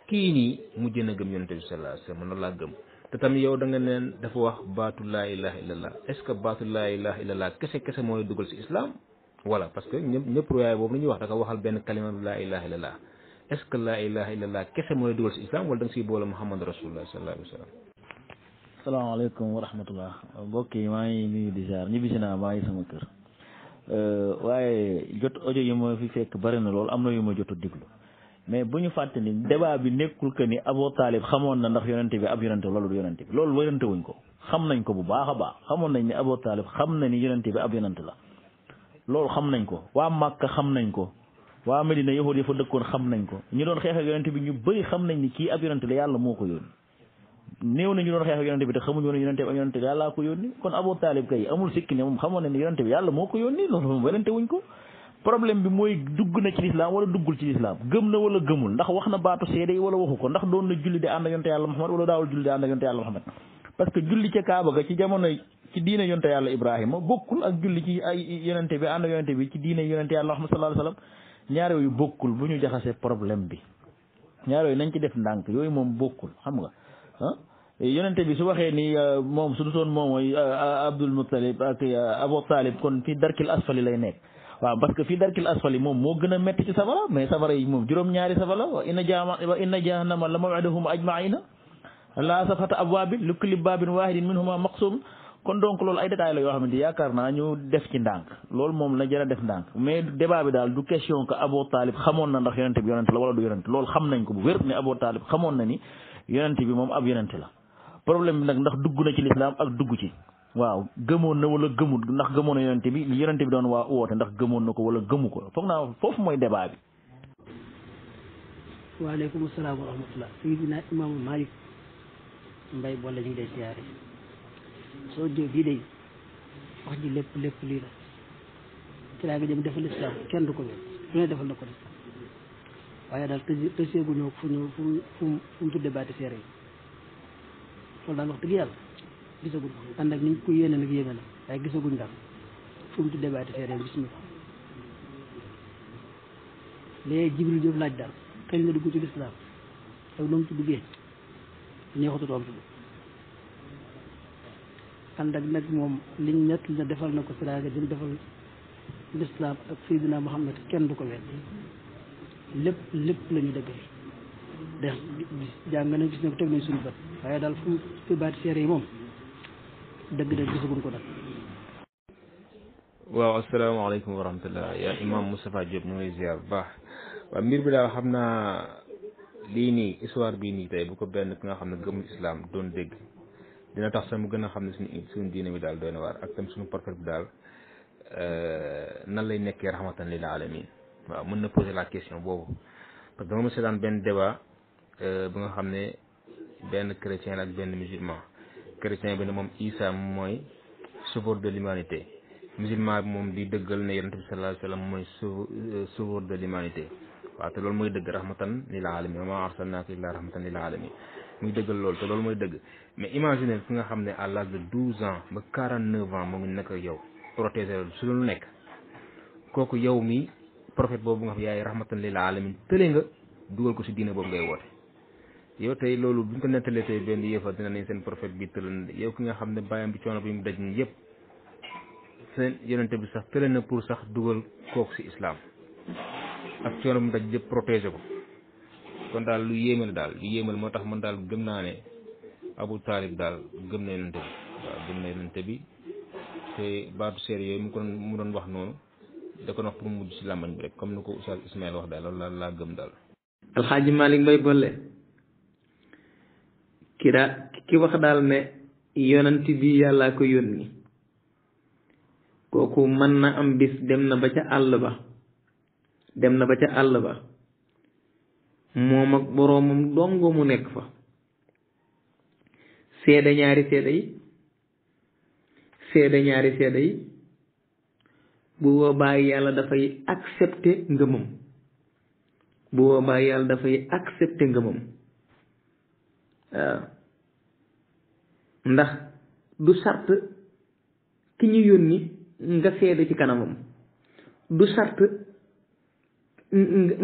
kii nii mujj na gëm yonente bi sallallahu alayhi wasallam noonu laa gëm te tamit yow da nga leen dafa wax baatu laa ilaha illallah est-ce que baatu laa ilaha illallah kese kese moo dugal si islam voilà parce que ñëpp ñëpp ruwaay boobu la wax da nga waxal benn kalima laa ilaha illallah est-ce que laa ilaha illallah kese moo lay dugal si islam mbokk yi maa ngi nuyu di ñibbisi naa maa ngi sama kër Euh, waaye jot ojo yi ma fi fekk bari na lool am na yu ma jot diglu mais bu ñu fàtte ni débat bi nekkul que ni Abu Talib xamoon na ndax yonente bi ab yonente loolu loolu wérante wuñ ko xam nañ ko bu baax a baax xamoon nañ ni Abu xam na ni yonente bi ab yonente la loolu xam nañ ko waa Màkka xam nañ ko waa Medina yahud ya fa dëkkoon xam nañ ko ñu doon xeex ak bi ñu bëri xam nañ ni kii ab yonente la yàlla moo ko yónni néew nañu ñu doon xeex ak yonente bi te xamuñu woon yonente bi ak ko yónni kon Abu Talib kay amul sikki ne moom xamoon ne ne yonente bi yàlla moo ko yónni loolu dugg na ci gëm na wala gëmul ndax wax na baatu seede wala waxu ko ndax doon na julli di ànd ak yonente yàlla Muhammad wala daawul que julli ca Kaaba ga ci jamono ci diine yonente yàlla Ibrahima bokkul ak julli ci ay yonente bi ànd bi ci diine yonente yàlla Muhammad sallallahu alayhi wasallam ñaar yooyu bu ñu jaxasee problème bi ñaar nañ ci def ndànk yooyu moom bokkul xam nga ah yonente bi su waxee ni euh, moom su dutoon moom mooy euh, euh, Abdul Muttalib ak Abu Talib kon fii darkil asfali lay nekk waaw parce que fii darkil asfali moom moo gën a métti ci safara mais safara yi moom juróom-ñaari safara la wa inna jaama wa inna jahannama la mawidahum ajmaina laa safata abwaabin li kulli baabin waahidin minhuma maqsum kon donc loolu ay détails la yoo xamante yaakaar naa ñu def ci ndànk loolu moom la jëra def ndànk mais débat bi daal du question que Abu Talib xamoon na ndax yonente bi yonente la wala du yonente loolu xam nañ ko bu wér ne Abu xamoon na ni yonent bi moom ab yonent la problème bi nag ndax dugg na ci lislaam ak dugg ci waaw gëmoon na wala gëmul ndax gëmoon na yonent bi li yonent bi doon waa woote ndax gëmoon na ko wala gëmu ko foog naa foofu mooy débat bi waaleykum salaam wa rahmatullah Seydina Mbay boole ñu ngi lay siyaare soo jóg bii day wax ji lépp lépp lii la ci laa nga jëm defal lislaam kenn du ko wér lu ne defal na ko lislaam waaye daal tëj tëjseegu ñëw fu ñu fu fu mu tudde baati seere yi loolu daal wax dëgg yàlla gisaguñ ko ànd ak ni ñu ko yéene nag yéeme na waaye gisaguñ daal laaj daal xëy na dugg ci lislaam ak nu mu ci duggee neexutu tontu bi ànd ak nag moom liñ nett na defal na ko siraage dim defal lislaam ak sayyidina Muhammad kenn du ko wedd lépp lépp la ñu dëggal de jàng na suñu bët waaye daal fu fi baati seere yi moom dëgg dëgg gisaguñ ko nag waaw asalaamaaleykum wa rahmatullah yaa imam Moustapha Diop ñu ngi ziar bu baax waaw mbir bi daal xam naa lii nii histoire bii nii tey bu ko benn ki nga xam ne gëmul islam doon dégg dina tax sax mu gën a xam ne suñu suñu diine bi daal doy na ak tam suñu porfet bi daal euh, nan lay nekkee rahmatan lil alamin waaw mën na poser la question boobu parce que dama mos a benn débat euh, bu nga xam ne benn chrétien la ak benn musulman chrétien bi ne moom Isa mooy sauveur de l'humanité musulman bi moom di dëggal ne yonent bi sallallahu alayhi wa sallam mooy euh, sauveur de l'humanité waaw te loolu mooy dëgg rahmatan lil alamin wa ma arsalnaaka illaa rahmatan lil muy dëggal loolu te loolu mooy dëgg mais imaginer ki nga xam ne à l'âge de douze ans ba quarante neuf ans moo ngi nekk yow protégé su lu nekk kooku yow mi profet boobu nga xam yaay rahmatan lil alamin tële nga dugal ko si diine boobu ngay woote yow tey loolu buñ ko nettalee tey benn yëfa dina nañ seen prophète bi tëlan yow ki nga xam ne bàyyam bi coono bi mu daj yëpp seen yonente bi sax tële na pour sax dugal kooku ci islaam ak coono bi mu daj yëpp protéger ko kon daal lu yéemal daal lu yéemal moo tax man daal gëm naa ne Abu Taalib daal gëm na yonente bi waaw gëm na yonente bi te baatu seer yooyu ko mu doon wax noonu da ko wax pour mu mujj si làmbañ bi rek comme ni ko Oustaz Ismaël wax daal loolu laa laa gëm daal. alxaaji Malick Mbaye boole ki daa ki wax daal ne yonanti bi yàllaa ko yónni kooku mën na am bis dem na ba ca àll ba dem na ba ca àll ba moom ak boroomam dongo mu nekk fa seede ñaari seede yi seede ñaari seede yi bu boobaa yàlla dafay accepter ngëmam bu boobaa yàlla dafay accepter ngëmam waaw ndax du sart ki ñu yónni nga seede ci kanamam du sart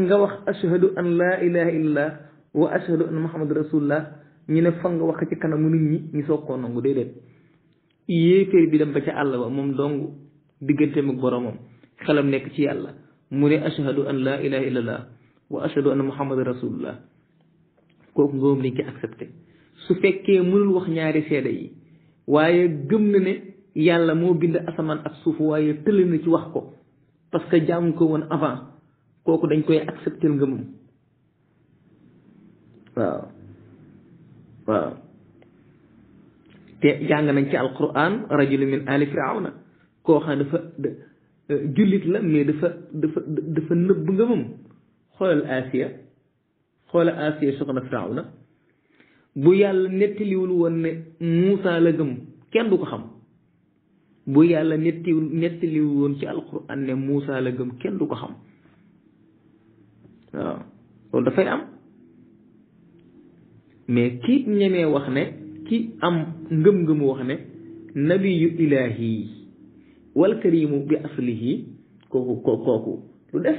nga wax ashhadu an laa ilaha illallah wa ashhadu an muhammadu rasulullah ñu ne fa nga wax ci kanamu nit ñi ñu soog koo nangu déedéet yéeféer bi dem ba ca àll ba moom dong digganteem ak boromam xelam nekk ci yàlla mu ne ashhadu an la ilaha illallah wa ashhadu anna muhammadan rasulullah kooku ngóom liñ ko accepté su fekkee mënul wax ñaari seede yi waaye gëm na ne yàlla moo bind asamaan ak suuf waaye tële na ci wax ko parce que jaamu ko woon avant kooku dañ koy accepté ngëmam waaw waaw te jàng nañ ci alquran rajulu min ali na koo xam dafa euh, la mais dafa dafa dafa nëbb ngëmam xoolal Asiya xoolal Asiya soxna Firawna bu yàlla nettaliwul woon ne Muusa la gëm kenn du ko xam bu yàlla nettiwul nettaliwul woon ci alquran ne Muusa la gëm kenn du ko xam waaw loolu dafay am mais ki ñemee wax ne ki am ngëm-ngëmu wax ne nabiyu ilaahi wal karimu bi aslihi kooku kooku lu def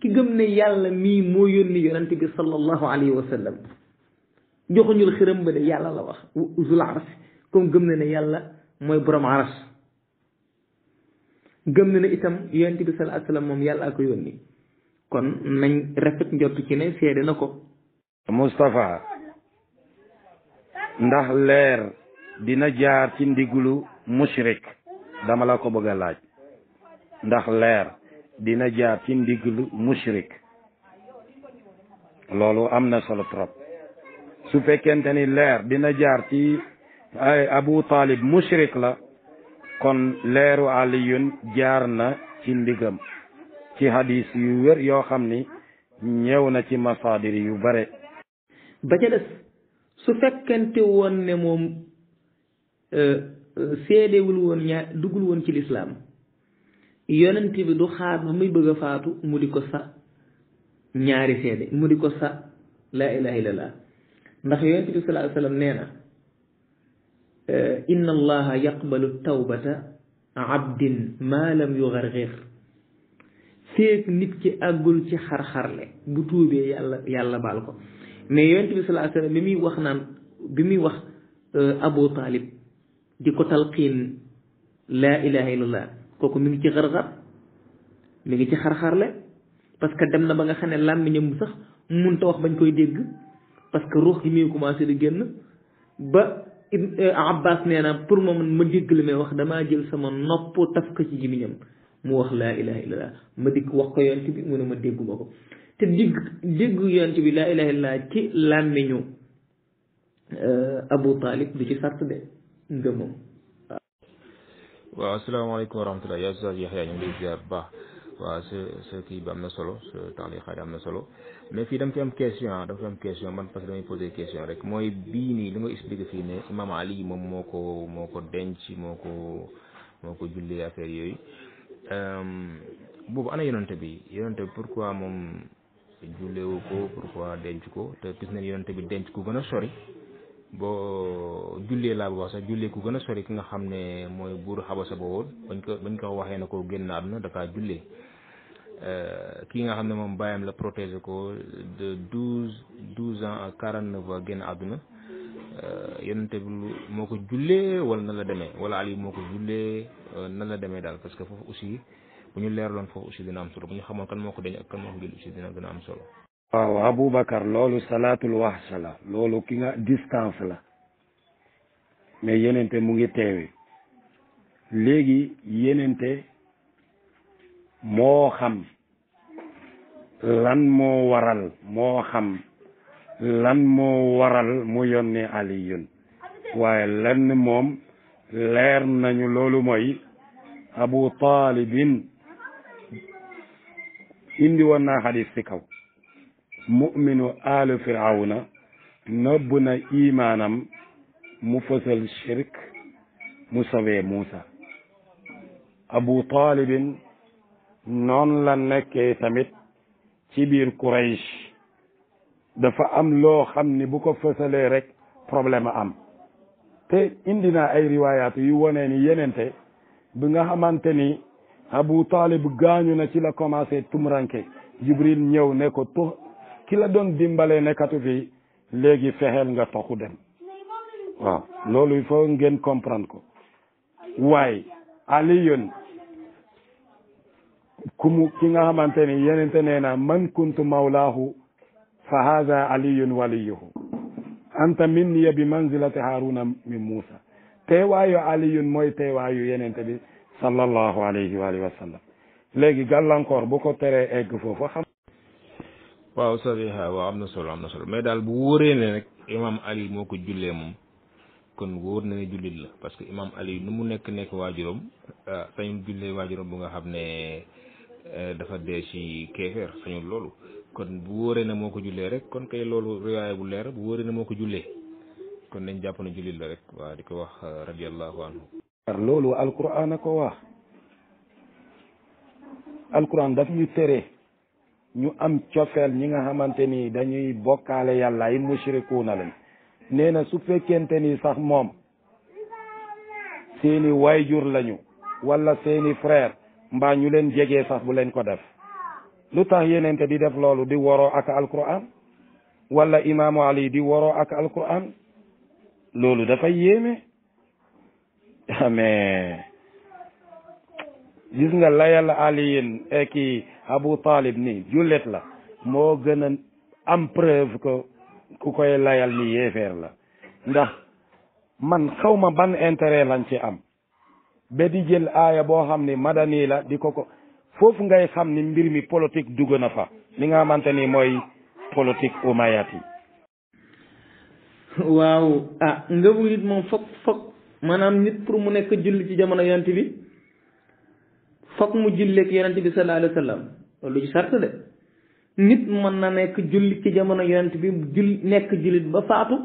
ki gëm ne yàlla mii moo yónni yonante bi sallallahu alayhi wa sallam joxuñul yàlla la wax comme gëm na yàlla mooy borom aras gëm na itam yonante bi sallallahu alayhi moom yàlla ko yónni kon nañ rafet njort ci ne seede ko Moustapha ndax leer dina jaar ci ndigulu mushrik dama la ko bëgg a laaj ndax leer dina jaar ci ndiglu mushrik loolu am na solo trop su fekkente ni leer dina jaar ci ay abu taalib mushrik la kon leeru aliyun jaar na ci ndiggam ci hadis yu wér yoo xam ni ñëw na ci masaadir yu bare ba ca des su fekkente woon ne moom euh, seedewul woon ña duggul woon ci lislaam yonent bi du xaar ba muy bëgg a faatu mu di ko sa ñaari seede mu di ko sa laa ilaha illallah ndax yonent bi sallallahu alayhi wa sallam nee eh, inna allaha yaqbalu tawbata abdin maa lam yugargir féeg nit ki àggul ci xar-xarle bu tuubee yàlla yàlla baal ko mais yonent bi sallallahu alayhi wa bi muy wax naan bi muy wax eh, Abu Talib di ko talqiin laa ilaha illallah kooku mi ngi ci xar-xar mi ngi ci xar-xarle parce que dem na ba nga xam ne làmmiñam sax munta wax bañ koy dégg parce que ruux gi muy commencé di génn ba eh, abbas nee na pour ma ma dégg li may wax damaa jël sama nopp taf ko ci jimiñam mu wax laa ilaha illallah ma dikk wax ko yonent bi mu ne ma déggu ma ko te digg déggu yonent bi laa ilaha illallah ci làmmiñu eh, abu talib du ci sart de waaw waaw asalaamaaleykum wa rahmatulah yaa Oustaz Yaxya ñu ngi lay ziar bu baax waaw sa sa kii bi am na solo sa taxali xaar am na solo mais fii dama fi am question dafa fi am question man parce que damay posé question rek mooy bii nii li nga expliqué fii ne imam Ali moom moo ko moo ko denc moo ko moo ko jullee affaire yooyu boobu ana yonante bi yonante bi pourquoi moom jullewu ko pourquoi denc ko te gis nañ yonante bi denc ku gën a sori boo jullee laa bu wax sax jullee ku gën a sori ki nga xam ne mooy buuru xabasa ba woon bañ ko bañ ko waxee na ko génn àdduna dafa jullee euh, kii nga xam ne moom bàyyam la protéger ko de douze douze ans à quarante neuf ans génn àdduna euh, yonente bi moo ko jullee wala na la demee wala ali moo ko jullee euh, na la demee daal parce que foofu aussi bu ñu leerloon foofu aussi dina am solo bu ñu xamoon kan moo ko deñ kan moo ko jël aussi dina gën a am solo waaw Aboubacar loolu salaatul wahsha loolu ki nga distance la mais yenente mu ngi teewe léegi yenente moo xam lan moo waral moo xam lan moo waral mu yónnee Aliyun waaye lan moom leer nañu loolu moy Abu Taalibin indi woon naa xadis ci kaw mu'minu aalu firawna nëbb na imaanam mu fësal shirk mu sobee Muusa abu taalibin noonu la nekkee tamit ci biir Quraysh dafa am loo xam ni bu ko fësalee rek problème am te indi naa ay riwaayaat yu wone ni yenente bi nga xamante ni abu taalib gaañu na ci la commencé tumuranke jibril ñëw ne ko tu kila la doon dimbalee nekkatu fi léegi fexeel nga toxu dem waaw loolu il fo ngeen comprendre ko waay aliyun kumu ki nga xamante ni yenente nee na man kuntu mawlaahu fa haada aliyun waliyuhu anta minniya bi manzilati haruna min muusa teewaayu aliyun mooy teewaayu yenente bi sallallahu alayhi wa alihi wa léegi gàllankoor bu ko teree egg foofu waaw sabiha am na solo am na solo mais daal bu wóoree ne rek imam ali moo ko jullee moom kon wóor na ne jullit la parce que imam ali nu mu nekk nekk waajuram euh, sañul jullee waajuram bu nga xam ne euh, dafa dee ci kéefeer sañul loolu kon bu wóoree ne moo ko jullee rek kon kay loolu riwaaya bu leer bu wóoree ne moo ko jullee kon nañ jàpp ne jullit la rek waa di ko wax euh, radiallahu anhu loolu alquran a ko wax alquran daf ñu tere ñu am cofeel ñi nga xamante ni dañuy bokkaale yàlla ay mushrikuuna lañ nee na su fekkente ni sax moom seeni jur lañu walla seeni frère mbaa ñu leen jege sax bu leen ko def lu tax yenente di def loolu di woro ak alquran walla imaamu ali di woroo ak alquran loolu dafay yéeme amee gis nga layal aliyin eki eh, abu talib ni jullit la moo gën a am preuve que ku koy layal ni yéefeer la ndax man ma ban intérêt lañ ci am ba di jël aaya boo xam ni madani la di ko ko foofu ngay xam ni mbir mi politique dugg na fa li nga xamante ni mooy politique umayat yi waaw ah ngëbu nit moom fokk fokk maanaam nit pour mu nekk julli ci jamono yant bi fokk mu julleek yonent bi sallallahu alayhi wa sallam loolu sart de nit mën na nekk julli ci jamono yonent bi julli nekk jullit ba faatu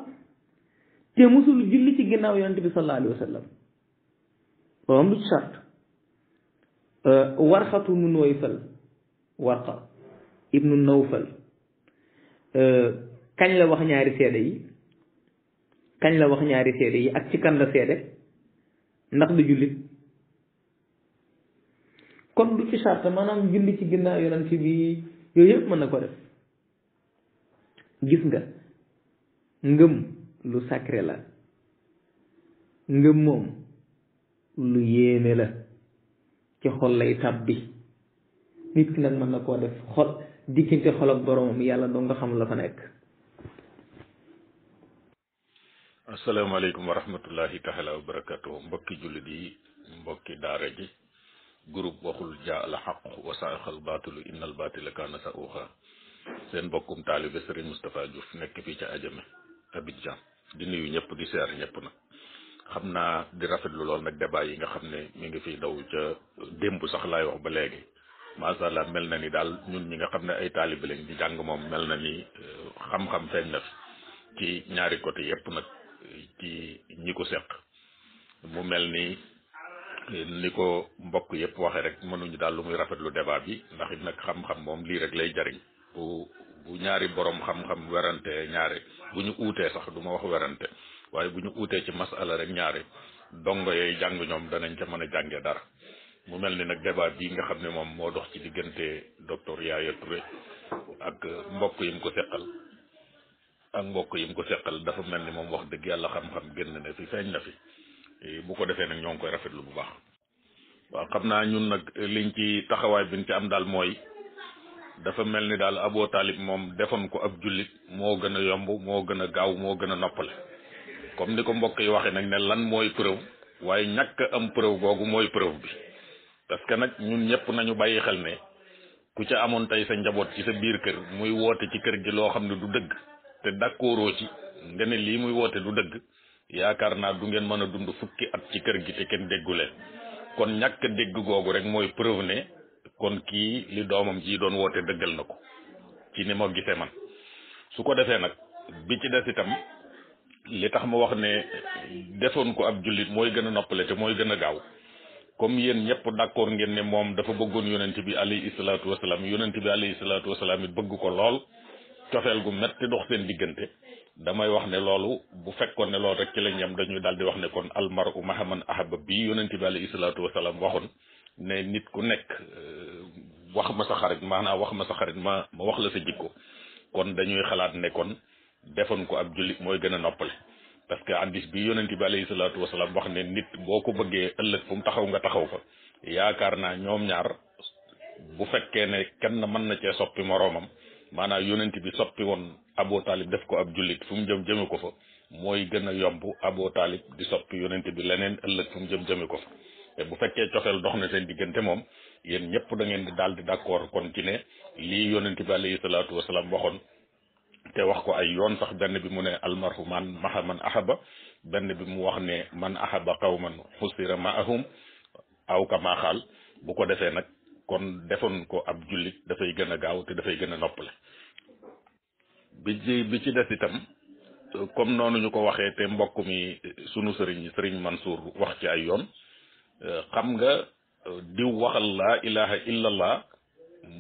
te musul julli ci ginnaaw yonent bi sallallahu alayhi wa sallam loolu am du sart euh, warxatu nu nooy fal warqa ibnu nawfal euh, kañ la wax ñaari seede yi kañ la wax ñaari seede yi ak ci kan la seede ndax du jullit kon du ci charte maanaam julli ci ginnaaw yonent bi yooyu yëpp mën na ko def gis nga ngëm lu sacré la ngëm moom lu yéeme la ci xol lay tàbbi nit ki nag mën na koo def xol diggante xol ak yàlla doo nga xam la fa nekk asalaamaaleykum wa rahmatullahi taala wa barakatuh mbokki jullit yi mbokki daara ji groupe waxul jaa al xaq wa saaqa al baatilu inna al baatila kaana sauuqa seen bokkum taalibe Serigne Moustapha Diouf nekk fii ca Adjamé Abidjan di nuyu ñëpp di seer ñëpp nag xam naa di rafetlu lool nag débat yi nga xam ne mi ngi fi daw ca démb sax laay wax ba léegi macha mel na ni daal ñun ñi nga xam ne ay taalibe lañ di jàng moom mel na ni euh, xam-xam feeñ na ci ñaari côté yëpp nag ci ñi ko seq mu mel ni. ni ko mbokk yëpp waxee rek mënuñu daal lu muy rafetlu débat bi ndax it nag xam-xam moom lii rek lay jariñ bu ñaari boroom xam-xam werante ñaare bu ñu uutee sax du ma wax werante waaye bu ñu uutee ci masala rek ñaare dongo yooyu jàng ñoom danañ ca mën a jàngee dara mu mel ni nag débat bii nga xam ne moom moo dox ci diggante docteur Yaya Touré ak mbokk yi ko seqal ak mbokk yi ko seqal dafa mel ni moom wax dëgg yàlla xam-xam génn na fi feeñ na fi bu ko defee nag ñoo ngi koy rafetlu bu baax. waaw xam naa ñun nag liñ ci taxawaay biñ ci am daal mooy dafa mel ni daal aboo Taalib moom defoon ko ab jullit moo gën a yomb moo gën a gaaw moo gën a noppale comme ni ko mbokk yi waxee nag ne lan mooy preuve waaye ñàkk am preuve googu mooy preuve bi parce que nag ñun ñëpp nañu bàyyi xel ne ku ci amoon tey sa njaboot ci sa biir kër muy woote ci kër gi loo xam ne du dëgg te d'accordoo ci nga ne lii muy woote du dëgg yaakaar naa du ngeen mën a dund fukki at ci kër gi te kenn déggu leen kon ñàkk dégg googu rek mooy preuve kon kii li doomam ji doon woote dëggal na ko ci ni ma gisee man su ko defee nag bi ci des itam li tax ma wax ne defoon ko ab jullit mooy gën a noppale te mooy gën a gaaw comme yéen ñëpp d'accord ngeen ne moom dafa bëggoon yonent bi alayhi salaatu wasalaam yonent bi alayhi salaatu wasalaam it bëgg ko lool cofeel gu metti dox seen diggante damay wax ne loolu bu fekkoon ne loolu rek ci lañ yem dañuy daal di wax ne kon almaru mahaman ahaba bi yonente bi alayhi salaatu wasalaam waxoon ne nit ku nekk euh, wax ma sa xarit maanaam wax ma sa xarit ma wax la sa jikko kon dañuy xalaat ne kon defoon ko ab jullit mooy gën a noppale parce que hadis bi yonente bi alayhi salaatu wasalaam wax ne nit boo ko bëggee ëllëg fu taxaw nga taxaw fa yaakaar naa ñoom ñaar bu fekkee ne kenn mën na cee soppi moroomam maanaam yonente bi soppi woon Abu Talib def ko ab jullit fu jëm jëme ko fa mooy gën a yomb Abu Talib di soppi yonent bi leneen ëllëg fu jëm jëme ko fa te bu fekkee cofeel dox na seen diggante moom yéen ñëpp dangeen di daal di d'accord kon ci ne lii yonent bi alayhi salaatu wasalaam waxoon te wax ko ay yoon sax benn bi mu ne almarhu man maha man ahaba benn bi mu wax ne man ahaba qawman xusira maahum aw kama xaal bu ko defee nag kon defoon ko ab jullit dafay gën a gaaw te dafay gën a nopp noppale bi ci bi ci des itam comme noonu ñu ko waxee te mbokk mi sunu sëriñ sëriñ Mansour wax ci ay yoon xam nga di waxal laa ilaha illallah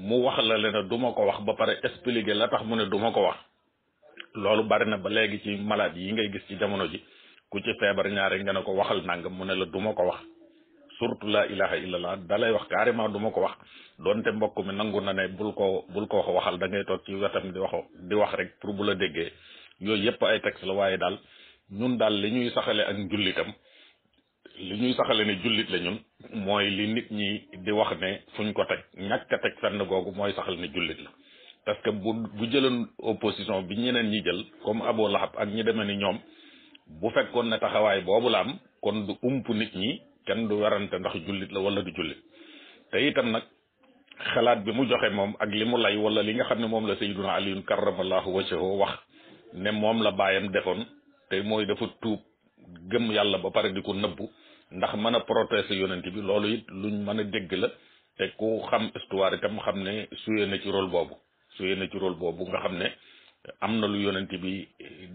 mu wax la leen du ma ko wax ba pare expliquer la tax mu ne duma ko wax loolu bari na ba léegi ci malade yi ngay gis ci jamono ji ku ci feebar ñaare nga ne ko waxal nangam mu ne la duma ko wax surtout la ilaha illallah dalay wax carrément duma ko wax donte mbokk mi nangu na ne bul ko bul ko wax waxal da ngay toog ci wetam di wax di wax rek pour bula déggee yooyu yëpp ay texte la waaye daal ñun daal li ñuy saxale ak njulitam li ñuy saxale ne julit la ñun mooy li nit ñi di wax ne fu ñu ko teg ñàkk a teg fenn googu mooy saxal ne jullit la parce que bu bu jëloon opposition bi ñeneen ñi jël comme Abu Lahab ak ñi demee ni ñoom bu fekkoon ne taxawaay boobu la am kon du nit ñi kenn du warante ndax jullit la wala du jullit te itam nag xalaat bi mu joxe moom ak li mu lay wala li nga xam ne moom la sayyiduna aliyun karramallahu wajhahu wax ne moom la baayam defoon te mooy dafa tuub gëm yàlla ba pare di ko nëbbu ndax mën a protéger yonent bi loolu it luñ mën a dégg la te ku xam histoire itam xam ne suyee na ci rôle boobu suyee na ci boobu nga xam ne am na lu yonent bi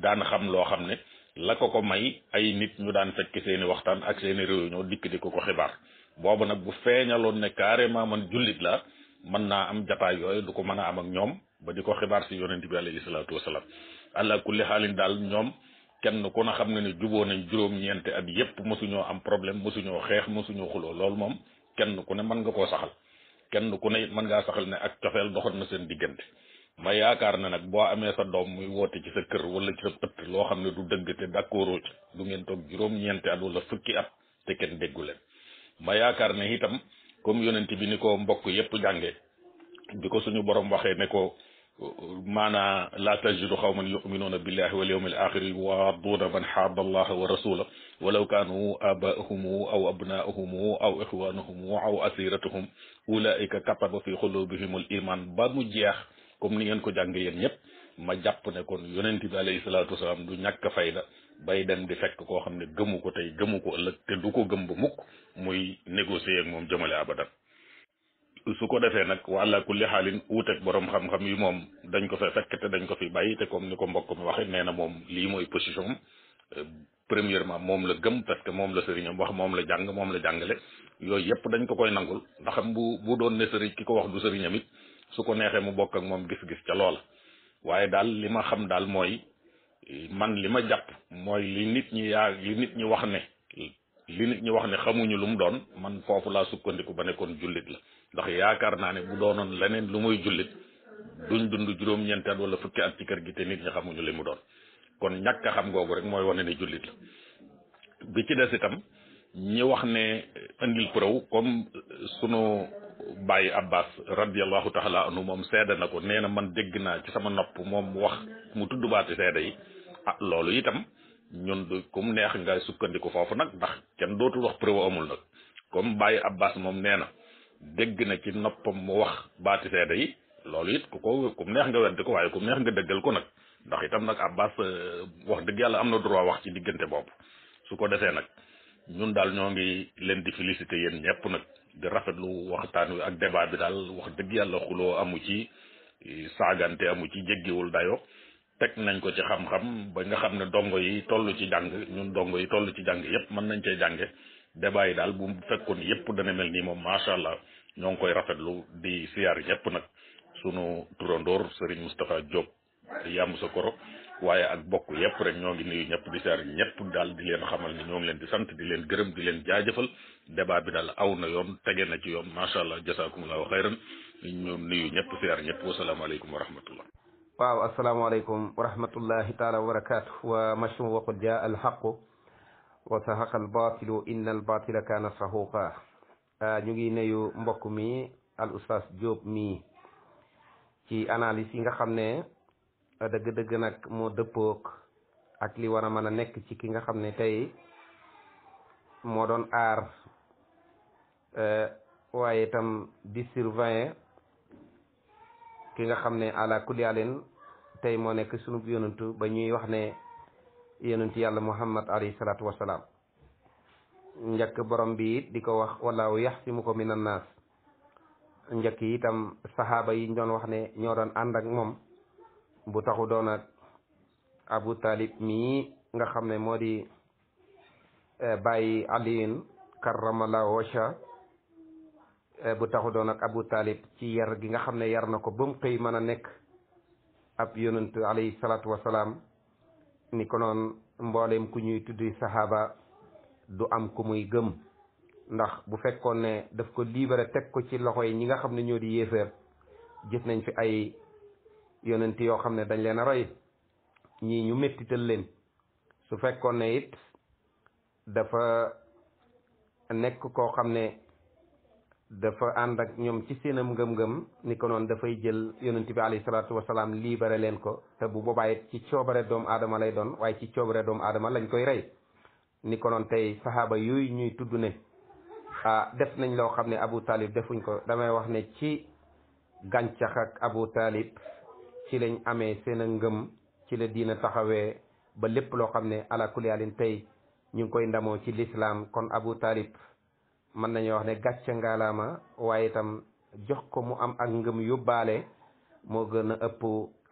daan xam loo xam ne la ko ko may ay nit ñu daan fekk seeni waxtaan ak seeni réunion dikk di ko ko xibaar boobu nag bu feeñaloon ne carrément man julit la mën naa am jataay yooyu du ko mën a am ak ñoom ba di ko xibaar si yonent bi alayhi salaatu wasalaam ala kulli xaalin daal ñoom kenn ku na xam na ne juboo nañ juróom-ñeenti at yépp mosuñoo am problème mosuñoo xeex mosuñoo xuloo loolu moom kenn ku ne mën nga koo saxal kenn ku ne it mën ngaa saxal ne ak cofeel doxoon na seen diggante ma yaakaar ne nag boo amee sa doom muy woote ci sa wala ci sa loo xam ne du dëgg te d'accordoo du ngeen toog juróom-ñeenti at wala fukki at te kenn déggu leen ma yaakaar ne itam comme yonent bi ni ko mbokk yépp jànge bi ko suñu borom waxee ne ko maanaa laa tajidu xawman yuminuuna billahi wal yawmil axir yuwaadduuna man xaadda allaha wa rasula walaw kaanu abaahumu aw abnaahumu aw ixwaanuhumu aw asiiratuhum ulaika kataba fi xuluubihim al ba mu jeex comme ni ngeen ko jàngee yéen ñëpp ma jàpp ne kon yonent bi alayhi salaatu wasalaam du ñàkk fayda bay dem di fekk koo xam ne gëmu ko tey gëmu ko ëllëg te du ko gëm ba mukk muy négocier ak moom jëmale abadan su ko defee nag wala kulli xaalin uuteeg borom xam-xam yi moom dañ ko fa fekk te dañ ko fi bàyyi te comme ni ko mbokk mi waxe nee na moom lii mooy position euh, premièrement moom la gëm parce que moom la sëriñam wax moom la jàng moom la jàngale yooyu yëpp dañ ko koy nangul ndax bu bu doon ne sëriñ ki ko wax du sëriñam su ko neexee mu bokk ak moom gis-gis ca loola waaye daal li ma xam daal mooy man li ma jàpp mooy li nit ñi yaa li nit ñi wax ne li nit ñi wax ne xamuñu lu mu doon man foofu laa sukkandiku ba nekkoon jullit la ndax yaakaar naa ne bu doonoon leneen lu muy jullit duñ dund juróom-ñeenti at fukki at ci kër gi te nit ñi xamuñu li mu doon kon ñàkk a xam googu rek mooy wane ne jullit la bi ci des itam ñi wax ne indil preuve comme sunu bàyyi abbas radiallahu taala anhu moom seede na ko nee na man dégg naa ci sama nopp moom mu wax mu tudd baati seede yi ah loolu itam ñun du kum neex nga sukkandiku foofu nag ndax kenn dootul wax preuve amul nag comme bàyyi abbas moom nee na dégg na ci noppam mu wax baati seede yi loolu it ku ko kum neex nga weddi ko waaye kum neex nga dëggal ko nag ndax itam nag abbas euh, wax dëgg yàlla am na droit wax ci diggante boobu su ko defee nag ñun daal ñoo ngi leen di félicité yéen ñëpp nag di lu waxtaan wi ak débat bi daal wax dëgg yàlla xuloo amu ci saagante amu ci jéggiwul dayo teg nañ ko ci xam-xam ba nga xam ne dongo yi toll ci jàng ñun dongo yi toll ci jàng yépp mën nañ cee jànge débat yi daal bu fekkoon yépp dana mel nii moom macha allah ñoo ngi koy rafetlu di siyaar ñépp nag sunu turandoor Serigne Moustapha Diop Yamoussoukro koro waaye ak bokk yépp rek ñoo ngi nuyu ñépp di siyaar ñépp daal di leen xamal ni ñoom leen di sant d leen gërëm di leen jaajëfal débat bi daal aw na yoon tege na ci yoon macha allah jasakumullahu xayran nuyu ñëpp siyaar ñëpp wasalaamaaleykum wa rahmatullah waaw asalaamaaleykum wa rahmatullahi taala wa barakaatu wa machum waqul jaa al xaqu wa sahaqa al batilu inna al kaana sahuqa ah, ñu ngi nuyu mbokk mi al oustaz Diop mii ci analyse yi nga xam ne dëgg-dëgg nag moo dëppook ak li war a mën a nekk ci ki nga xam ne tey moo doon aar Euh, waaye tam di surveiller ki nga xam ne ala kulli alin tey moo nekk sunu yonantu ba ñuy wax ne yonantu yàlla muhammad alayhi salaatu wasalaam njëkk borom bi it di ko wax walaahu yaxsimu ko min annaas njëkk itam saxaaba yi doon wax ne ñoo doon ànd ak moom bu taxu doon ak abu talib mii nga xam ne moo di eh, bàyyi aliyin karramallahu wajha Eh, bu taxu doon ak Abu Talib ci yar gi nga xam ne yar na ko ba mu xëy mën a nekk ab yonant alayhi salaatu wasalaam ni ko noon mbooleem ku ñuy tuddi sahaaba du am ku muy gëm ndax bu fekkoon ne daf ko libéré teg ko ci loxo yi ñi nga xam ne ñoo di yéeféer gis nañ fi ay yonent yoo xam ne dañ leen a roy ñii ñu méttital leen su fekkoon ne it dafa nekk koo xam ne dafa ànd ak ñoom ci seenam ngëm-ngëm ni ko noonu dafay jël yonent bi alayhi salaatu wasalaam libéré leen ko te bu boobaa it ci coobare doomu aadama lay doon waaye ci coobare doomu aadama lañ koy rey ni ko noonu tey saxaaba yooyu ñuy tudd ne ah def nañ loo xam ne Abu Talib defuñ ko damay wax ne ci gàncax Abu Talib ci lañ amee seen ngëm ci la diina taxawee ba lépp loo xam ne ala kulli tey ñu ngi koy ndamoo ci lislaam kon Abu Talib mën nañoo wax ne gàcce ngaalaama waaye itam jox ko mu am ak ngëm yóbbaale moo gën a ëpp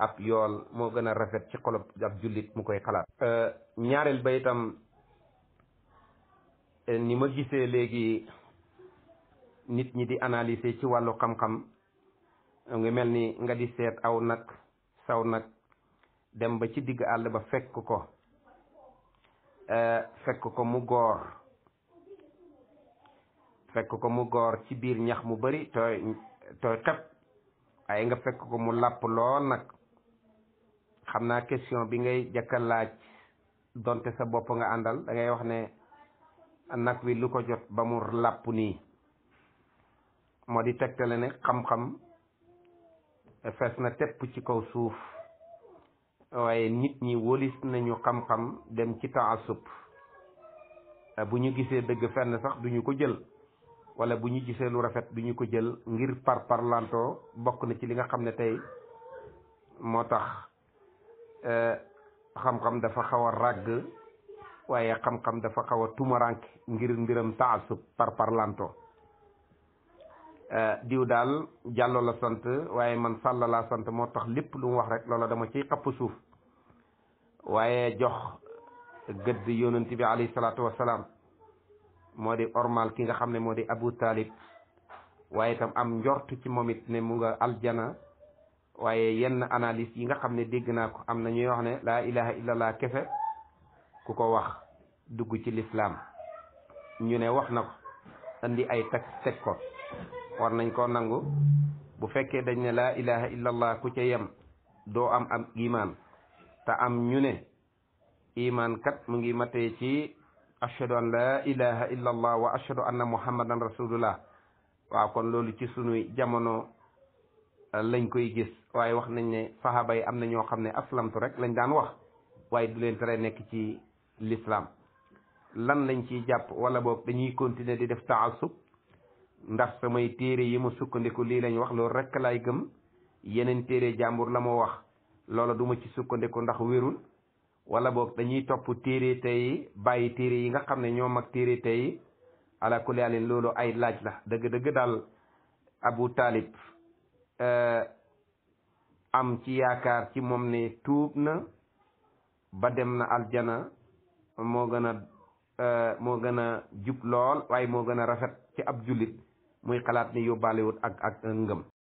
ab yool moo gën a rafet ci xolob ab jullit mu koy xalaat euh, ñaareel ba itam euh, ni ma gisee léegi nit ñi di analyser ci wàllu xam-xam nga mel ni nga di seet aw nag saw nag dem ba ci digg àll ba fekk ko euh, fekk ko mu goor fekk ko mu goor ci biir ñax mu bari tooy tooy xep waaye nga fekk ko mu làpp lool nag xam naa question bi ngay jëkka laaj donte sa bopp nga àndal dangay wax ne nag wi lu ko jot ba mu làpp nii moo di tegtale ne xam-xam fees na tepp ci kaw suuf waaye nit ñi wólis nañu xam-xam dem ci taasub bu ñu gisee dëgg fenn sax duñu ko jël wala bu ñu gisee lu rafet duñu ko jël ngir par parlanto bokk na ci li nga xam ne tey moo tax eh, xam-xam dafa xaw a ràgg waaye xam-xam dafa xaw a tumarank ngir mbiram taasub par parlanto eh, diw daal jàllo la sant waaye man sàll sant moo tax lépp lu mu wax rek loola dama ciy xapp suuf waaye jox gëdd yonent bi alayhi salaatu wasalaam moo di ormal ki nga xam ne moo di Abu Talib waaye tam am njort ci moom it ne mu nga aljana waaye yenn analyse yi nga xam ne dégg naa ko am na ñuy wax ne laa ilaha illallah kefe ku ko wax dugg ci lislaam ñu ne wax na ko andi ay teg teg ko war nañ ko nangu bu fekkee dañ ne laa ilaha illallah ku ca yem doo am am iman te am ñu ne iman kat mu ngi matee ci ashhadu an la ilaha illa allah wa ashhadu anna muhammadan rasulullah waaw kon loolu ci sunuy jamono euh, lañ koy gis waaye wax nañ ne sahaba yi am na ñoo xam ne aslamtu rek lañ daan wax waaye du leen tere nekk ci l'islam lan lañ ciy jàpp wala boog dañuy continuer di def taasub ndax samay téere yi ma sukkandiku lii lañ wax loolu rek laay gëm yeneen téere jàmbur la ma wax loola du ma ci sukkandiku ndax wérul wala boog dañuy topp téere tey bàyyi téere yi nga xam ne ñoo mag téere tey ala kulli alin loolu ay laaj la dëgg-dëgg daal Abu Talib eh, am ci yaakaar ci moom ne tuub na ba dem na aljana moo gën a eh, moo gën a jub lool waaye moo gën a rafet ci ab jullit muy xalaat ni yóbbaalewut ak ak ngëm